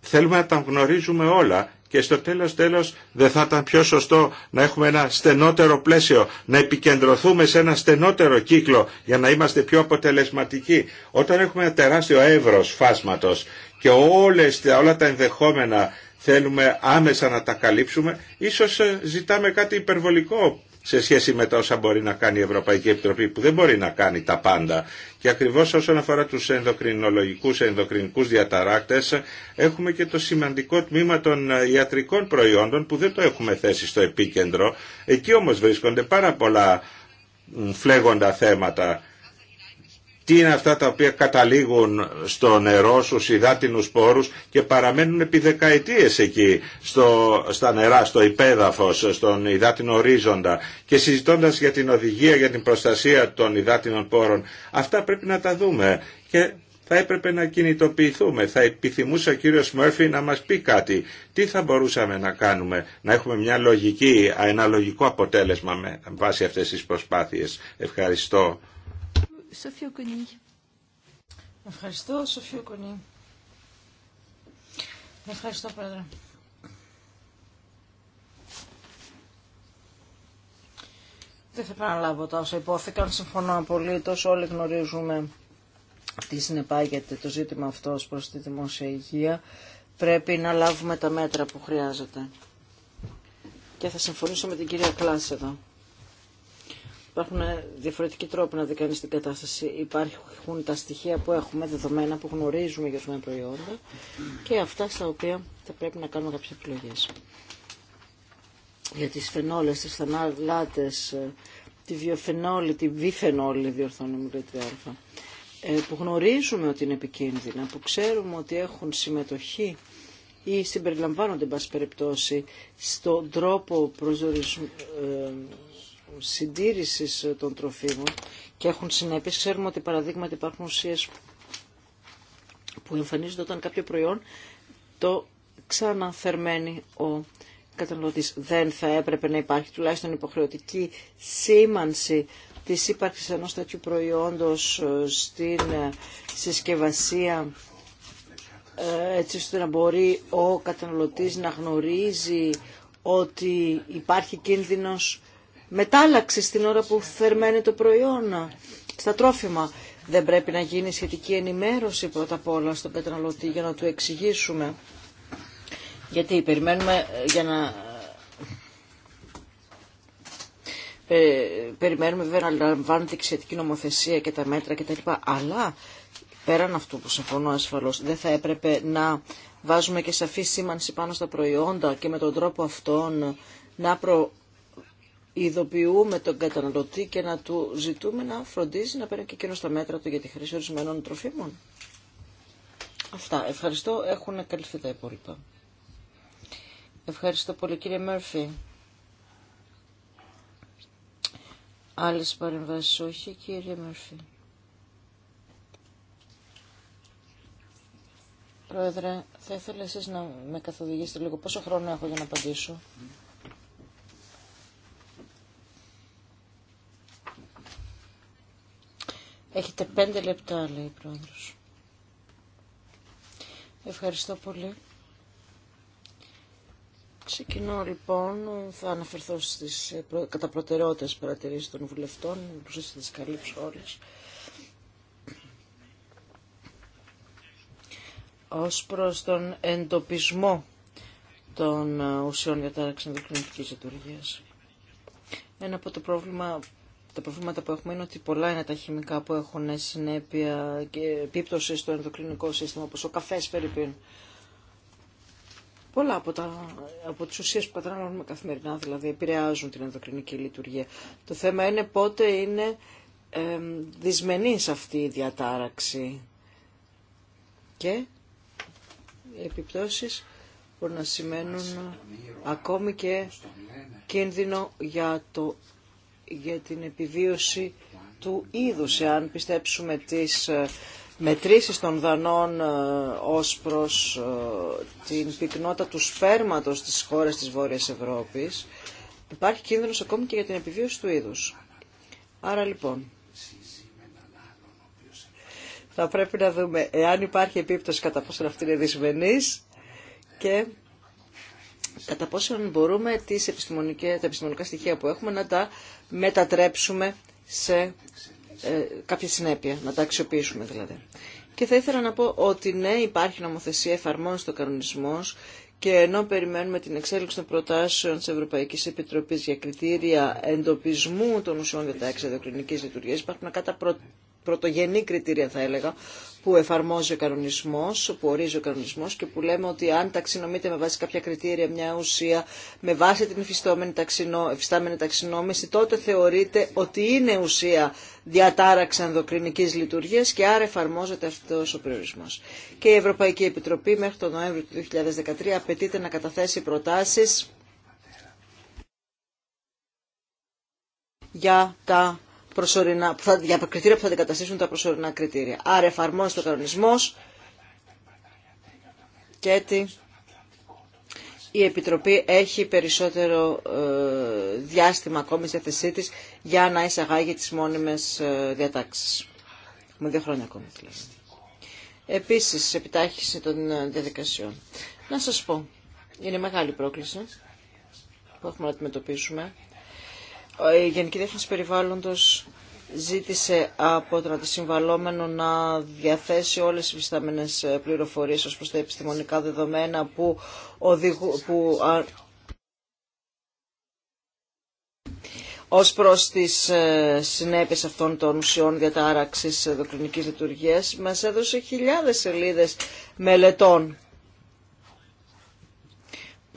Θέλουμε να τα γνωρίζουμε όλα και στο τέλος τέλος δεν θα ήταν πιο σωστό να έχουμε ένα στενότερο πλαίσιο, να επικεντρωθούμε σε ένα στενότερο κύκλο για να είμαστε πιο αποτελεσματικοί. Όταν έχουμε ένα τεράστιο εύρος φάσματος και όλες, όλα τα ενδεχόμενα θέλουμε άμεσα να τα καλύψουμε, ίσως ε, ζητάμε κάτι υπερβολικό σε σχέση με τα όσα μπορεί να κάνει η Ευρωπαϊκή Επιτροπή που δεν μπορεί να κάνει τα πάντα. Και ακριβώς όσον αφορά τους ενδοκρινολογικούς, ενδοκρινικούς διαταράκτες έχουμε και το σημαντικό τμήμα των ιατρικών προϊόντων που δεν το έχουμε θέσει στο επίκεντρο. Εκεί όμως βρίσκονται πάρα πολλά φλέγοντα θέματα τι είναι αυτά τα οποία καταλήγουν στο νερό, στους υδάτινους πόρους και παραμένουν επί δεκαετίες εκεί, στο, στα νερά, στο υπέδαφος, στον υδάτινο ορίζοντα. Και συζητώντας για την οδηγία, για την προστασία των υδάτινων πόρων, αυτά πρέπει να τα δούμε. Και θα έπρεπε να κινητοποιηθούμε. Θα επιθυμούσε ο κύριος Μέρφυ να μας πει κάτι. Τι θα μπορούσαμε να κάνουμε, να έχουμε μια λογική, ένα λογικό αποτέλεσμα με βάση αυτές τις προσπάθειες. Ευχαριστώ. Sophie Oconi. Ευχαριστώ, Σοφία Κονή. Ευχαριστώ, Πρόεδρε. Δεν θα επαναλάβω τα όσα υπόθηκαν. Συμφωνώ απολύτω. Όλοι γνωρίζουμε τι συνεπάγεται το ζήτημα αυτό προ τη δημόσια υγεία. Πρέπει να λάβουμε τα μέτρα που χρειάζεται. Και θα συμφωνήσω με την κυρία Κλάση εδώ. Υπάρχουν διαφορετικοί τρόποι να δει κανεί την κατάσταση. Υπάρχουν τα στοιχεία που έχουμε, δεδομένα που γνωρίζουμε για ορισμένα προϊόντα και αυτά στα οποία θα πρέπει να κάνουμε κάποιε επιλογέ. Για τι φενόλε, τι θανάλατε, τη βιοφενόλη, τη βιφενόλη, διορθώνω μου λέτε α, ε, που γνωρίζουμε ότι είναι επικίνδυνα, που ξέρουμε ότι έχουν συμμετοχή ή συμπεριλαμβάνονται, εν πάση περιπτώσει, στον τρόπο προσδορισμού ε, συντήρησης ε, των τροφίμων και έχουν συνέπειες. Ξέρουμε ότι παραδείγματι υπάρχουν ουσίε που εμφανίζονται όταν κάποιο προϊόν το ξαναθερμαίνει ο καταναλωτή. Δεν θα έπρεπε να υπάρχει τουλάχιστον υποχρεωτική σήμανση της ύπαρξη ενό τέτοιου προϊόντος ε, στην ε, συσκευασία έτσι ώστε να μπορεί ο καταναλωτής να γνωρίζει ότι υπάρχει κίνδυνος μετάλλαξη στην ώρα που θερμαίνει το προϊόν στα τρόφιμα. Δεν πρέπει να γίνει σχετική ενημέρωση πρώτα απ' όλα στον καταναλωτή για να του εξηγήσουμε. Γιατί περιμένουμε ε, για να... Ε, ε, περιμένουμε βέβαια να λαμβάνεται η σχετική νομοθεσία και τα μέτρα κτλ. Αλλά πέραν αυτού που συμφωνώ ασφαλώς δεν θα έπρεπε να βάζουμε και σαφή σήμανση πάνω στα προϊόντα και με τον τρόπο αυτόν να προ ειδοποιούμε τον καταναλωτή και να του ζητούμε να φροντίζει να παίρνει και εκείνο στα μέτρα του για τη χρήση ορισμένων τροφίμων. Αυτά. Ευχαριστώ. Έχουν καλυφθεί τα υπόλοιπα. Ευχαριστώ πολύ κύριε Μέρφυ. Άλλες παρεμβάσεις όχι κύριε Μέρφυ. Πρόεδρε, θα ήθελα εσείς να με καθοδηγήσετε λίγο πόσο χρόνο έχω για να απαντήσω. Έχετε πέντε λεπτά, λέει η Πρόεδρος. Ευχαριστώ πολύ. Ξεκινώ λοιπόν, θα αναφερθώ στις ε, κατά παρατηρήσεις των βουλευτών, που να τις καλύψω όλες. Ως προς τον εντοπισμό των ε, ουσιών για τα ενδοκρινικής λειτουργίας. Ένα από το πρόβλημα τα προβλήματα που έχουμε είναι ότι πολλά είναι τα χημικά που έχουν συνέπεια και επίπτωση στο ενδοκρινικό σύστημα, όπως ο καφές περίπου. Πολλά από, τα, από τις ουσίες που καταναλώνουμε καθημερινά, δηλαδή, επηρεάζουν την ενδοκρινική λειτουργία. Το θέμα είναι πότε είναι ε, δυσμενής αυτή η διατάραξη και οι επιπτώσεις μπορούν να σημαίνουν ακόμη και κίνδυνο για το για την επιβίωση του είδους, εάν πιστέψουμε τις ε, μετρήσεις των δανών ε, ως προς ε, την πυκνότητα του σπέρματος της χώρας της Βόρειας Ευρώπης, υπάρχει κίνδυνος ακόμη και για την επιβίωση του είδους. Άρα λοιπόν, θα πρέπει να δούμε εάν υπάρχει επίπτωση κατά πόσο αυτή είναι δυσμενής και κατά πόσο μπορούμε τις επιστημονικές, τα επιστημονικά στοιχεία που έχουμε να τα μετατρέψουμε σε ε, κάποια συνέπεια, να τα αξιοποιήσουμε δηλαδή. Και θα ήθελα να πω ότι ναι, υπάρχει νομοθεσία, εφαρμόζεται ο κανονισμό και ενώ περιμένουμε την εξέλιξη των προτάσεων τη ευρωπαϊκή Επιτροπή για κριτήρια εντοπισμού των ουσιών για τα εξεδοκρινικές λειτουργία, υπάρχουν κατά πρωτογενή κριτήρια θα έλεγα, που εφαρμόζει ο κανονισμό, που ορίζει ο κανονισμό και που λέμε ότι αν ταξινομείται με βάση κάποια κριτήρια μια ουσία, με βάση την ταξινό, ταξινόμηση, τότε θεωρείται ότι είναι ουσία διατάραξη ενδοκρινική λειτουργία και άρα εφαρμόζεται αυτό ο περιορισμό. Και η Ευρωπαϊκή Επιτροπή μέχρι τον Νοέμβριο του 2013 απαιτείται να καταθέσει προτάσει για τα για κριτήρια που θα αντικαταστήσουν τα προσωρινά κριτήρια. Άρα εφαρμόζεται ο κανονισμός και έτσι η Επιτροπή έχει περισσότερο ε, διάστημα ακόμη στη θέση της για να εισαγάγει τις μόνιμες ε, διατάξεις. Με δύο χρόνια ακόμη δηλαδή. Επίσης, επιτάχυση των ε, διαδικασιών. Να σας πω, είναι μεγάλη πρόκληση που έχουμε να αντιμετωπίσουμε. Η Γενική Διεύθυνση Περιβάλλοντος ζήτησε από τον αντισυμβαλόμενο να διαθέσει όλες τις πιστάμενες πληροφορίες ως προς τα επιστημονικά δεδομένα που, οδηγούν. που ως προς τις ε, συνέπειες αυτών των ουσιών διατάραξης δοκρινικής λειτουργίας μας έδωσε χιλιάδες σελίδες μελετών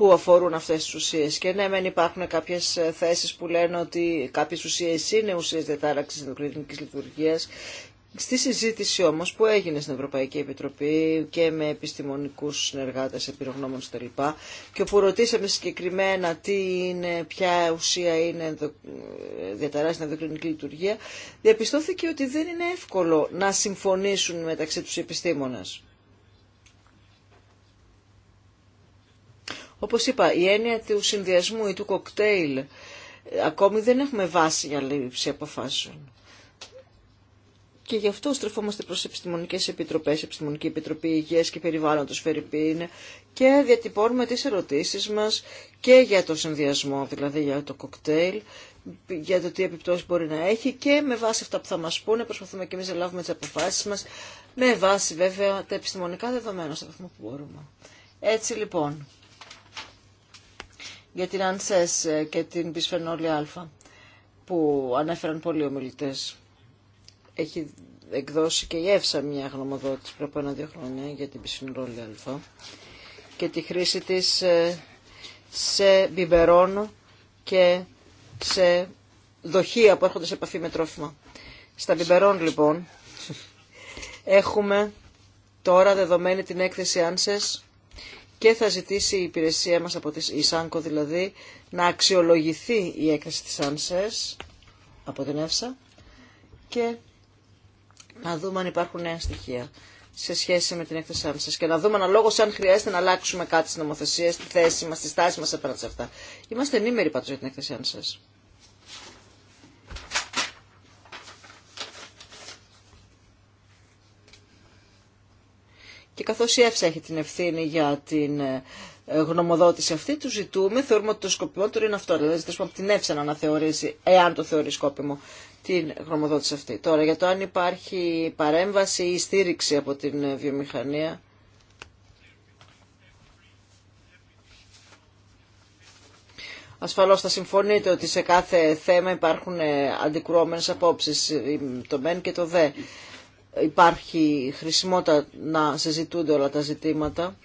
που αφορούν αυτέ τι ουσίε Και ναι, μεν υπάρχουν κάποιε θέσει που λένε ότι κάποιε ουσίε είναι ουσίε διατάραξη ενδοκρινικής λειτουργία. Στη συζήτηση όμω που έγινε στην Ευρωπαϊκή Επιτροπή και με επιστημονικού συνεργάτε επιρρογνώμονε κτλ. και όπου ρωτήσαμε συγκεκριμένα τι είναι, ποια ουσία είναι ε, διαταράξη στην ενδοκρινική λειτουργία, διαπιστώθηκε ότι δεν είναι εύκολο να συμφωνήσουν μεταξύ του επιστήμονε. Όπως είπα, η έννοια του συνδυασμού ή του κοκτέιλ ε, ακόμη δεν έχουμε βάση για λήψη αποφάσεων. Και γι' αυτό στρεφόμαστε προς επιστημονικές επιτροπές, Επιστημονική Επιτροπή Υγείας και Περιβάλλοντος Φερρυπίν και διατυπώνουμε τις ερωτήσεις μας και για το συνδυασμό, δηλαδή για το κοκτέιλ, για το τι επιπτώσεις μπορεί να έχει και με βάση αυτά που θα μας πούνε προσπαθούμε και εμείς να λάβουμε τις αποφάσεις μας με βάση βέβαια τα επιστημονικά δεδομένα στο βαθμό που μπορούμε. Έτσι λοιπόν, για την ΑΝΣΕΣ και την Πισφενόλη Α που ανέφεραν πολλοί ομιλητέ. Έχει εκδώσει και η ΕΦΣΑ μια γνωμοδότηση πριν από ένα-δύο χρόνια για την Πισφενόλη Α και τη χρήση της ε, σε μπιμπερών και σε δοχεία που έρχονται σε επαφή με τρόφιμα. Στα μπιμπερών λοιπόν έχουμε τώρα δεδομένη την έκθεση ANSES και θα ζητήσει η υπηρεσία μας από τη ΣΑΝΚΟ δηλαδή να αξιολογηθεί η έκθεση της ΑΝΣΕΣ από την ΕΦΣΑ και να δούμε αν υπάρχουν νέα στοιχεία σε σχέση με την έκθεση ΆΝΣΕΣ και να δούμε αναλόγω αν χρειάζεται να αλλάξουμε κάτι στις νομοθεσίες, στη θέση μας, στη στάση μας απέναντι σε αυτά. Είμαστε ενήμεροι πάντως για την έκθεση ΆΝΣΕΣ. Και καθώς η ΕΦΣΑ έχει την ευθύνη για την ε, γνωμοδότηση αυτή, του ζητούμε, θεωρούμε ότι το του είναι αυτό. Δηλαδή, ζητήσουμε από την ΕΦΣΑ να αναθεωρήσει, εάν το θεωρεί σκόπιμο, την γνωμοδότηση αυτή. Τώρα, για το αν υπάρχει παρέμβαση ή στήριξη από την ε, βιομηχανία. Ασφαλώς θα συμφωνείτε ότι σε κάθε θέμα υπάρχουν ε, αντικρουόμενες απόψεις, το μεν και το δε υπάρχει χρησιμότητα να συζητούνται όλα τα ζητήματα.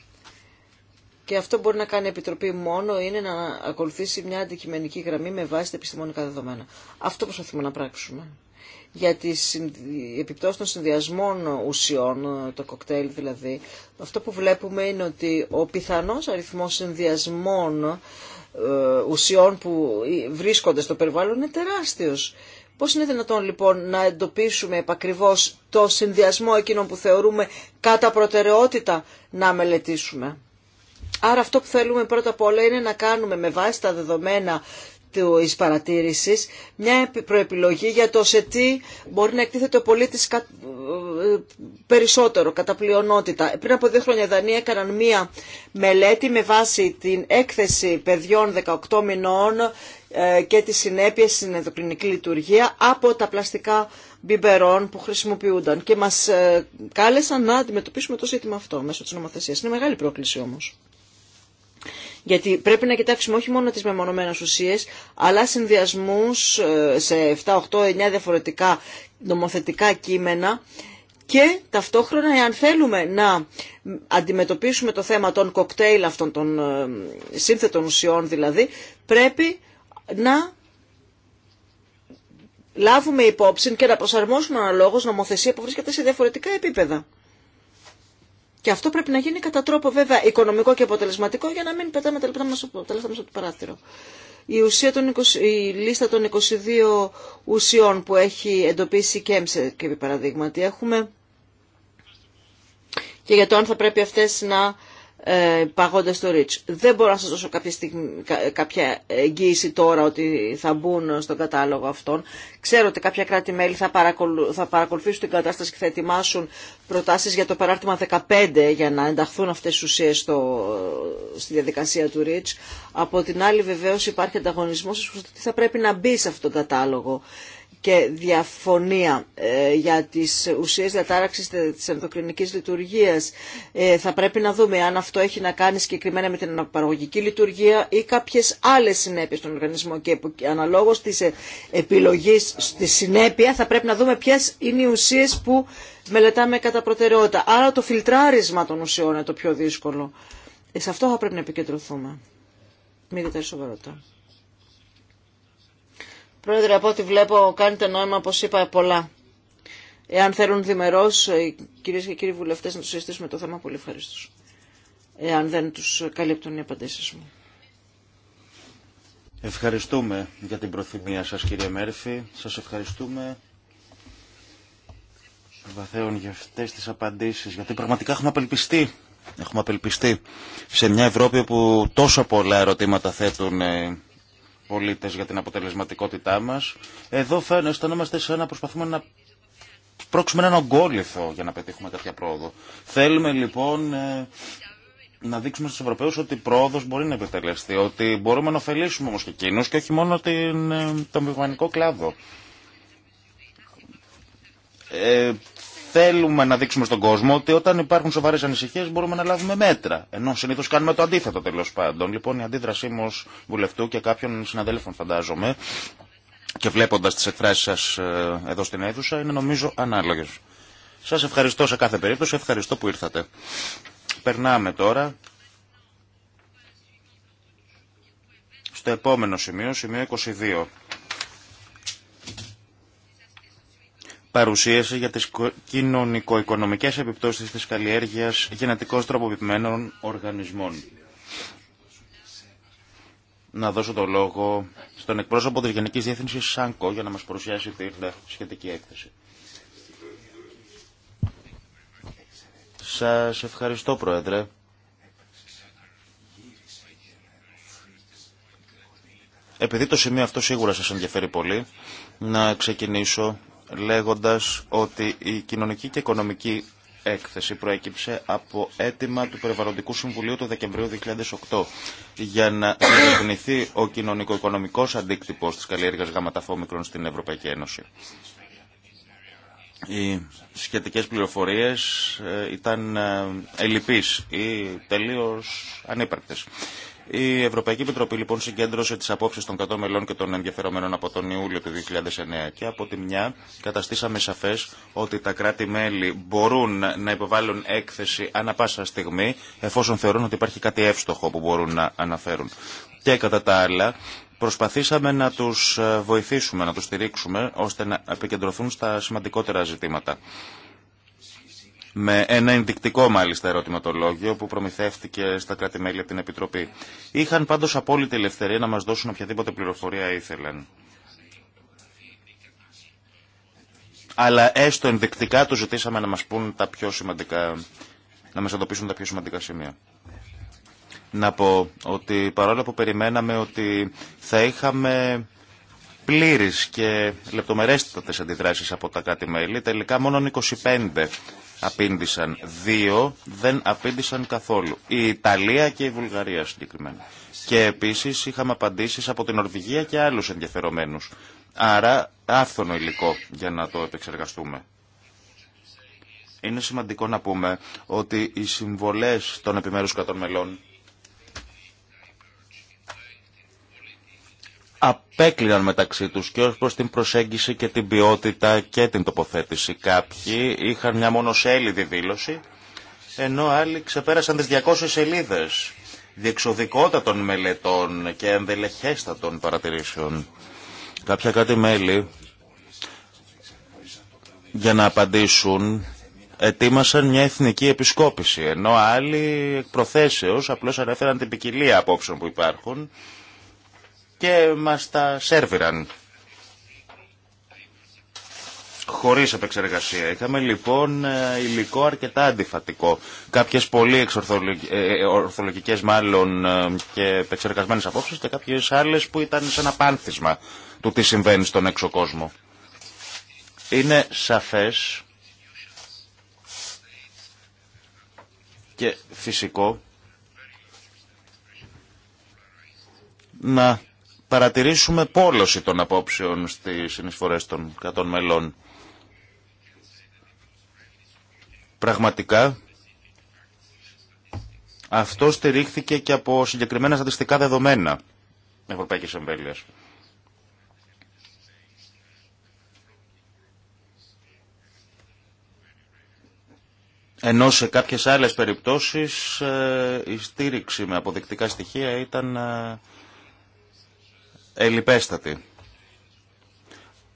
Και αυτό μπορεί να κάνει η Επιτροπή μόνο είναι να ακολουθήσει μια αντικειμενική γραμμή με βάση τα επιστημονικά δεδομένα. Αυτό προσπαθούμε να πράξουμε. Για τι επιπτώσει των συνδυασμών ουσιών, το κοκτέιλ δηλαδή, αυτό που βλέπουμε είναι ότι ο πιθανό αριθμό συνδυασμών ε, ουσιών που ε, βρίσκονται στο περιβάλλον είναι τεράστιος Πώς είναι δυνατόν λοιπόν να εντοπίσουμε επακριβώς το συνδυασμό εκείνων που θεωρούμε κατά προτεραιότητα να μελετήσουμε. Άρα αυτό που θέλουμε πρώτα απ' όλα είναι να κάνουμε με βάση τα δεδομένα της παρατήρησης μια προεπιλογή για το σε τι μπορεί να εκτίθεται ο πολίτης ε, περισσότερο, κατά πλειονότητα. Πριν από δύο χρόνια η Δανία έκαναν μία μελέτη με βάση την έκθεση παιδιών 18 μηνών ε, και τις συνέπειες στην ενδοκρινική λειτουργία από τα πλαστικά μπιμπερών που χρησιμοποιούνταν και μας ε, κάλεσαν να αντιμετωπίσουμε το ζήτημα αυτό μέσω της νομοθεσίας. Είναι μεγάλη πρόκληση όμως. Γιατί πρέπει να κοιτάξουμε όχι μόνο τις μεμονωμένες ουσίες, αλλά συνδυασμούς ε, σε 7, 8, 9 διαφορετικά νομοθετικά κείμενα και ταυτόχρονα εάν θέλουμε να αντιμετωπίσουμε το θέμα των κοκτέιλ αυτών των ε, σύνθετων ουσιών δηλαδή, πρέπει να λάβουμε υπόψη και να προσαρμόσουμε αναλόγως νομοθεσία που βρίσκεται σε διαφορετικά επίπεδα. Και αυτό πρέπει να γίνει κατά τρόπο βέβαια οικονομικό και αποτελεσματικό για να μην πετάμε τα λεπτά μας από το παράθυρο. Η, ουσία των 20, η λίστα των 22 ουσιών που έχει εντοπίσει η Κέμψε και παραδείγματι έχουμε και για το αν θα πρέπει αυτές να ε, παγώντα το REACH. Δεν μπορώ να σα δώσω κάποια, κάποια εγγύηση τώρα ότι θα μπουν στον κατάλογο αυτών. Ξέρω ότι κάποια κράτη-μέλη θα, θα παρακολουθήσουν την κατάσταση και θα ετοιμάσουν προτάσει για το παράρτημα 15 για να ενταχθούν αυτέ τι ουσίε στη διαδικασία του REACH. Από την άλλη βεβαίω υπάρχει ανταγωνισμός, ότι θα πρέπει να μπει σε αυτόν τον κατάλογο και διαφωνία ε, για τις ουσίες διατάραξης της ενδοκρινικής λειτουργίας. Ε, θα πρέπει να δούμε αν αυτό έχει να κάνει συγκεκριμένα με την αναπαραγωγική λειτουργία ή κάποιες άλλες συνέπειες στον οργανισμό και αναλόγως της ε, επιλογής στη συνέπεια θα πρέπει να δούμε ποιες είναι οι ουσίες που μελετάμε κατά προτεραιότητα. Άρα το φιλτράρισμα των ουσιών είναι το πιο δύσκολο. σε αυτό θα πρέπει να επικεντρωθούμε. Μην σοβαρότητα. Πρόεδρε, από ό,τι βλέπω κάνετε νόημα, όπω είπα, πολλά. Εάν θέλουν οι ε, κυρίε και κύριοι βουλευτές, να του συζητήσουμε το θέμα, πολύ ευχαριστώ. Εάν δεν τους καλύπτουν οι απαντήσει μου. Ευχαριστούμε για την προθυμία σας κύριε Μέρφη. Σας ευχαριστούμε βαθέων για αυτές τις απαντήσεις. Γιατί πραγματικά έχουμε απελπιστεί. Έχουμε απελπιστεί σε μια Ευρώπη που τόσο πολλά ερωτήματα θέτουν ε, πολίτες για την αποτελεσματικότητά μας. Εδώ φαίνεται αισθανόμαστε σαν να προσπαθούμε να πρόξουμε έναν ογκόληθο για να πετύχουμε τέτοια πρόοδο. Θέλουμε λοιπόν ε, να δείξουμε στους Ευρωπαίους ότι η πρόοδος μπορεί να επιτελεστεί, ότι μπορούμε να ωφελήσουμε όμως και εκείνους και όχι μόνο την, ε, τον κλάδο. Ε, θέλουμε να δείξουμε στον κόσμο ότι όταν υπάρχουν σοβαρέ ανησυχίε μπορούμε να λάβουμε μέτρα. Ενώ συνήθω κάνουμε το αντίθετο τέλο πάντων. Λοιπόν, η αντίδρασή μου ως βουλευτού και κάποιων συναδέλφων φαντάζομαι και βλέποντα τι εκφράσει σα ε, εδώ στην αίθουσα είναι νομίζω ανάλογε. Σα ευχαριστώ σε κάθε περίπτωση, ευχαριστώ που ήρθατε. Περνάμε τώρα στο επόμενο σημείο, σημείο 22. παρουσίαση για τις κοινωνικο-οικονομικές επιπτώσεις της καλλιέργειας γενετικώς τροποποιημένων οργανισμών. Να δώσω το λόγο στον εκπρόσωπο της Γενικής Διεύθυνσης ΣΑΝΚΟ για να μας παρουσιάσει την σχετική έκθεση. Σας ευχαριστώ, Πρόεδρε. Επειδή το σημείο αυτό σίγουρα σας ενδιαφέρει πολύ, να ξεκινήσω λέγοντας ότι η κοινωνική και οικονομική έκθεση προέκυψε από αίτημα του Περιβαλλοντικού Συμβουλίου το Δεκεμβρίου 2008 για να διευνηθεί ο κοινωνικο-οικονομικός αντίκτυπος της καλλιέργειας γαματαφόμικρων στην Ευρωπαϊκή Ένωση. Οι σχετικές πληροφορίες ε, ήταν ε, ελλειπείς ή τελείως ανύπαρκτες. Η Ευρωπαϊκή Επιτροπή λοιπόν συγκέντρωσε τι απόψει των 100 μελών και των ενδιαφερομένων από τον Ιούλιο του 2009 και από τη μια καταστήσαμε σαφέ ότι τα κράτη-μέλη μπορούν να υποβάλουν έκθεση ανα πάσα στιγμή εφόσον θεωρούν ότι υπάρχει κάτι εύστοχο που μπορούν να αναφέρουν. Και κατά τα άλλα, προσπαθήσαμε να τους βοηθήσουμε, να τους στηρίξουμε, ώστε να επικεντρωθούν στα σημαντικότερα ζητήματα με ένα ενδεικτικό μάλιστα ερωτηματολόγιο που προμηθεύτηκε στα κράτη-μέλη από την Επιτροπή. Είχαν πάντως απόλυτη ελευθερία να μας δώσουν οποιαδήποτε πληροφορία ήθελαν. Αλλά έστω ενδεικτικά τους ζητήσαμε να μας πούν τα πιο σημαντικά, να μας εντοπίσουν τα πιο σημαντικά σημεία να πω ότι παρόλο που περιμέναμε ότι θα είχαμε πλήρεις και λεπτομερέστατες αντιδράσεις από τα κάτι μέλη, τελικά μόνο 25 απήντησαν. Δύο δεν απήντησαν καθόλου. Η Ιταλία και η Βουλγαρία συγκεκριμένα. Και επίσης είχαμε απαντήσεις από την Ορβηγία και άλλους ενδιαφερομένους. Άρα άφθονο υλικό για να το επεξεργαστούμε. Είναι σημαντικό να πούμε ότι οι συμβολές των επιμέρους κρατών μελών απέκλειναν μεταξύ τους και ως προς την προσέγγιση και την ποιότητα και την τοποθέτηση. Κάποιοι είχαν μια μονοσέλιδη δήλωση, ενώ άλλοι ξεπέρασαν τις 200 σελίδες διεξοδικότατων μελετών και ενδελεχέστατων παρατηρήσεων. Κάποια κάτι μέλη για να απαντήσουν ετοίμασαν μια εθνική επισκόπηση, ενώ άλλοι προθέσεως απλώς ανέφεραν την ποικιλία απόψεων που υπάρχουν και μας τα σέρβιραν χωρίς επεξεργασία. Είχαμε λοιπόν ε, υλικό αρκετά αντιφατικό. Κάποιες πολύ ε, ε, ορθολογικές μάλλον και επεξεργασμένες απόψεις και κάποιες άλλες που ήταν σε ένα του τι συμβαίνει στον έξω κόσμο. Είναι σαφές και φυσικό να παρατηρήσουμε πόλωση των απόψεων στις συνεισφορές των κρατών μελών. Πραγματικά, αυτό στηρίχθηκε και από συγκεκριμένα στατιστικά δεδομένα Ευρωπαϊκής Εμβέλειας. Ενώ σε κάποιες άλλες περιπτώσεις ε, η στήριξη με αποδεικτικά στοιχεία ήταν ε, Ελιπέστατη.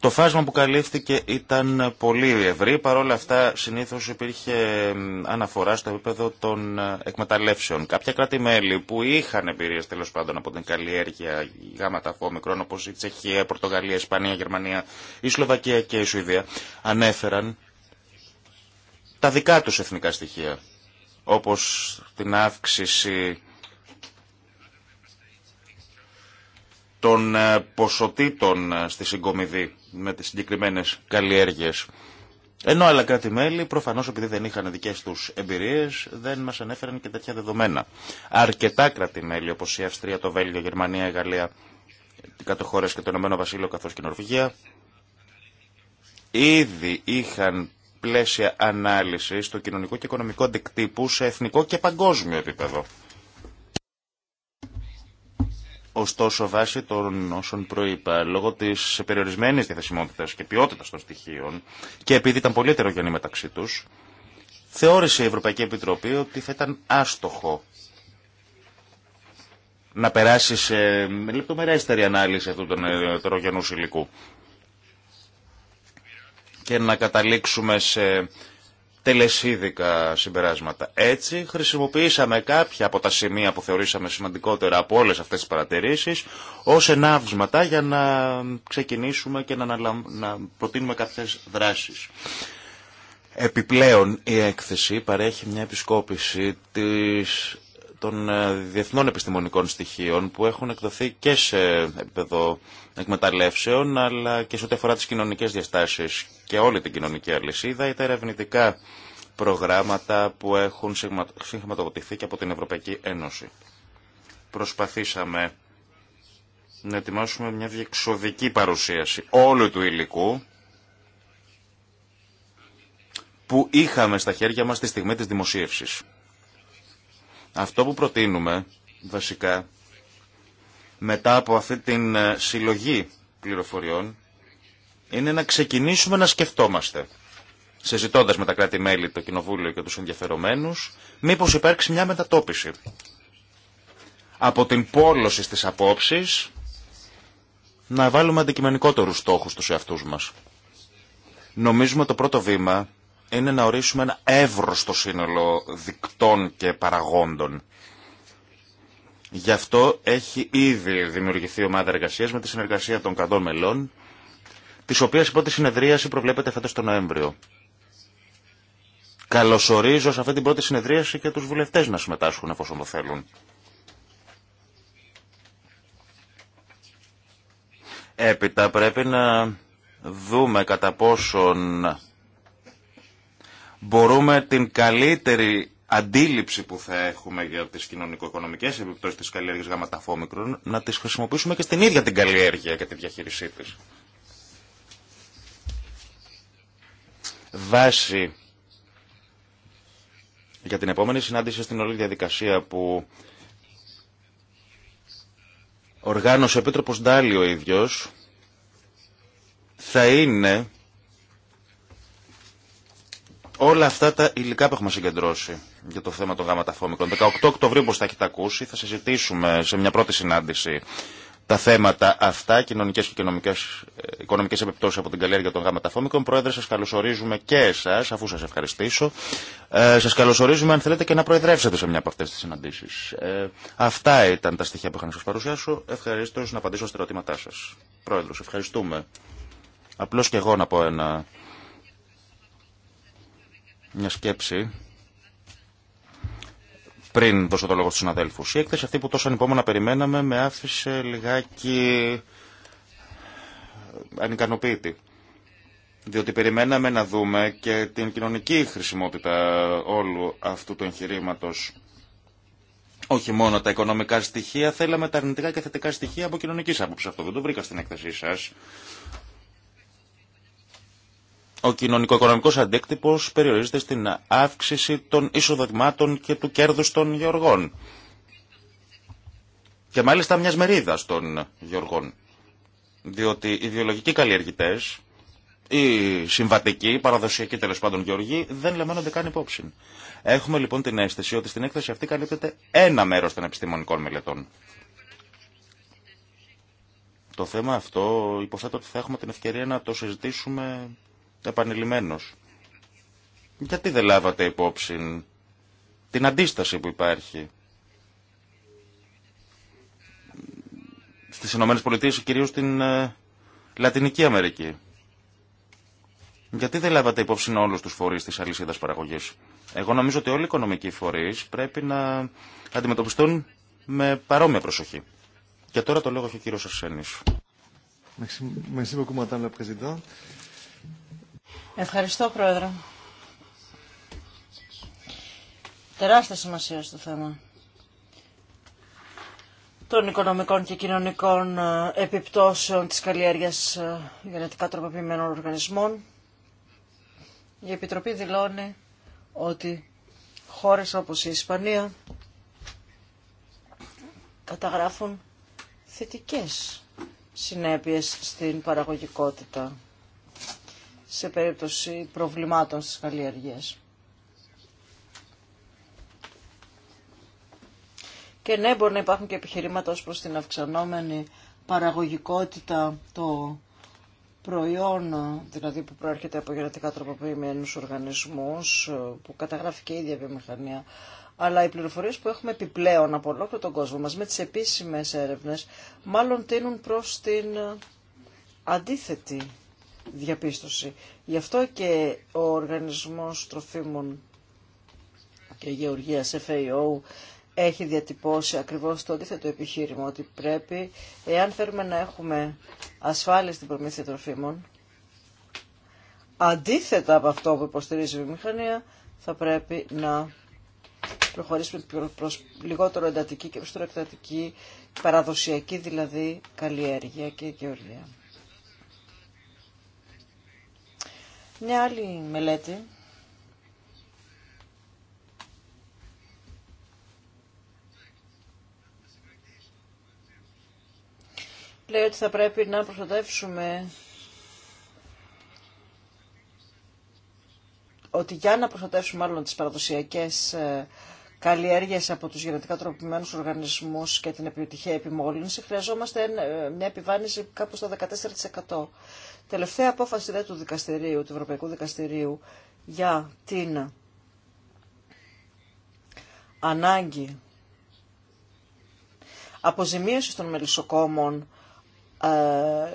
Το φάσμα που καλύφθηκε ήταν πολύ ευρύ, παρόλα αυτά συνήθως υπήρχε αναφορά στο επίπεδο των ε, εκμεταλλεύσεων. Κάποια κράτη-μέλη που είχαν εμπειρίες τέλο πάντων από την καλλιέργεια γάματα φόμικρων όπως η Τσεχία, Πορτογαλία, Ισπανία, Γερμανία, η Σλοβακία και η Σουηδία ανέφεραν τα δικά τους εθνικά στοιχεία όπως την αύξηση των ε, ποσοτήτων ε, στη συγκομιδή με τις συγκεκριμένες καλλιέργειες. Ενώ άλλα κράτη-μέλη προφανώς επειδή δεν είχαν δικές τους εμπειρίες δεν μας ανέφεραν και τέτοια δεδομένα. Αρκετά κράτη-μέλη όπως η Αυστρία, το Βέλγιο, η Γερμανία, η Γαλλία, οι κάτω και το Ηνωμένο Βασίλειο καθώς και η Νορβηγία ήδη είχαν πλαίσια ανάλυση του κοινωνικού και οικονομικού αντικτύπου σε εθνικό και παγκόσμιο επίπεδο. Ωστόσο, βάσει των όσων προείπα, λόγω τη περιορισμένη διαθεσιμότητα και ποιότητα των στοιχείων και επειδή ήταν πολύ ετερογενή μεταξύ του, θεώρησε η Ευρωπαϊκή Επιτροπή ότι θα ήταν άστοχο να περάσει σε λεπτομερέστερη ανάλυση αυτού του ετερογενού υλικού και να καταλήξουμε σε τελεσίδικα συμπεράσματα. Έτσι, χρησιμοποιήσαμε κάποια από τα σημεία που θεωρήσαμε σημαντικότερα από όλες αυτές τις παρατηρήσεις ως ενάβσματα για να ξεκινήσουμε και να, να προτείνουμε κάποιες δράσεις. Επιπλέον, η έκθεση παρέχει μια επισκόπηση της των ε, διεθνών επιστημονικών στοιχείων που έχουν εκδοθεί και σε επίπεδο εκμεταλλεύσεων αλλά και σε ό,τι αφορά τις κοινωνικές διαστάσεις και όλη την κοινωνική αλυσίδα ή τα ερευνητικά προγράμματα που έχουν συγχρηματοδοτηθεί και από την Ευρωπαϊκή Ένωση. Προσπαθήσαμε να ετοιμάσουμε μια διεξοδική παρουσίαση όλου του υλικού που είχαμε στα χέρια μας τη στιγμή της δημοσίευσης. Αυτό που προτείνουμε βασικά μετά από αυτή την ε, συλλογή πληροφοριών είναι να ξεκινήσουμε να σκεφτόμαστε συζητώντα με τα κράτη-μέλη, το Κοινοβούλιο και τους ενδιαφερομένους, μήπως υπάρξει μια μετατόπιση. Από την πόλωση στις απόψεις, να βάλουμε αντικειμενικότερους στόχους στους εαυτούς μας. Νομίζουμε το πρώτο βήμα είναι να ορίσουμε ένα στο σύνολο δικτών και παραγόντων. Γι' αυτό έχει ήδη δημιουργηθεί ομάδα εργασία με τη συνεργασία των κατών μελών, τη οποία η πρώτη συνεδρίαση προβλέπεται φέτο τον Νοέμβριο. Καλωσορίζω σε αυτή την πρώτη συνεδρίαση και του βουλευτέ να συμμετάσχουν εφόσον το θέλουν. Έπειτα πρέπει να δούμε κατά πόσον μπορούμε την καλύτερη αντίληψη που θα έχουμε για τις κοινωνικο-οικονομικές επιπτώσεις της καλλιέργειας γαματαφόμικρων να τις χρησιμοποιήσουμε και στην ίδια την καλλιέργεια και τη διαχείρισή της. Βάση για την επόμενη συνάντηση στην όλη διαδικασία που οργάνωσε ο Επίτροπος Ντάλι ο ίδιος θα είναι όλα αυτά τα υλικά που έχουμε συγκεντρώσει για το θέμα των γαματαφόμικων. 18 Οκτωβρίου, όπω θα έχετε ακούσει, θα συζητήσουμε σε μια πρώτη συνάντηση τα θέματα αυτά, κοινωνικέ και οικονομικέ επιπτώσει από την καλλιέργεια των γάμματαφόμικων. Πρόεδρε, σα καλωσορίζουμε και εσά, αφού σα ευχαριστήσω. Ε, σας καλωσορίζουμε, αν θέλετε, και να προεδρεύσετε σε μια από αυτέ τι συναντήσεις. Ε, αυτά ήταν τα στοιχεία που είχα να σας παρουσιάσω. Ευχαριστώ να απαντήσω στα ερωτήματά σα. Πρόεδρο, ευχαριστούμε. Απλώ και εγώ να πω ένα μια σκέψη πριν δώσω το λόγο στους συναδέλφους. Η έκθεση αυτή που τόσο ανυπόμονα περιμέναμε με άφησε λιγάκι ανικανοποίητη. Διότι περιμέναμε να δούμε και την κοινωνική χρησιμότητα όλου αυτού του εγχειρήματο. Όχι μόνο τα οικονομικά στοιχεία, θέλαμε τα αρνητικά και θετικά στοιχεία από κοινωνική άποψη. Αυτό δεν το βρήκα στην έκθεσή σα ο κοινωνικο-οικονομικός αντίκτυπος περιορίζεται στην αύξηση των εισοδοτημάτων και του κέρδους των γεωργών. Και μάλιστα μιας μερίδας των γεωργών. Διότι οι βιολογικοί καλλιεργητές, οι συμβατικοί, οι παραδοσιακοί τέλο πάντων γεωργοί, δεν λαμβάνονται καν υπόψη. Έχουμε λοιπόν την αίσθηση ότι στην έκθεση αυτή καλύπτεται ένα μέρος των επιστημονικών μελετών. Το θέμα αυτό υποθέτω ότι θα έχουμε την ευκαιρία να το συζητήσουμε επανειλημμένος. Γιατί δεν λάβατε υπόψη την αντίσταση που υπάρχει στις Ηνωμένες Πολιτείες, κυρίως στην ε, Λατινική Αμερική. Γιατί δεν λάβατε υπόψη όλου του φορεί τη αλυσίδα παραγωγή. Εγώ νομίζω ότι όλοι οι οικονομικοί φορείς πρέπει να αντιμετωπιστούν με παρόμοια προσοχή. Και τώρα το λόγο έχει ο κύριο Αρσένη. Ευχαριστώ, Πρόεδρε. Τεράστια σημασία στο θέμα των οικονομικών και κοινωνικών ε, επιπτώσεων της καλλιέργειας ε, γενετικά τροποποιημένων οργανισμών. Η Επιτροπή δηλώνει ότι χώρες όπως η Ισπανία καταγράφουν θετικές συνέπειες στην παραγωγικότητα σε περίπτωση προβλημάτων στις καλλιεργίες. Και ναι, μπορεί να υπάρχουν και επιχειρήματα ως προς την αυξανόμενη παραγωγικότητα το προϊόν, δηλαδή που προέρχεται από γενετικά τροποποιημένους οργανισμούς, που καταγράφει και η ίδια βιομηχανία, αλλά οι πληροφορίες που έχουμε επιπλέον από ολόκληρο τον κόσμο μας με τις επίσημες έρευνες μάλλον τείνουν προς την αντίθετη διαπίστωση. Γι' αυτό και ο Οργανισμός Τροφίμων και Γεωργίας FAO έχει διατυπώσει ακριβώς το αντίθετο επιχείρημα ότι πρέπει, εάν θέλουμε να έχουμε ασφάλεια στην προμήθεια τροφίμων, αντίθετα από αυτό που υποστηρίζει η βιομηχανία, θα πρέπει να προχωρήσουμε προς λιγότερο εντατική και προς παραδοσιακή δηλαδή καλλιέργεια και γεωργία. Μια άλλη μελέτη λέει ότι θα πρέπει να προστατεύσουμε ότι για να προστατεύσουμε μάλλον τις παραδοσιακές ε, καλλιέργειες από τους γενετικά τροποποιημένους οργανισμούς και την επιτυχία επιμόλυνση, χρειαζόμαστε ε, μια επιβάνηση κάπου στο 14%. Τελευταία απόφαση δε του δικαστηρίου, του Ευρωπαϊκού Δικαστηρίου για την ανάγκη αποζημίωσης των μελισσοκόμων ε,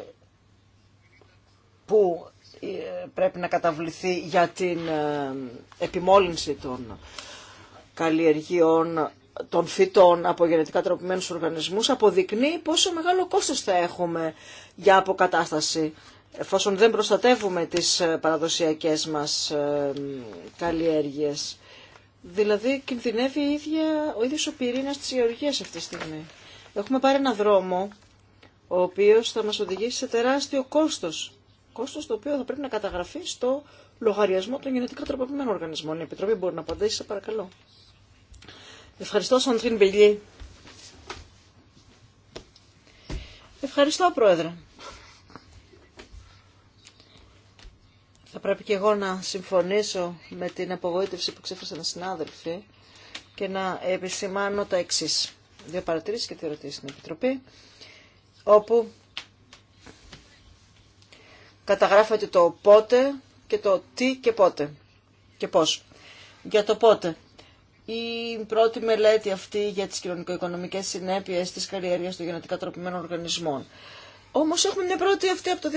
που ε, πρέπει να καταβληθεί για την ε, επιμόλυνση των καλλιεργειών των φυτών από γενετικά τροπημένους οργανισμούς αποδεικνύει πόσο μεγάλο κόστος θα έχουμε για αποκατάσταση εφόσον δεν προστατεύουμε τις ε, παραδοσιακές μας ε, καλλιέργειες. Δηλαδή κινδυνεύει η ίδια, ο ίδιος ο πυρήνας της γεωργίας αυτή τη στιγμή. Έχουμε πάρει ένα δρόμο ο οποίος θα μας οδηγήσει σε τεράστιο κόστος. Κόστος το οποίο θα πρέπει να καταγραφεί στο λογαριασμό των γενετικά τροποποιημένων οργανισμών. Η Επιτροπή μπορεί να απαντήσει, σε παρακαλώ. Ευχαριστώ, Σαντρίν Μπελιέ. Ευχαριστώ, Πρόεδρε. Θα πρέπει και εγώ να συμφωνήσω με την απογοήτευση που ξέφρασαν οι συνάδελφοι και να επισημάνω τα εξή. Δύο παρατηρήσει και δύο ερωτήσει στην Επιτροπή, όπου καταγράφεται το πότε και το τι και πότε και πώς. Για το πότε. Η πρώτη μελέτη αυτή για τις κοινωνικο-οικονομικές συνέπειες της καλλιέργειας των γενετικά τροπημένων οργανισμών. Όμως έχουμε μια πρώτη αυτή από το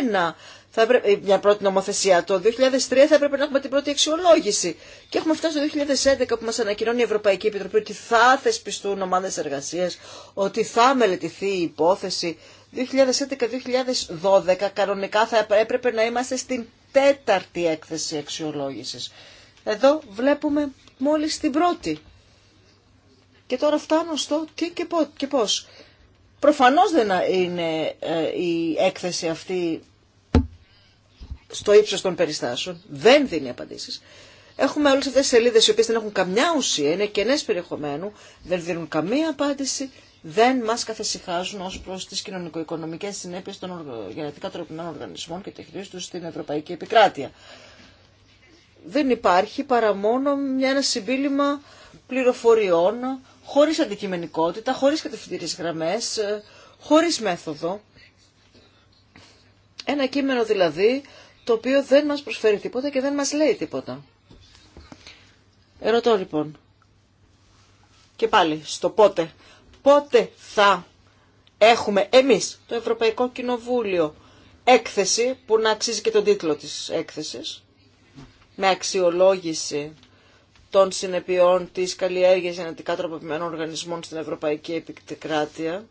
ένα, θα έπρεπε, ε, μια πρώτη νομοθεσία. Το 2003 θα έπρεπε να έχουμε την πρώτη αξιολόγηση. Και έχουμε φτάσει το 2011 που μας ανακοινώνει η Ευρωπαϊκή Επιτροπή ότι θα θεσπιστούν ομάδες εργασίας, ότι θα μελετηθεί η υπόθεση. 2011-2012 κανονικά θα έπρεπε να είμαστε στην τέταρτη έκθεση αξιολόγησης. Εδώ βλέπουμε μόλις την πρώτη. Και τώρα φτάνω στο τι και πώς. Προφανώς δεν είναι ε, η έκθεση αυτή στο ύψος των περιστάσεων. Δεν δίνει απαντήσεις. Έχουμε όλες αυτές τις σελίδες οι οποίες δεν έχουν καμιά ουσία, είναι κενές περιεχομένου, δεν δίνουν καμία απάντηση, δεν μας καθεσυχάζουν ως προς τις κοινωνικο-οικονομικές συνέπειες των γενετικά τροπημένων οργανισμών και τη στην Ευρωπαϊκή Επικράτεια. Δεν υπάρχει παρά μόνο μια, ένα συμπίλημα πληροφοριών χωρίς αντικειμενικότητα, χωρίς κατευθυντήριες γραμμές, ε, χωρίς μέθοδο. Ένα κείμενο δηλαδή το οποίο δεν μας προσφέρει τίποτα και δεν μας λέει τίποτα. Ερωτώ λοιπόν και πάλι στο πότε. Πότε θα έχουμε εμείς το Ευρωπαϊκό Κοινοβούλιο έκθεση που να αξίζει και τον τίτλο της έκθεσης με αξιολόγηση των συνεπειών της καλλιέργειας γενετικά τροποποιημένων οργανισμών στην Ευρωπαϊκή Επικράτεια.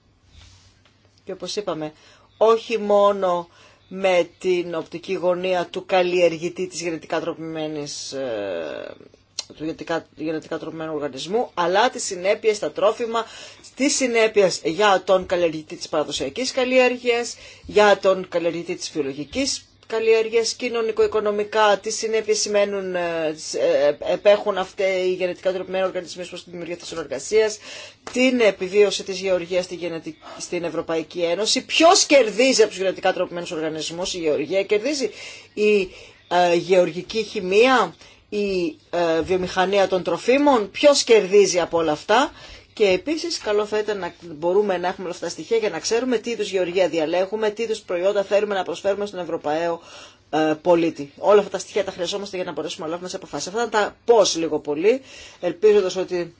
Και όπως είπαμε, όχι μόνο με την οπτική γωνία του καλλιεργητή της γενετικά τροποποιημένης ε, του γενετικά, γενετικά τροπημένου οργανισμού, αλλά τις συνέπειες στα τρόφιμα, τις συνέπειες για τον καλλιεργητή της παραδοσιακής καλλιέργειας, για τον καλλιεργητή της βιολογικής Καλλιέργεια κοινωνικο κοινωνικο-οικονομικά, τι συνέπειες σημαίνουν, ε, ε, επέχουν αυτές οι γενετικά τροπημένοι οργανισμοί προ τη δημιουργία της τι την επιβίωση της γεωργίας στην Ευρωπαϊκή Ένωση, ποιος κερδίζει από του γενετικά τροπημένου οργανισμού, η γεωργία κερδίζει, η ε, γεωργική χημεία, η βιομηχανία των τροφίμων, ποιο κερδίζει από όλα αυτά και επίση καλό θα ήταν να μπορούμε να έχουμε όλα αυτά τα στοιχεία για να ξέρουμε τι είδου γεωργία διαλέγουμε, τι είδου προϊόντα θέλουμε να προσφέρουμε στον Ευρωπαίο ε, πολίτη. Όλα αυτά τα στοιχεία τα χρειαζόμαστε για να μπορέσουμε να λάβουμε σε αποφάσει. Αυτά ήταν τα πώ λίγο πολύ, ελπίζοντα ότι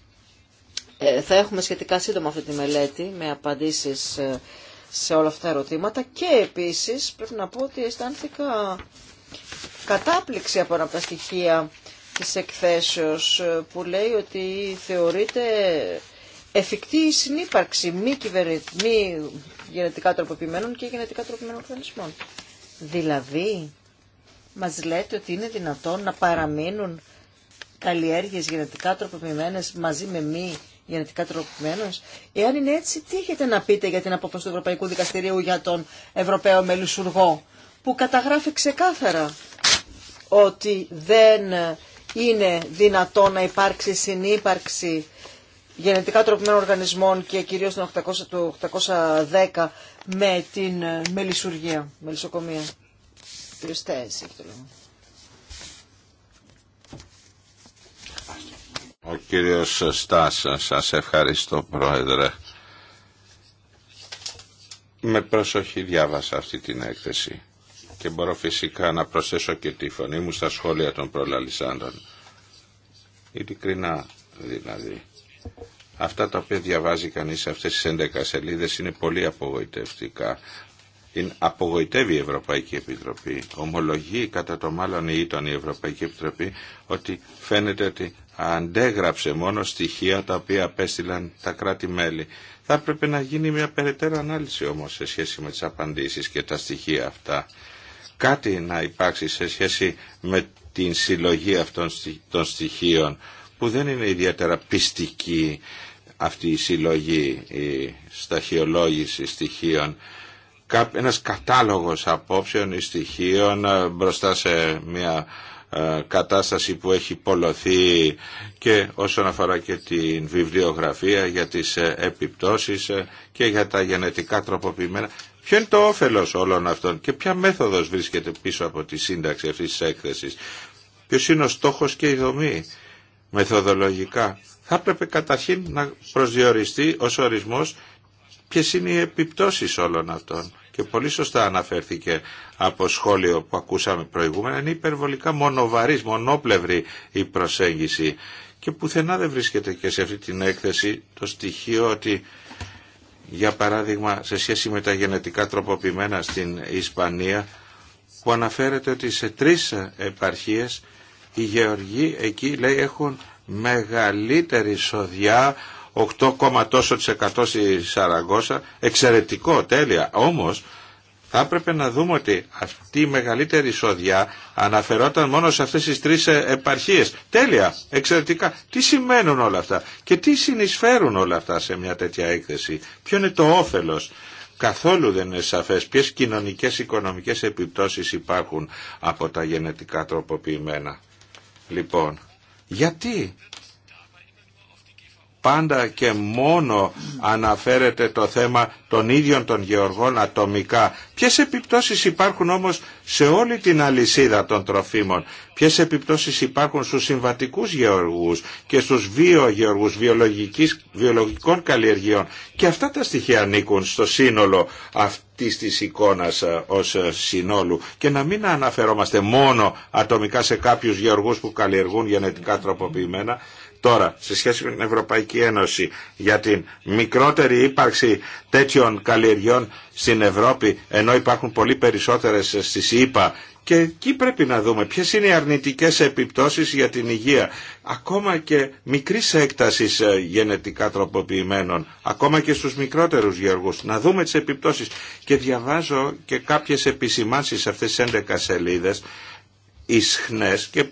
ε, θα έχουμε σχετικά σύντομα αυτή τη μελέτη με απαντήσεις ε, σε όλα αυτά τα ερωτήματα και επίση πρέπει να πω ότι αισθάνθηκα κατάπληξη από ένα από τα στοιχεία της εκθέσεως που λέει ότι θεωρείται εφικτή η συνύπαρξη μη, γενετικά τροποποιημένων και γενετικά τροποποιημένων οργανισμών. Δηλαδή, μας λέτε ότι είναι δυνατόν να παραμείνουν καλλιέργειες γενετικά τροποποιημένες μαζί με μη γενετικά τροποποιημένες. Εάν είναι έτσι, τι έχετε να πείτε για την απόφαση του Ευρωπαϊκού Δικαστηρίου για τον Ευρωπαίο Μελισουργό που καταγράφει ξεκάθαρα ότι δεν είναι δυνατόν να υπάρξει συνύπαρξη γενετικά τροπημένων οργανισμών και κυρίως το 810 με την ε, μελισσουργία, μελισσοκομεία. Ο κύριος Στάσα, σας ευχαριστώ πρόεδρε. Με προσοχή διάβασα αυτή την έκθεση και μπορώ φυσικά να προσθέσω και τη φωνή μου στα σχόλια των προλαλισσάντων. Ειλικρινά δηλαδή. Αυτά τα οποία διαβάζει κανείς σε αυτές τις 11 σελίδες είναι πολύ απογοητευτικά. Είναι Απογοητεύει η Ευρωπαϊκή Επιτροπή. Ομολογεί κατά το μάλλον ή ήταν η Ευρωπαϊκή Επιτροπή ότι φαίνεται ότι αντέγραψε μόνο στοιχεία τα οποία απέστειλαν τα κράτη-μέλη. Θα έπρεπε να γίνει μια περαιτέρω ανάλυση όμως σε σχέση με τις απαντήσεις και τα στοιχεία αυτά. Κάτι να υπάρξει σε σχέση με την συλλογή αυτών των στοιχείων που δεν είναι ιδιαίτερα πιστική αυτή η συλλογή, η σταχειολόγηση στοιχείων. Ένας κατάλογος απόψεων ή στοιχείων ε, μπροστά σε μια ε, κατάσταση που έχει πολλωθεί και όσον αφορά και την βιβλιογραφία για τις ε, επιπτώσεις και για τα γενετικά τροποποιημένα. Ποιο είναι το όφελος όλων αυτών και ποια μέθοδος βρίσκεται πίσω από τη σύνταξη αυτής της έκθεσης. Ποιος είναι ο στόχος και η δομή μεθοδολογικά. Θα έπρεπε καταρχήν να προσδιοριστεί ως ορισμός ποιε είναι οι επιπτώσεις όλων αυτών. Και πολύ σωστά αναφέρθηκε από σχόλιο που ακούσαμε προηγούμενα, είναι υπερβολικά μονοβαρής, μονόπλευρη η προσέγγιση και πουθενά δεν βρίσκεται και σε αυτή την έκθεση το στοιχείο ότι για παράδειγμα σε σχέση με τα γενετικά τροποποιημένα στην Ισπανία που αναφέρεται ότι σε τρεις επαρχίες οι γεωργοί εκεί λέει έχουν μεγαλύτερη σοδιά 8, τόσο Εξαιρετικό, τέλεια. Όμως θα έπρεπε να δούμε ότι αυτή η μεγαλύτερη σοδιά αναφερόταν μόνο σε αυτές τις τρεις ε, επαρχίες. Τέλεια, εξαιρετικά. Τι σημαίνουν όλα αυτά και τι συνεισφέρουν όλα αυτά σε μια τέτοια έκθεση. Ποιο είναι το όφελος. Καθόλου δεν είναι σαφές ποιες κοινωνικές οικονομικές επιπτώσεις υπάρχουν από τα γενετικά τροποποιημένα Λοιπόν, γιατί πάντα και μόνο αναφέρεται το θέμα των ίδιων των γεωργών ατομικά. Ποιες επιπτώσεις υπάρχουν όμως σε όλη την αλυσίδα των τροφίμων. Ποιες επιπτώσεις υπάρχουν στους συμβατικούς γεωργούς και στους βιογεωργούς βιολογικής, βιολογικών καλλιεργειών. Και αυτά τα στοιχεία ανήκουν στο σύνολο αυτής της εικόνας ε, ως ε, συνόλου. Και να μην αναφερόμαστε μόνο ατομικά σε κάποιους γεωργούς που καλλιεργούν γενετικά τροποποιημένα Τώρα, σε σχέση με την Ευρωπαϊκή Ένωση για την μικρότερη ύπαρξη τέτοιων καλλιεργιών στην Ευρώπη, ενώ υπάρχουν πολύ περισσότερες στις ΗΠΑ και εκεί πρέπει να δούμε ποιες είναι οι αρνητικές επιπτώσεις για την υγεία. Ακόμα και μικρής έκτασης ε, γενετικά τροποποιημένων, ακόμα και στους μικρότερους γεωργούς. Να δούμε τις επιπτώσεις. Και διαβάζω και κάποιες επισημάνσεις σε αυτές τις 11 σελίδες, ισχνές και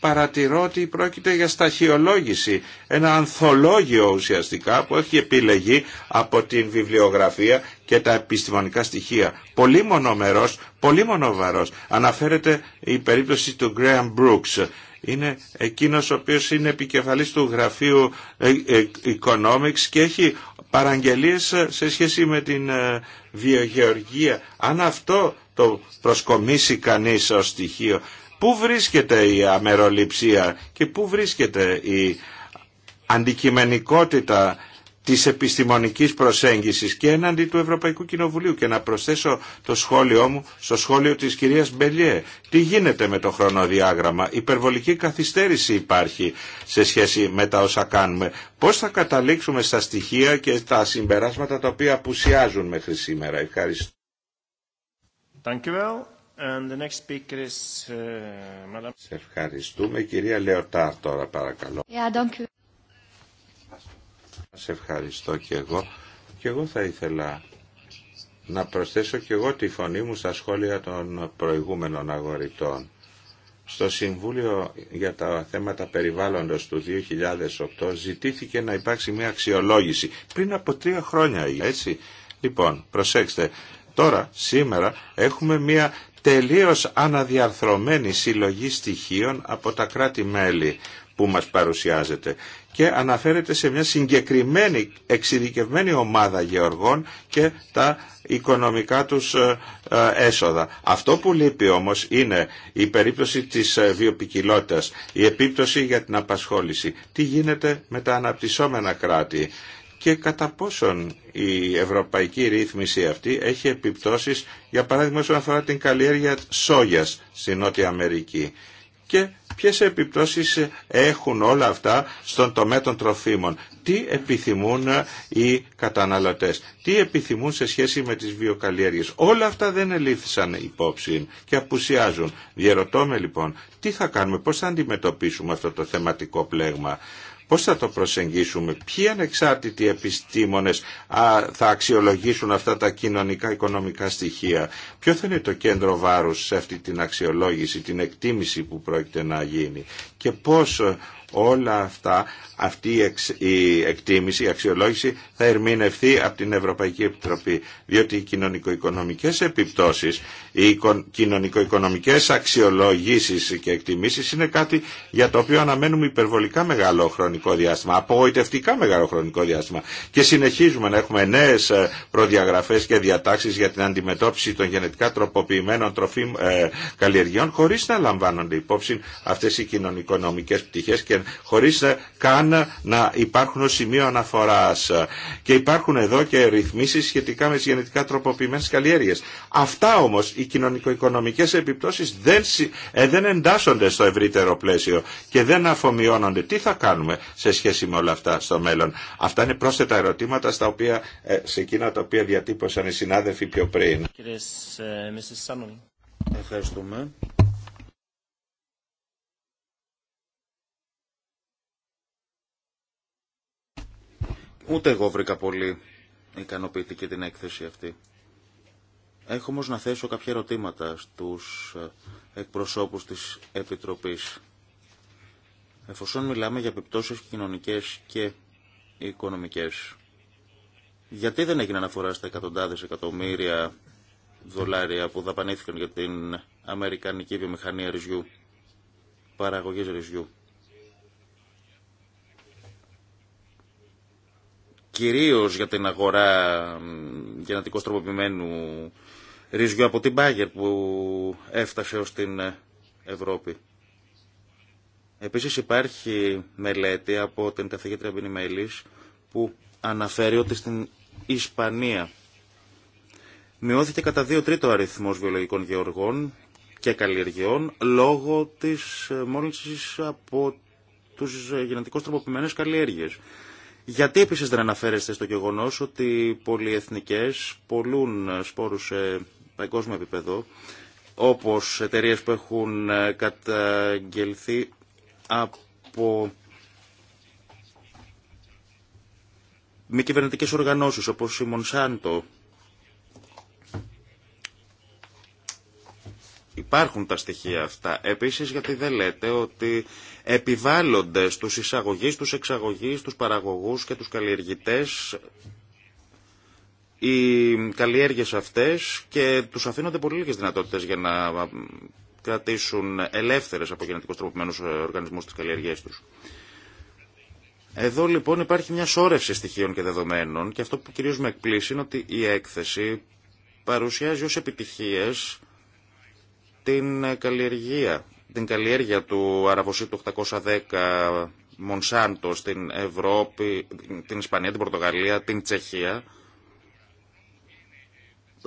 παρατηρώ ότι πρόκειται για σταχειολόγηση. ένα ανθολόγιο ουσιαστικά που έχει επιλεγεί από την βιβλιογραφία και τα επιστημονικά στοιχεία. Πολύ μονομερός, πολύ μονοβαρός. Αναφέρεται η περίπτωση του Graham Brooks. Είναι εκείνος ο οποίος είναι επικεφαλής του γραφείου ε, ε, Economics και έχει παραγγελίες σε σχέση με την ε, βιογεωργία. Αν αυτό το προσκομίσει κανείς ως στοιχείο Πού βρίσκεται η αμεροληψία και πού βρίσκεται η αντικειμενικότητα της επιστημονικής προσέγγισης και έναντι του Ευρωπαϊκού Κοινοβουλίου και να προσθέσω το σχόλιο μου στο σχόλιο της κυρίας Μπελιέ. Τι γίνεται με το χρονοδιάγραμμα, υπερβολική καθυστέρηση υπάρχει σε σχέση με τα όσα κάνουμε. Πώς θα καταλήξουμε στα στοιχεία και τα συμπεράσματα τα οποία απουσιάζουν μέχρι σήμερα. Ευχαριστώ. And uh, Σε ευχαριστούμε. Κυρία Λεωτάρ τώρα παρακαλώ. Yeah, Σε ευχαριστώ και εγώ. Και εγώ θα ήθελα να προσθέσω και εγώ τη φωνή μου στα σχόλια των προηγούμενων αγοριτών. Στο Συμβούλιο για τα θέματα περιβάλλοντος του 2008 ζητήθηκε να υπάρξει μια αξιολόγηση πριν από τρία χρόνια, έτσι. Λοιπόν, προσέξτε, τώρα, σήμερα, έχουμε μια τελείως αναδιαρθρωμένη συλλογή στοιχείων από τα κράτη-μέλη που μας παρουσιάζεται και αναφέρεται σε μια συγκεκριμένη εξειδικευμένη ομάδα γεωργών και τα οικονομικά τους ε, ε, έσοδα. Αυτό που λείπει όμως είναι η περίπτωση της ε, βιοπικιλότητας, η επίπτωση για την απασχόληση. Τι γίνεται με τα αναπτυσσόμενα κράτη και κατά πόσον η ευρωπαϊκή ρύθμιση αυτή έχει επιπτώσεις για παράδειγμα όσον αφορά την καλλιέργεια σόγιας στη Νότια Αμερική και ποιες επιπτώσεις έχουν όλα αυτά στον τομέα των τροφίμων. Τι επιθυμούν οι καταναλωτές, τι επιθυμούν σε σχέση με τις βιοκαλλιέργειες. Όλα αυτά δεν ελήφθησαν υπόψη και απουσιάζουν. Διερωτώ με λοιπόν, τι θα κάνουμε, πώς θα αντιμετωπίσουμε αυτό το θεματικό πλέγμα. Πώς θα το προσεγγίσουμε, ποιοι ανεξάρτητοι επιστήμονες θα αξιολογήσουν αυτά τα κοινωνικά οικονομικά στοιχεία, ποιο θα είναι το κέντρο βάρους σε αυτή την αξιολόγηση, την εκτίμηση που πρόκειται να γίνει και πώς όλα αυτά, αυτή η εκτίμηση, η αξιολόγηση θα ερμηνευθεί από την Ευρωπαϊκή Επιτροπή. Διότι οι κοινωνικο-οικονομικές επιπτώσεις, οι κοινωνικο-οικονομικές αξιολογήσεις και εκτιμήσεις είναι κάτι για το οποίο αναμένουμε υπερβολικά μεγάλο χρονικό διάστημα, απογοητευτικά μεγάλο χρονικό διάστημα. Και συνεχίζουμε να έχουμε νέες ε, προδιαγραφές και διατάξεις για την αντιμετώπιση των γενετικά τροποποιημένων τροφίμων ε, χωρί χωρίς να λαμβάνονται υπόψη αυτές οι κοινωνικονομικές πτυχές και Χωρί χωρίς ε, καν να υπάρχουν σημεία σημείο αναφοράς. Και υπάρχουν εδώ και ρυθμίσεις σχετικά με τις γενετικά τροποποιημένες καλλιέργειες. Αυτά όμως οι κοινωνικο-οικονομικές επιπτώσεις δεν, ε, δεν εντάσσονται στο ευρύτερο πλαίσιο και δεν αφομοιώνονται. Τι θα κάνουμε σε σχέση με όλα αυτά στο μέλλον. Αυτά είναι πρόσθετα ερωτήματα στα οποία, ε, σε εκείνα τα οποία διατύπωσαν οι συνάδελφοι πιο πριν. Ευχαριστούμε. Ούτε εγώ βρήκα πολύ ικανοποιητική την έκθεση αυτή. Έχω όμως να θέσω κάποια ερωτήματα στους ε, εκπροσώπους της Επιτροπής. Εφόσον μιλάμε για επιπτώσεις κοινωνικές και οικονομικές, γιατί δεν έγινε αναφορά στα εκατοντάδες εκατομμύρια δολάρια που δαπανήθηκαν για την Αμερικανική βιομηχανία ρυζιού, παραγωγής ρυζιού. κυρίως για την αγορά γενετικώς τροποποιημένου ρύζιου από την Μπάγκερ που έφτασε ως την Ευρώπη. Επίσης υπάρχει μελέτη από την καθηγήτρια Μπινιμέλης που αναφέρει ότι στην Ισπανία μειώθηκε κατά 2 τρίτο αριθμός βιολογικών γεωργών και καλλιεργειών λόγω της μόλυνσης από τους γενετικώς τροποποιημένε καλλιέργειες. Γιατί επίση δεν αναφέρεστε στο γεγονό ότι οι πολυεθνικές πολλούν σπόρους σε παγκόσμιο επίπεδο, όπως εταιρείε που έχουν ε, καταγγελθεί από μη κυβερνητικέ οργανώσεις όπως η Μονσάντο. Υπάρχουν τα στοιχεία αυτά. Επίσης γιατί δεν λέτε ότι επιβάλλονται στους εισαγωγείς, τους εξαγωγείς, τους παραγωγούς και τους καλλιεργητές οι καλλιέργειες αυτές και τους αφήνονται πολύ λίγες δυνατότητες για να κρατήσουν ελεύθερες από γενετικώς τροποποιημένους οργανισμούς τις καλλιεργίες τους. Εδώ λοιπόν υπάρχει μια σώρευση στοιχείων και δεδομένων και αυτό που κυρίως με εκπλήσει είναι ότι η έκθεση παρουσιάζει ως επιτυχίες την καλλιεργία την καλλιέργεια του αραβοσίτου 810 Μονσάντο στην Ευρώπη, την Ισπανία, την Πορτογαλία, την Τσεχία.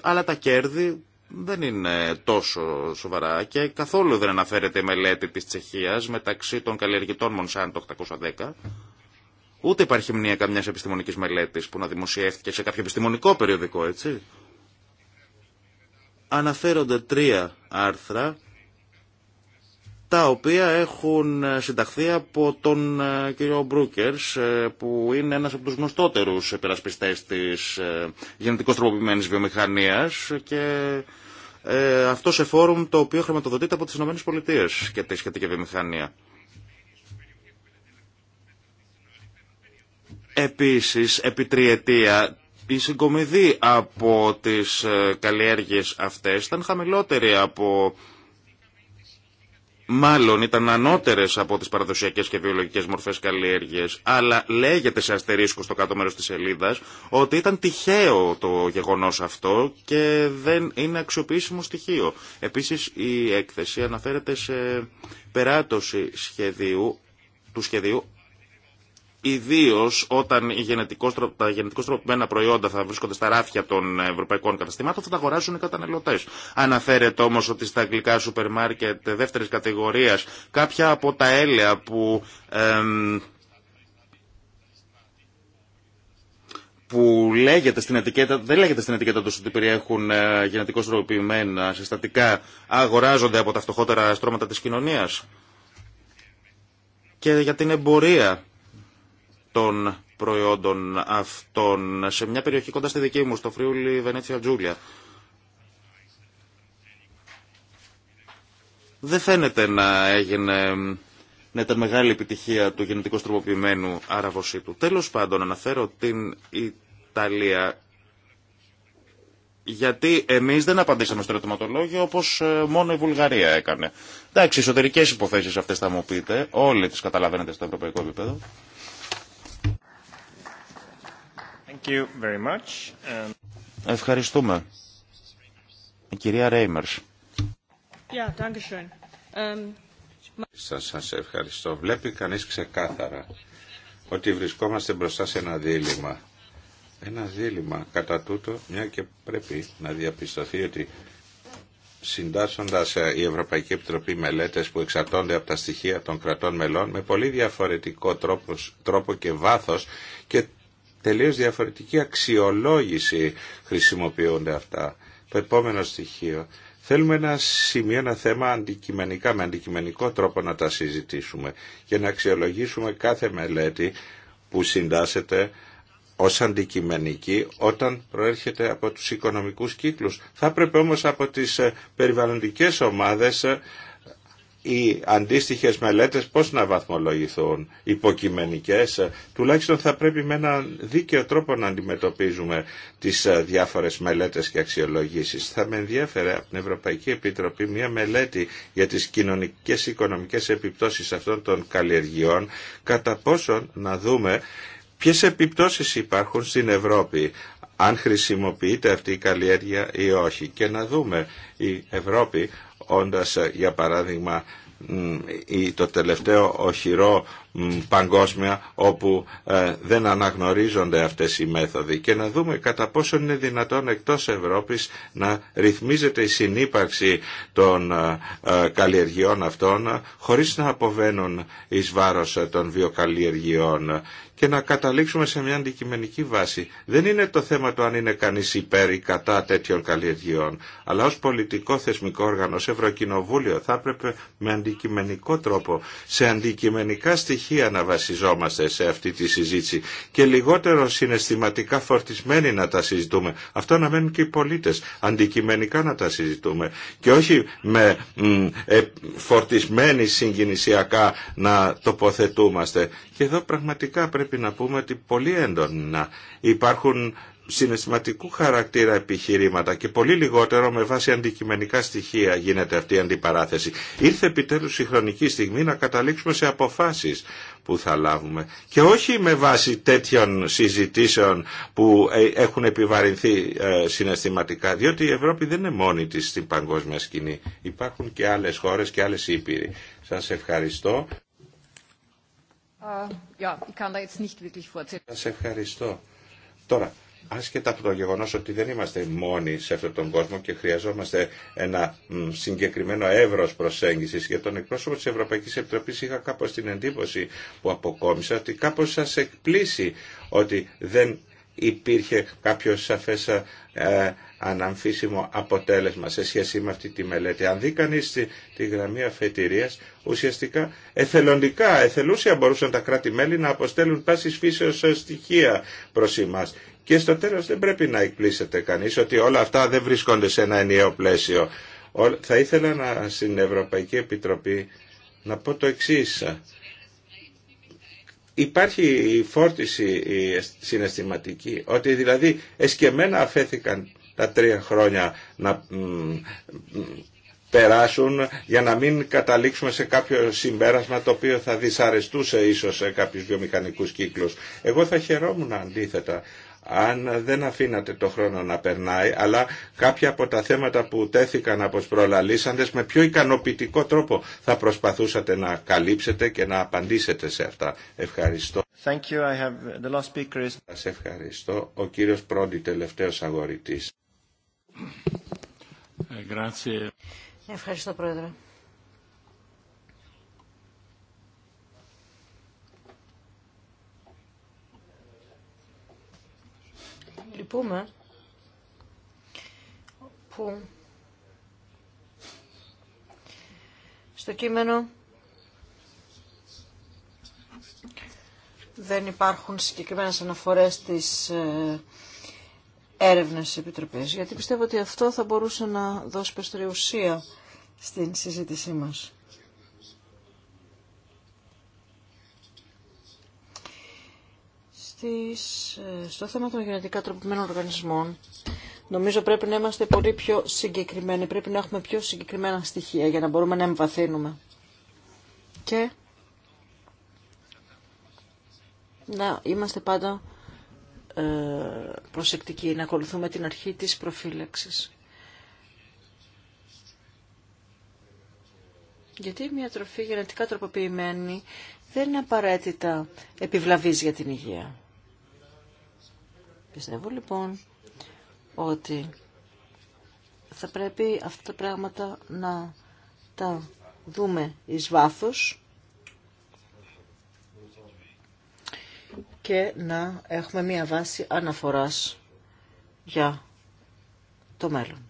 Αλλά τα κέρδη δεν είναι τόσο σοβαρά και καθόλου δεν αναφέρεται η μελέτη της Τσεχίας μεταξύ των καλλιεργητών Μονσάντο 810. Ούτε υπάρχει μνήμα καμιά επιστημονική μελέτη που να δημοσιεύτηκε σε κάποιο επιστημονικό περιοδικό, έτσι. Αναφέρονται τρία άρθρα τα οποία έχουν ε, συνταχθεί από τον ε, κύριο Μπρούκερς, ε, που είναι ένας από τους γνωστότερους επερασπιστές της γενετικώς τροποποιημένης βιομηχανίας και αυτό σε φόρουμ το οποίο χρηματοδοτείται από τις ΗΠΑ και τη σχετική βιομηχανία. Επίσης, επί τριετία, η συγκομιδή από τις καλλιέργειες αυτές ήταν χαμηλότερη από μάλλον ήταν ανώτερες από τις παραδοσιακές και βιολογικές μορφές καλλιέργειες, αλλά λέγεται σε αστερίσκο στο κάτω μέρος της σελίδας ότι ήταν τυχαίο το γεγονός αυτό και δεν είναι αξιοποιήσιμο στοιχείο. Επίσης η έκθεση αναφέρεται σε περάτωση σχεδίου, του σχεδίου Ιδίω όταν οι τα γενετικώ τροποποιημένα προϊόντα θα βρίσκονται στα ράφια των ευρωπαϊκών καταστημάτων, θα τα αγοράζουν οι καταναλωτέ. Αναφέρεται όμω ότι στα αγγλικά σούπερ μάρκετ δεύτερη κατηγορία κάποια από τα έλαια που. λέγεται στην ετικέτα, δεν λέγεται στην ετικέτα τους ότι περιέχουν ε, γενετικώς τροποποιημένα συστατικά, αγοράζονται από τα φτωχότερα στρώματα της κοινωνίας. Και για την εμπορία των προϊόντων αυτών σε μια περιοχή κοντά στη δική μου, στο Φρίουλι Βενέτσια Τζούλια. Δεν φαίνεται να έγινε να ήταν μεγάλη επιτυχία του γενετικώς τροποποιημένου του Τέλος πάντων, αναφέρω την Ιταλία γιατί εμείς δεν απαντήσαμε στο ερωτηματολόγιο όπως ε, μόνο η Βουλγαρία έκανε. Εντάξει, εσωτερικές υποθέσει αυτές θα μου πείτε, όλοι τις καταλαβαίνετε στο ευρωπαϊκό επίπεδο. Ευχαριστούμε. Η κυρία Ρέιμερς. Um, σας, ευχαριστώ. Βλέπει κανείς ξεκάθαρα ότι βρισκόμαστε μπροστά σε ένα δίλημα. Ένα δίλημα κατά τούτο, μια και πρέπει να διαπιστωθεί ότι συντάσσοντας ε, η Ευρωπαϊκή Επιτροπή μελέτες που εξαρτώνται από τα στοιχεία των κρατών μελών με πολύ διαφορετικό τρόπο, τρόπο και βάθος και τελείως διαφορετική αξιολόγηση χρησιμοποιούνται αυτά. Το επόμενο στοιχείο. Θέλουμε ένα σημείο, ένα θέμα αντικειμενικά, με αντικειμενικό τρόπο να τα συζητήσουμε και να αξιολογήσουμε κάθε μελέτη που συντάσσεται ως αντικειμενική όταν προέρχεται από τους οικονομικούς κύκλους. Θα πρέπει όμως από τις ε, περιβαλλοντικές ομάδες ε, οι αντίστοιχες μελέτες πώς να βαθμολογηθούν, υποκειμενικές, τουλάχιστον θα πρέπει με ένα δίκαιο τρόπο να αντιμετωπίζουμε τις ε, διάφορες μελέτες και αξιολογήσεις. Θα με ενδιαφέρεται από την Ευρωπαϊκή Επιτροπή μια μελέτη για τις κοινωνικές οικονομικές επιπτώσεις αυτών των καλλιεργειών, κατά πόσον να δούμε ποιες επιπτώσεις υπάρχουν στην Ευρώπη αν χρησιμοποιείται αυτή η καλλιέργεια ή όχι και να δούμε η Ευρώπη όντας ε, για παράδειγμα το τελευταίο οχυρό παγκόσμια όπου ε, δεν αναγνωρίζονται αυτές οι μέθοδοι και να δούμε κατά πόσο είναι δυνατόν εκτός Ευρώπης να ρυθμίζεται η συνύπαρξη των ε, καλλιεργιών αυτών χωρίς να αποβαίνουν εις βάρος των βιοκαλλιεργιών και να καταλήξουμε σε μια αντικειμενική βάση. Δεν είναι το θέμα το αν είναι κανείς υπέρ ή κατά τέτοιων καλλιεργειών, αλλά ως πολιτικό θεσμικό όργανο, ως Ευρωκοινοβούλιο, θα έπρεπε με αντικειμενικό τρόπο, σε αντικειμενικά στοιχεία να βασιζόμαστε σε αυτή τη συζήτηση και λιγότερο συναισθηματικά φορτισμένοι να τα συζητούμε. Αυτό να μένουν και οι πολίτες, αντικειμενικά να τα συζητούμε και όχι με ε, φορτισμένοι συγκινησιακά να τοποθετούμαστε. Και εδώ πραγματικά πρέπει πρέπει να πούμε ότι πολύ έντονα υπάρχουν συναισθηματικού χαρακτήρα επιχειρήματα και πολύ λιγότερο με βάση αντικειμενικά στοιχεία γίνεται αυτή η αντιπαράθεση. Ήρθε επιτέλους η χρονική στιγμή να καταλήξουμε σε αποφάσεις που θα λάβουμε και όχι με βάση τέτοιων συζητήσεων που ε, έχουν επιβαρυνθεί ε, συναισθηματικά διότι η Ευρώπη δεν είναι μόνη της στην παγκόσμια σκηνή. Υπάρχουν και άλλες χώρες και άλλες ήπειροι. Σας ευχαριστώ. Σα ευχαριστώ. Τώρα, άσχετα από το γεγονός ότι δεν είμαστε μόνοι σε αυτόν τον κόσμο και χρειαζόμαστε ένα συγκεκριμένο εύρος προσέγγισης για τον εκπρόσωπο της Ευρωπαϊκής Επιτροπής είχα κάπως την εντύπωση που αποκόμισα ότι κάπως σας εκπλήσει ότι δεν υπήρχε κάποιο σαφές αναμφίσιμο αποτέλεσμα σε σχέση με αυτή τη μελέτη. Αν δει κανεί τη, γραμμή αφετηρία ουσιαστικά εθελοντικά, εθελούσια μπορούσαν τα κράτη-μέλη να αποστέλουν πάσης φύσεως στοιχεία προς εμάς. Και στο τέλο δεν πρέπει να εκπλήσεται κανείς ότι όλα αυτά δεν βρίσκονται σε ένα ενιαίο πλαίσιο. Θα ήθελα να, στην Ευρωπαϊκή Επιτροπή να πω το εξή. Υπάρχει η φόρτιση η συναισθηματική, ότι δηλαδή εσκεμμένα αφέθηκαν τα τρία χρόνια να περάσουν για να μην καταλήξουμε σε κάποιο συμπέρασμα το οποίο θα δυσαρεστούσε ίσως σε κάποιους βιομηχανικούς κύκλους. Εγώ θα χαιρόμουν αντίθετα αν δεν αφήνατε το χρόνο να περνάει, αλλά κάποια από τα θέματα που τέθηκαν από τους με πιο ικανοποιητικό τρόπο θα προσπαθούσατε να καλύψετε και να απαντήσετε σε αυτά. Ευχαριστώ. Thank Σας ευχαριστώ. Ο κύριος πρώτη τελευταίος αγορητής. Ευχαριστώ, Πρόεδρε. Λυπούμε που στο κείμενο δεν υπάρχουν συγκεκριμένες αναφορές της ε, έρευνες της γιατί πιστεύω ότι αυτό θα μπορούσε να δώσει περισσότερη ουσία στην συζήτησή μας. Ε, στο θέμα των γενετικά τροποποιημένων οργανισμών, νομίζω πρέπει να είμαστε πολύ πιο συγκεκριμένοι, πρέπει να έχουμε πιο συγκεκριμένα στοιχεία για να μπορούμε να εμβαθύνουμε. Και να είμαστε πάντα ε, προσεκτικοί, να ακολουθούμε την αρχή της προφύλαξης. Γιατί μια τροφή γενετικά τροποποιημένη δεν είναι απαραίτητα επιβλαβής για την υγεία. Πιστεύω λοιπόν ότι θα πρέπει αυτά τα πράγματα να τα δούμε εις βάθος και να έχουμε μία βάση αναφοράς για το μέλλον.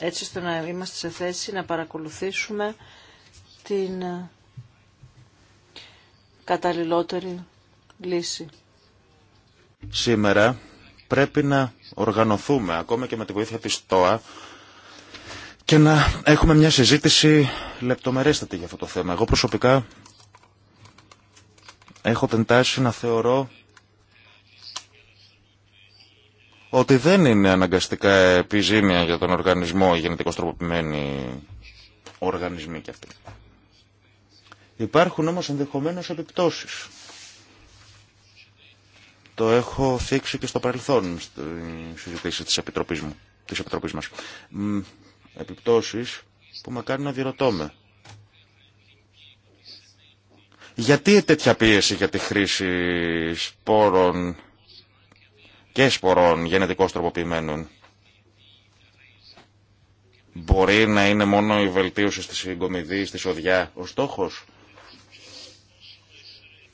Έτσι ώστε να είμαστε σε θέση να παρακολουθήσουμε την καταλληλότερη λύση. Σήμερα πρέπει να οργανωθούμε, ακόμα και με τη βοήθεια της ΤΟΑ, και να έχουμε μια συζήτηση λεπτομερέστατη για αυτό το θέμα. Εγώ προσωπικά έχω την τάση να θεωρώ ότι δεν είναι αναγκαστικά επιζήμια για τον οργανισμό οι γενετικώς τροποποιημένοι οργανισμοί και αυτοί. Υπάρχουν όμως ενδεχομένως επιπτώσεις. Το έχω θίξει και στο παρελθόν στη συζητήση της Επιτροπής, μου, της μας. Επιπτώσεις που με κάνουν να διερωτώ γιατί τέτοια πίεση για τη χρήση σπόρων και σπορών γενετικώς τροποποιημένων. Μπορεί να είναι μόνο η βελτίωση στη συγκομιδή, στη σοδιά ο στόχος.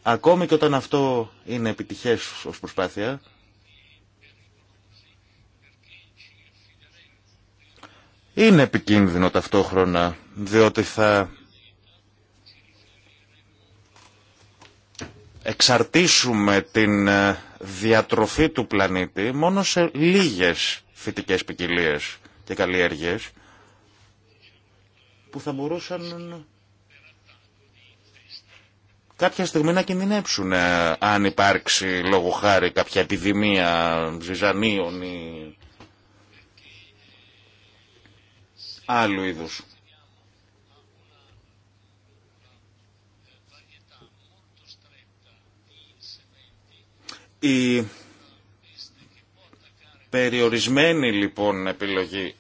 Ακόμη και όταν αυτό είναι επιτυχές ως προσπάθεια, είναι επικίνδυνο ταυτόχρονα, διότι θα εξαρτήσουμε την ε, διατροφή του πλανήτη μόνο σε λίγες φυτικές ποικιλίε και καλλιέργειες που θα μπορούσαν κάποια στιγμή να κινδυνέψουν ε, αν υπάρξει λόγω χάρη κάποια επιδημία ζυζανίων ή άλλου είδους. Η περιορισμένη λοιπόν επιλογή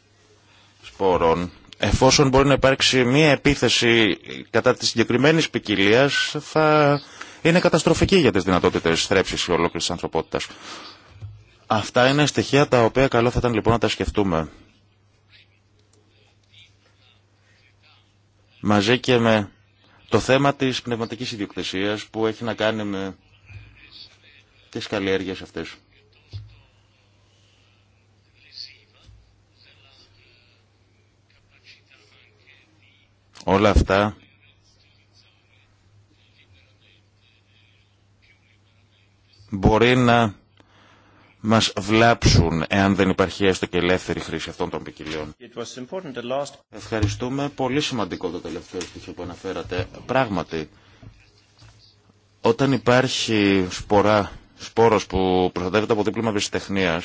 σπόρων, εφόσον μπορεί να υπάρξει μία επίθεση κατά της συγκεκριμένη ποικιλία, θα είναι καταστροφική για τις δυνατότητες θρέψης και ολόκληρης ανθρωπότητας. Αυτά είναι στοιχεία τα οποία καλό θα ήταν λοιπόν να τα σκεφτούμε. Μαζί και με το θέμα της πνευματικής ιδιοκτησίας που έχει να κάνει με τις καλλιέργειες αυτές. Όλα αυτά μπορεί να μας βλάψουν εάν δεν υπάρχει έστω και ελεύθερη χρήση αυτών των ποικιλιών. Ευχαριστούμε. Πολύ σημαντικό το τελευταίο στοιχείο που αναφέρατε. Πράγματι, όταν υπάρχει σπορά σπόρος που προστατεύεται από δίπλωμα βιστεχνία,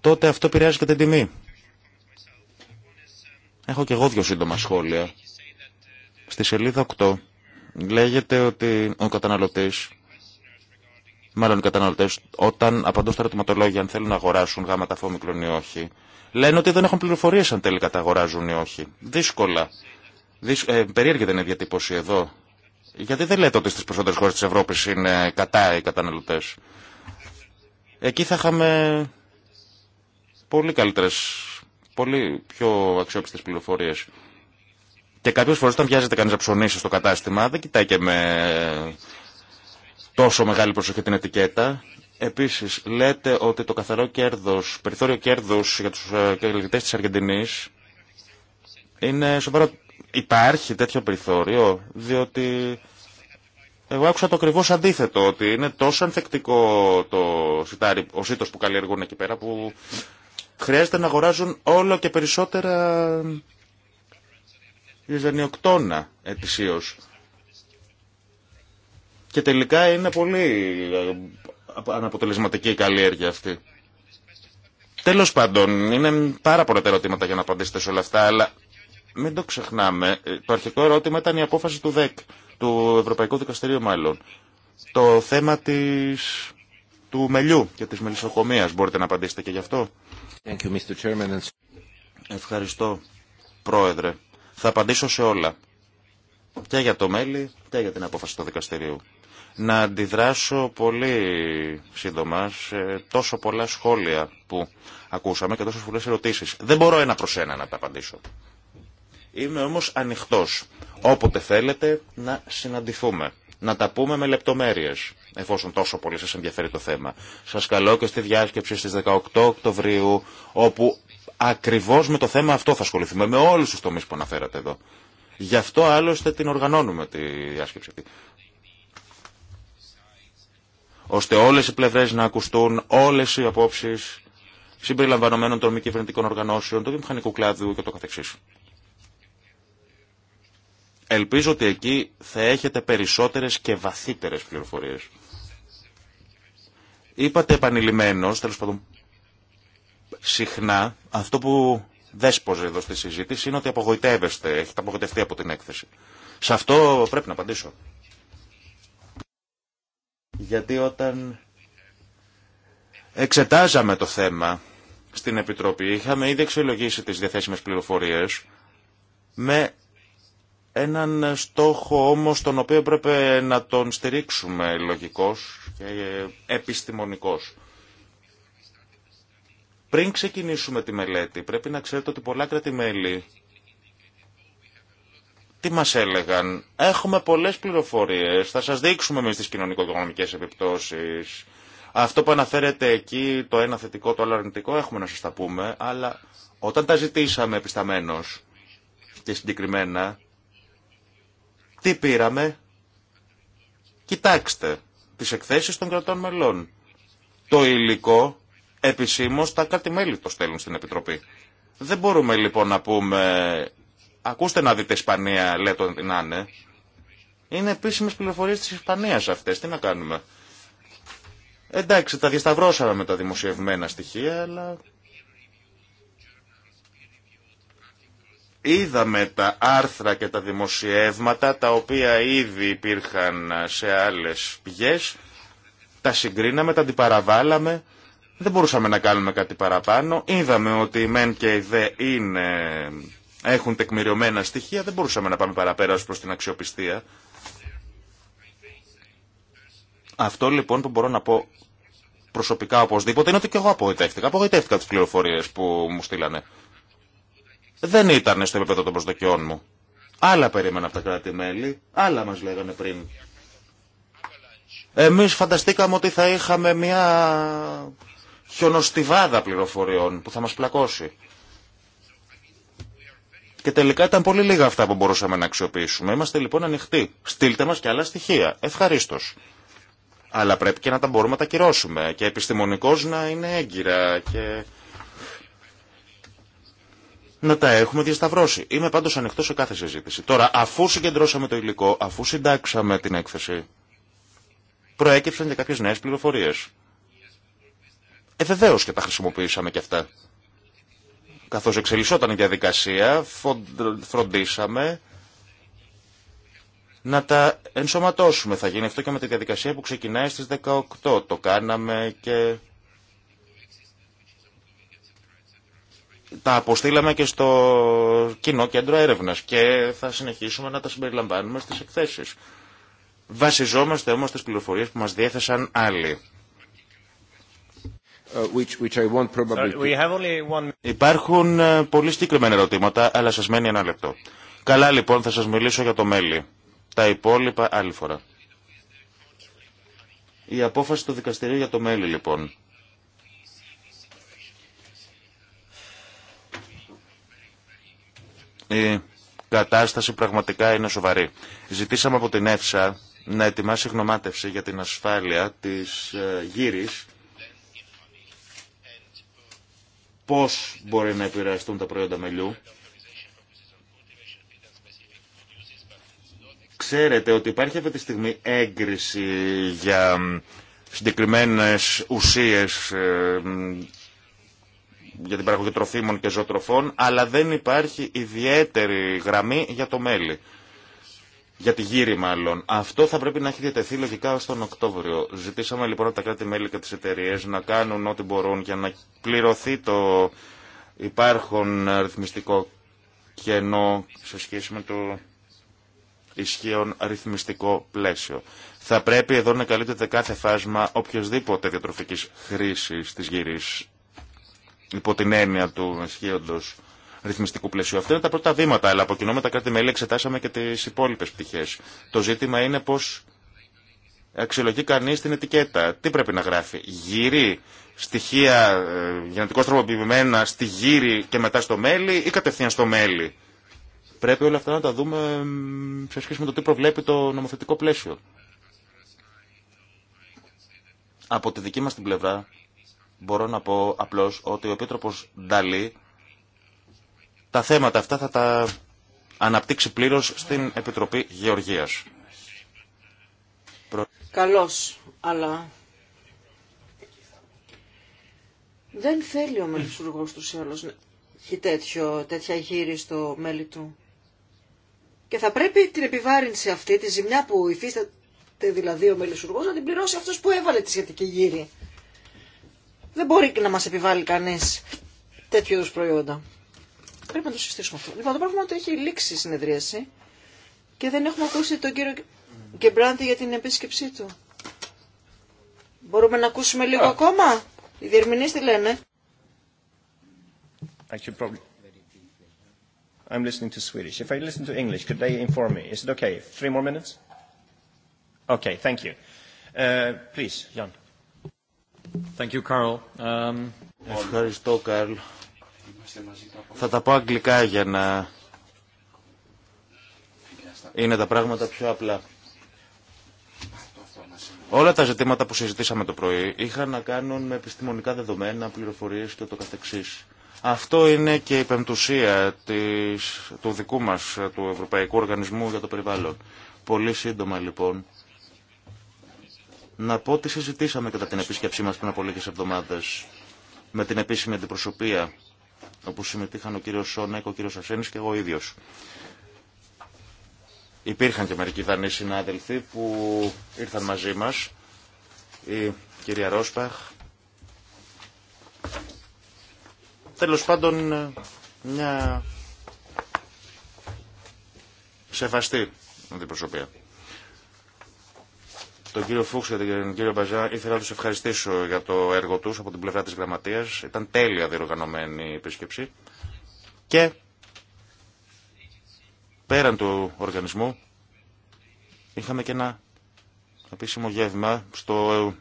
τότε αυτό επηρεάζει και την τιμή. Έχω και εγώ δύο σύντομα σχόλια. Στη σελίδα 8 λέγεται ότι ο καταναλωτής, μάλλον οι καταναλωτές, όταν απαντούν στα ερωτηματολόγια αν θέλουν να αγοράσουν γάματα φόμικρον ή όχι, λένε ότι δεν έχουν πληροφορίες αν τελικά τα αγοράζουν ή όχι. Δύσκολα. Ε, περίεργη δεν είναι η διατύπωση εδώ. Γιατί δεν λέτε ότι στις περισσότερες χώρες της Ευρώπης είναι κατά οι καταναλωτές. Εκεί θα είχαμε πολύ καλύτερες, πολύ πιο αξιόπιστες πληροφορίες. Και κάποιε φορέ όταν βιάζεται κανεί να ψωνίσει στο κατάστημα, δεν κοιτάει και με τόσο μεγάλη προσοχή την ετικέτα. Επίση, λέτε ότι το καθαρό κέρδος, περιθώριο κέρδο για του ε, καταναλωτέ τη Αργεντινή είναι σοβαρό Υπάρχει τέτοιο περιθώριο, διότι εγώ άκουσα το ακριβώ αντίθετο, ότι είναι τόσο ανθεκτικό το σιτάρι, ο σίτος που καλλιεργούν εκεί πέρα, που χρειάζεται να αγοράζουν όλο και περισσότερα ζανιοκτώνα ετησίως. Και τελικά είναι πολύ ε, αναποτελεσματική η καλλιέργεια αυτή. Τέλος πάντων, είναι πάρα πολλά ερωτήματα για να απαντήσετε σε όλα αυτά, αλλά μην το ξεχνάμε, το αρχικό ερώτημα ήταν η απόφαση του ΔΕΚ, του Ευρωπαϊκού Δικαστηρίου μάλλον. Το θέμα της... του μελιού και της μελισσοκομείας. Μπορείτε να απαντήσετε και γι' αυτό. Thank you, Mr. Chairman. Ευχαριστώ, Πρόεδρε. Θα απαντήσω σε όλα. Και για το μέλι και για την απόφαση του δικαστηρίου. Να αντιδράσω πολύ σύντομα σε τόσο πολλά σχόλια που ακούσαμε και τόσες πολλές ερωτήσεις. Δεν μπορώ ένα προς ένα να τα απαντήσω. Είμαι όμως ανοιχτός. Όποτε θέλετε να συναντηθούμε. Να τα πούμε με λεπτομέρειες, εφόσον τόσο πολύ σας ενδιαφέρει το θέμα. Σας καλώ και στη διάσκεψη στις 18 Οκτωβρίου, όπου ακριβώς με το θέμα αυτό θα ασχοληθούμε, με όλους τους τομείς που αναφέρατε εδώ. Γι' αυτό άλλωστε την οργανώνουμε τη διάσκεψη αυτή ώστε όλες οι πλευρές να ακουστούν, όλες οι απόψεις συμπεριλαμβανομένων των μη κυβερνητικών οργανώσεων, του μηχανικού κλάδου και το καθεξής. Ελπίζω ότι εκεί θα έχετε περισσότερες και βαθύτερες πληροφορίες. Είπατε επανειλημμένος, τέλος πάντων συχνά, αυτό που δέσποζε εδώ στη συζήτηση είναι ότι απογοητεύεστε, έχετε απογοητευτεί από την έκθεση. Σε αυτό πρέπει να απαντήσω. Γιατί όταν εξετάζαμε το θέμα στην Επιτροπή, είχαμε ήδη αξιολογήσει τις διαθέσιμες πληροφορίες με Έναν στόχο όμως τον οποίο πρέπει να τον στηρίξουμε λογικός και επιστημονικός. Πριν ξεκινήσουμε τη μελέτη, πρέπει να ξέρετε ότι πολλά κρατημέλη τι μας έλεγαν. Έχουμε πολλές πληροφορίες, θα σας δείξουμε εμείς τις κοινωνικο-οικονομικές επιπτώσεις. Αυτό που αναφέρεται εκεί, το ένα θετικό, το άλλο αρνητικό, έχουμε να σας τα πούμε, αλλά όταν τα ζητήσαμε επισταμένως και συγκεκριμένα, τι πήραμε. Κοιτάξτε τις εκθέσεις των κρατών μελών. Το υλικό επισήμως τα κάτι μέλη το στέλνουν στην Επιτροπή. Δεν μπορούμε λοιπόν να πούμε ακούστε να δείτε Ισπανία λέτε ότι να είναι. Είναι επίσημες πληροφορίες της Ισπανίας αυτές. Τι να κάνουμε. Εντάξει, τα διασταυρώσαμε με τα δημοσιευμένα στοιχεία, αλλά Είδαμε τα άρθρα και τα δημοσιεύματα τα οποία ήδη υπήρχαν σε άλλες πηγές, τα συγκρίναμε, τα αντιπαραβάλαμε, δεν μπορούσαμε να κάνουμε κάτι παραπάνω, είδαμε ότι οι ΜΕΝ και οι ΔΕ είναι, έχουν τεκμηριωμένα στοιχεία, δεν μπορούσαμε να πάμε παραπέρα προς την αξιοπιστία. Αυτό λοιπόν που μπορώ να πω προσωπικά οπωσδήποτε είναι ότι και εγώ απογοητεύτηκα. Απογοητεύτηκα τις πληροφορίες που μου στείλανε δεν ήταν στο επίπεδο των προσδοκιών μου. Άλλα περίμενα από τα κράτη-μέλη, άλλα μας λέγανε πριν. Εμείς φανταστήκαμε ότι θα είχαμε μια χιονοστιβάδα πληροφοριών που θα μας πλακώσει. Και τελικά ήταν πολύ λίγα αυτά που μπορούσαμε να αξιοποιήσουμε. Είμαστε λοιπόν ανοιχτοί. Στείλτε μας και άλλα στοιχεία. Ευχαριστώ. Αλλά πρέπει και να τα μπορούμε να τα κυρώσουμε και επιστημονικώς να είναι έγκυρα και να τα έχουμε διασταυρώσει. Είμαι πάντως ανοιχτό σε κάθε συζήτηση. Τώρα, αφού συγκεντρώσαμε το υλικό, αφού συντάξαμε την έκθεση, προέκυψαν και κάποιες νέες πληροφορίες. Ε, βεβαίως και τα χρησιμοποιήσαμε και αυτά. Καθώς εξελισσόταν η διαδικασία, φροντίσαμε να τα ενσωματώσουμε. Θα γίνει αυτό και με τη διαδικασία που ξεκινάει στις 18. Το κάναμε και τα αποστήλαμε και στο κοινό κέντρο έρευνας και θα συνεχίσουμε να τα συμπεριλαμβάνουμε στις εκθέσεις. Βασιζόμαστε όμως στις πληροφορίες που μας διέθεσαν άλλοι. Uh, which, which I won't probably... one... Υπάρχουν ε, πολύ συγκεκριμένα ερωτήματα, αλλά σας μένει ένα λεπτό. Καλά λοιπόν, θα σας μιλήσω για το μέλι. Τα υπόλοιπα άλλη φορά. Η απόφαση του δικαστηρίου για το μέλη λοιπόν. Η κατάσταση πραγματικά είναι σοβαρή. Ζητήσαμε από την ΕΦΣΑ να ετοιμάσει γνωμάτευση για την ασφάλεια της ε, γύρης πώς μπορεί να επηρεαστούν τα προϊόντα μελιού. Ξέρετε ότι υπάρχει αυτή τη στιγμή έγκριση για συγκεκριμένες ουσίες ε, για την παραγωγή τροφίμων και ζωοτροφών, αλλά δεν υπάρχει ιδιαίτερη γραμμή για το μέλι. Για τη γύρη μάλλον. Αυτό θα πρέπει να έχει διατεθεί λογικά ως τον Οκτώβριο. Ζητήσαμε λοιπόν από τα κράτη-μέλη και τις εταιρείε να κάνουν ό,τι μπορούν για να πληρωθεί το υπάρχον ρυθμιστικό κενό σε σχέση με το ισχύον ρυθμιστικό πλαίσιο. Θα πρέπει εδώ να καλύπτεται κάθε φάσμα οποιοδήποτε διατροφικής χρήσης της γύρης υπό την έννοια του ισχύοντο ρυθμιστικού πλαισίου. Αυτά είναι τα πρώτα βήματα, αλλά από κοινό με τα κράτη-μέλη εξετάσαμε και τι υπόλοιπε πτυχέ. Το ζήτημα είναι πώ αξιολογεί κανεί την ετικέτα. Τι πρέπει να γράφει. Γύρι, στοιχεία ε, γενετικώ τροποποιημένα στη γύρι και μετά στο μέλι ή κατευθείαν στο μέλι. Πρέπει όλα αυτά να τα δούμε σε σχέση με το τι προβλέπει το νομοθετικό πλαίσιο. Από τη δική μας την πλευρά μπορώ να πω απλώς ότι ο Επίτροπος Νταλή τα θέματα αυτά θα τα αναπτύξει πλήρως στην Επιτροπή Γεωργίας. Καλώς, αλλά δεν θέλει ο μελισσουργός του ή να έχει τέτοιο, τέτοια γύρι στο μέλη του. Και θα πρέπει την επιβάρυνση αυτή, τη ζημιά που υφίσταται δηλαδή ο μελισσουργός, να την πληρώσει αυτός που έβαλε τη σχετική γύρι. Δεν μπορεί να μας επιβάλλει κανείς τέτοιου είδους προϊόντα. Πρέπει να το συστήσουμε αυτό. Λοιπόν, το πράγμα το έχει λήξει η συνεδρίαση και δεν έχουμε ακούσει τον κύριο Γκεμπράντι για την επίσκεψή του. Μπορούμε να ακούσουμε λίγο oh. ακόμα. Οι διερμηνείς τι λένε. I'm listening to Swedish. If I listen to English, could they inform me? Is it okay? Three more minutes? Okay, thank you. Uh, please, Jan. Um, Ευχαριστώ, Καρλ. Θα τα πω αγγλικά για να είναι τα πράγματα πιο απλά. Όλα τα ζητήματα που συζητήσαμε το πρωί είχαν να κάνουν με επιστημονικά δεδομένα, πληροφορίες και το καθεξής. Αυτό είναι και η πεμπτουσία της, του δικού μας, του Ευρωπαϊκού Οργανισμού για το Περιβάλλον. Πολύ σύντομα λοιπόν να πω ότι συζητήσαμε κατά την επίσκεψή μας πριν από λίγες εβδομάδες με την επίσημη αντιπροσωπεία όπου συμμετείχαν ο κύριος Σόνεκ, ο κύριος Ασένης και εγώ ίδιος. Υπήρχαν και μερικοί δανείς συνάδελφοι που ήρθαν μαζί μας. Η κυρία Ρόσπαχ. Τέλος πάντων μια σεβαστή αντιπροσωπεία. Στον κύριο Φούξ και τον κύριο Μπαζά ήθελα να του ευχαριστήσω για το έργο του από την πλευρά τη Γραμματεία. Ήταν τέλεια διοργανωμένη η επίσκεψη. Και πέραν του οργανισμού είχαμε και ένα επίσημο γεύμα στο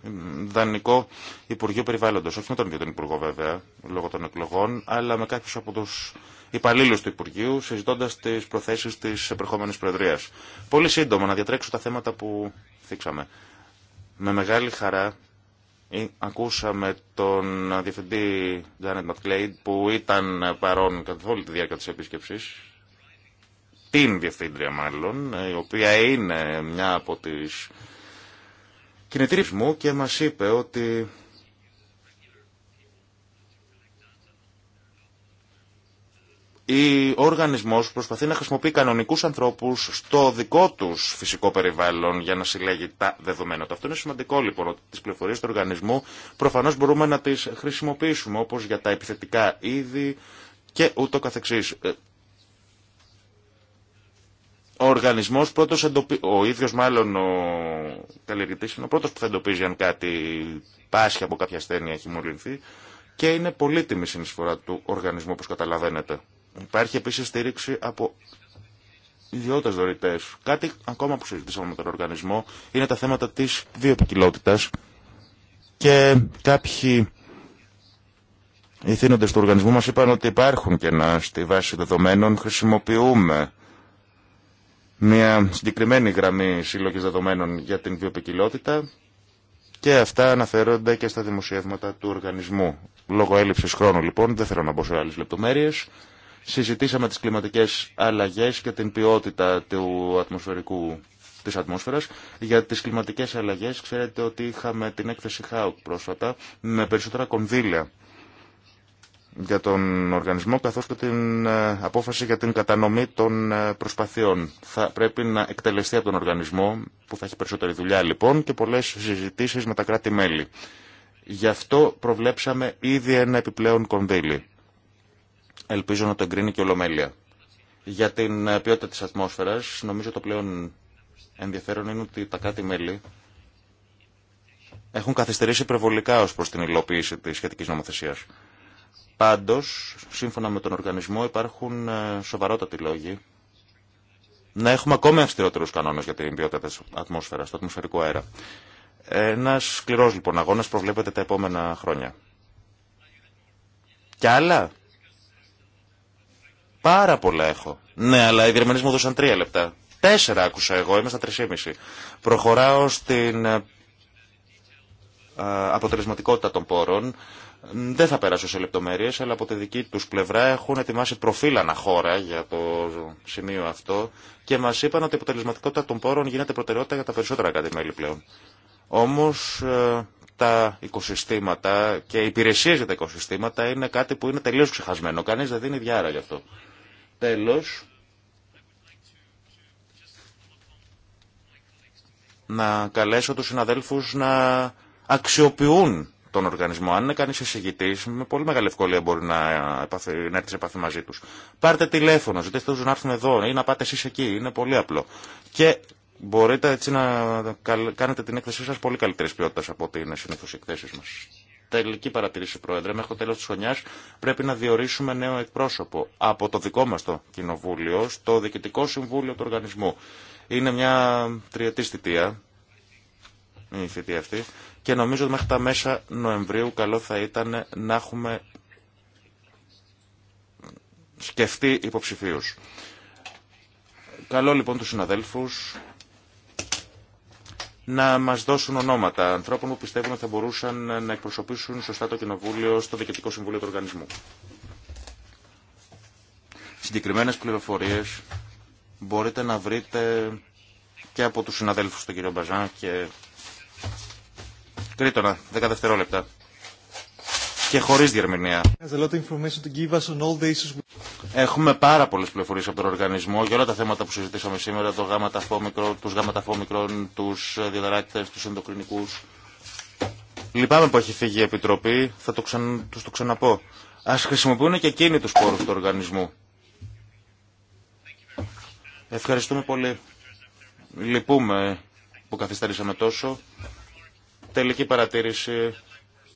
Δανικό Υπουργείο Περιβάλλοντος. Όχι με τον ίδιο τον Υπουργό βέβαια, λόγω των εκλογών, αλλά με κάποιους από τους υπαλλήλους του Υπουργείου, συζητώντας τις προθέσεις της επερχόμενης Προεδρίας. Πολύ σύντομα να διατρέξω τα θέματα που θίξαμε. Με μεγάλη χαρά ε, ακούσαμε τον διευθυντή Τζάνετ Ματκλέιντ που ήταν παρόν καθ' όλη τη διάρκεια της επίσκεψης την διευθύντρια μάλλον, ε, η οποία είναι μια από τις κινητήρε μου και μας είπε ότι ο οργανισμός προσπαθεί να χρησιμοποιεί κανονικούς ανθρώπους στο δικό τους φυσικό περιβάλλον για να συλλέγει τα δεδομένα του. Αυτό είναι σημαντικό λοιπόν ότι τις πληροφορίες του οργανισμού προφανώς μπορούμε να τις χρησιμοποιήσουμε όπως για τα επιθετικά είδη και ούτω καθεξής. Ε, ο οργανισμός πρώτος ο ίδιος μάλλον ο καλλιεργητής είναι ο πρώτος που θα εντοπίζει αν κάτι πάσχει από κάποια ασθένεια έχει μολυνθεί και είναι πολύτιμη συνεισφορά του οργανισμού όπως καταλαβαίνετε. Υπάρχει επίση στήριξη από ιδιώτε δωρητέ. Κάτι ακόμα που συζητήσαμε με τον οργανισμό είναι τα θέματα τη βιοπικιλότητας και κάποιοι οι του οργανισμού μας είπαν ότι υπάρχουν κενά στη βάση δεδομένων. Χρησιμοποιούμε μια συγκεκριμένη γραμμή σύλλογης δεδομένων για την βιοπικιλότητα και αυτά αναφέρονται και στα δημοσιεύματα του οργανισμού. Λόγω έλλειψης χρόνου λοιπόν δεν θέλω να μπω σε άλλες λεπτομέρειες. Συζητήσαμε τις κλιματικές αλλαγές και την ποιότητα του ατμοσφαιρικού της ατμόσφαιρας. Για τις κλιματικές αλλαγές ξέρετε ότι είχαμε την έκθεση ΧΑΟΚ πρόσφατα με περισσότερα κονδύλια για τον οργανισμό καθώς και την ε, απόφαση για την κατανομή των ε, προσπαθειών. Θα πρέπει να εκτελεστεί από τον οργανισμό που θα έχει περισσότερη δουλειά λοιπόν και πολλές συζητήσεις με τα κράτη-μέλη. Γι' αυτό προβλέψαμε ήδη ένα επιπλέον κονδύλι. Ελπίζω να το εγκρίνει και ολομέλεια. Για την ε, ποιότητα της ατμόσφαιρας, νομίζω το πλέον ενδιαφέρον είναι ότι τα κάτι μέλη έχουν καθυστερήσει υπερβολικά ως προς την υλοποίηση της σχετικής νομοθεσίας. Πάντως, σύμφωνα με τον οργανισμό, υπάρχουν ε, σοβαρότατοι λόγοι να έχουμε ακόμη αυστηρότερους κανόνες για την ποιότητα της ατμόσφαιρας, το ατμοσφαιρικό αέρα. Ένα σκληρός λοιπόν αγώνας προβλέπεται τα επόμενα χρόνια. Και άλλα Πάρα πολλά έχω. Ναι, αλλά οι Γερμανοί μου δώσαν τρία λεπτά. Τέσσερα άκουσα εγώ, είμαι στα τρισήμιση. Προχωράω στην ε, ε, αποτελεσματικότητα των πόρων. Δεν θα περάσω σε λεπτομέρειε, αλλά από τη δική του πλευρά έχουν ετοιμάσει προφίλ αναχώρα για το σημείο αυτό και μα είπαν ότι η αποτελεσματικότητα των πόρων γίνεται προτεραιότητα για τα περισσοτερα κατημέλη πλέον. Όμω ε, τα οικοσυστήματα και οι υπηρεσίε για τα οικοσυστήματα είναι κάτι που είναι τελείω ξεχασμένο. Κανεί δεν δίνει διάρα γι' αυτό. Τέλος, να καλέσω τους συναδέλφους να αξιοποιούν τον οργανισμό. Αν είναι κανείς εισηγητής, με πολύ μεγάλη ευκολία μπορεί να, επαφή, να έρθει σε επαφή μαζί τους. Πάρτε τηλέφωνο, ζητήστε τους να έρθουν εδώ ή να πάτε εσεί εκεί. Είναι πολύ απλό. Και μπορείτε έτσι να κάνετε την έκθεσή σας πολύ καλύτερης ποιότητας από ό,τι είναι συνήθω οι εκθέσει μα. Τελική παρατηρήση, Πρόεδρε. Μέχρι το τέλο τη χρονιά πρέπει να διορίσουμε νέο εκπρόσωπο από το δικό μα το Κοινοβούλιο στο Διοικητικό Συμβούλιο του Οργανισμού. Είναι μια τριετή θητεία, η θητεία αυτή, και νομίζω ότι μέχρι τα μέσα Νοεμβρίου καλό θα ήταν να έχουμε σκεφτεί υποψηφίου. Καλό λοιπόν τους συναδέλφους να μας δώσουν ονόματα ανθρώπων που πιστεύουν ότι θα μπορούσαν να εκπροσωπήσουν σωστά το Κοινοβούλιο στο Διοικητικό Συμβούλιο του Οργανισμού. Συγκεκριμένε πληροφορίε μπορείτε να βρείτε και από του συναδέλφου του κ. Μπαζάν και Κρήτονα, 10 και χωρί διερμηνία. Έχουμε πάρα πολλέ πληροφορίες από τον οργανισμό για όλα τα θέματα που συζητήσαμε σήμερα, το του ταφόμικρο, τους διαδράκτε, του τους ε, Λυπάμαι που έχει φύγει η Επιτροπή, θα το τους το ξαναπώ. Ας χρησιμοποιούν και εκείνοι τους πόρους του οργανισμού. Ευχαριστούμε πολύ. Λυπούμε που καθυστερήσαμε τόσο. Τελική παρατήρηση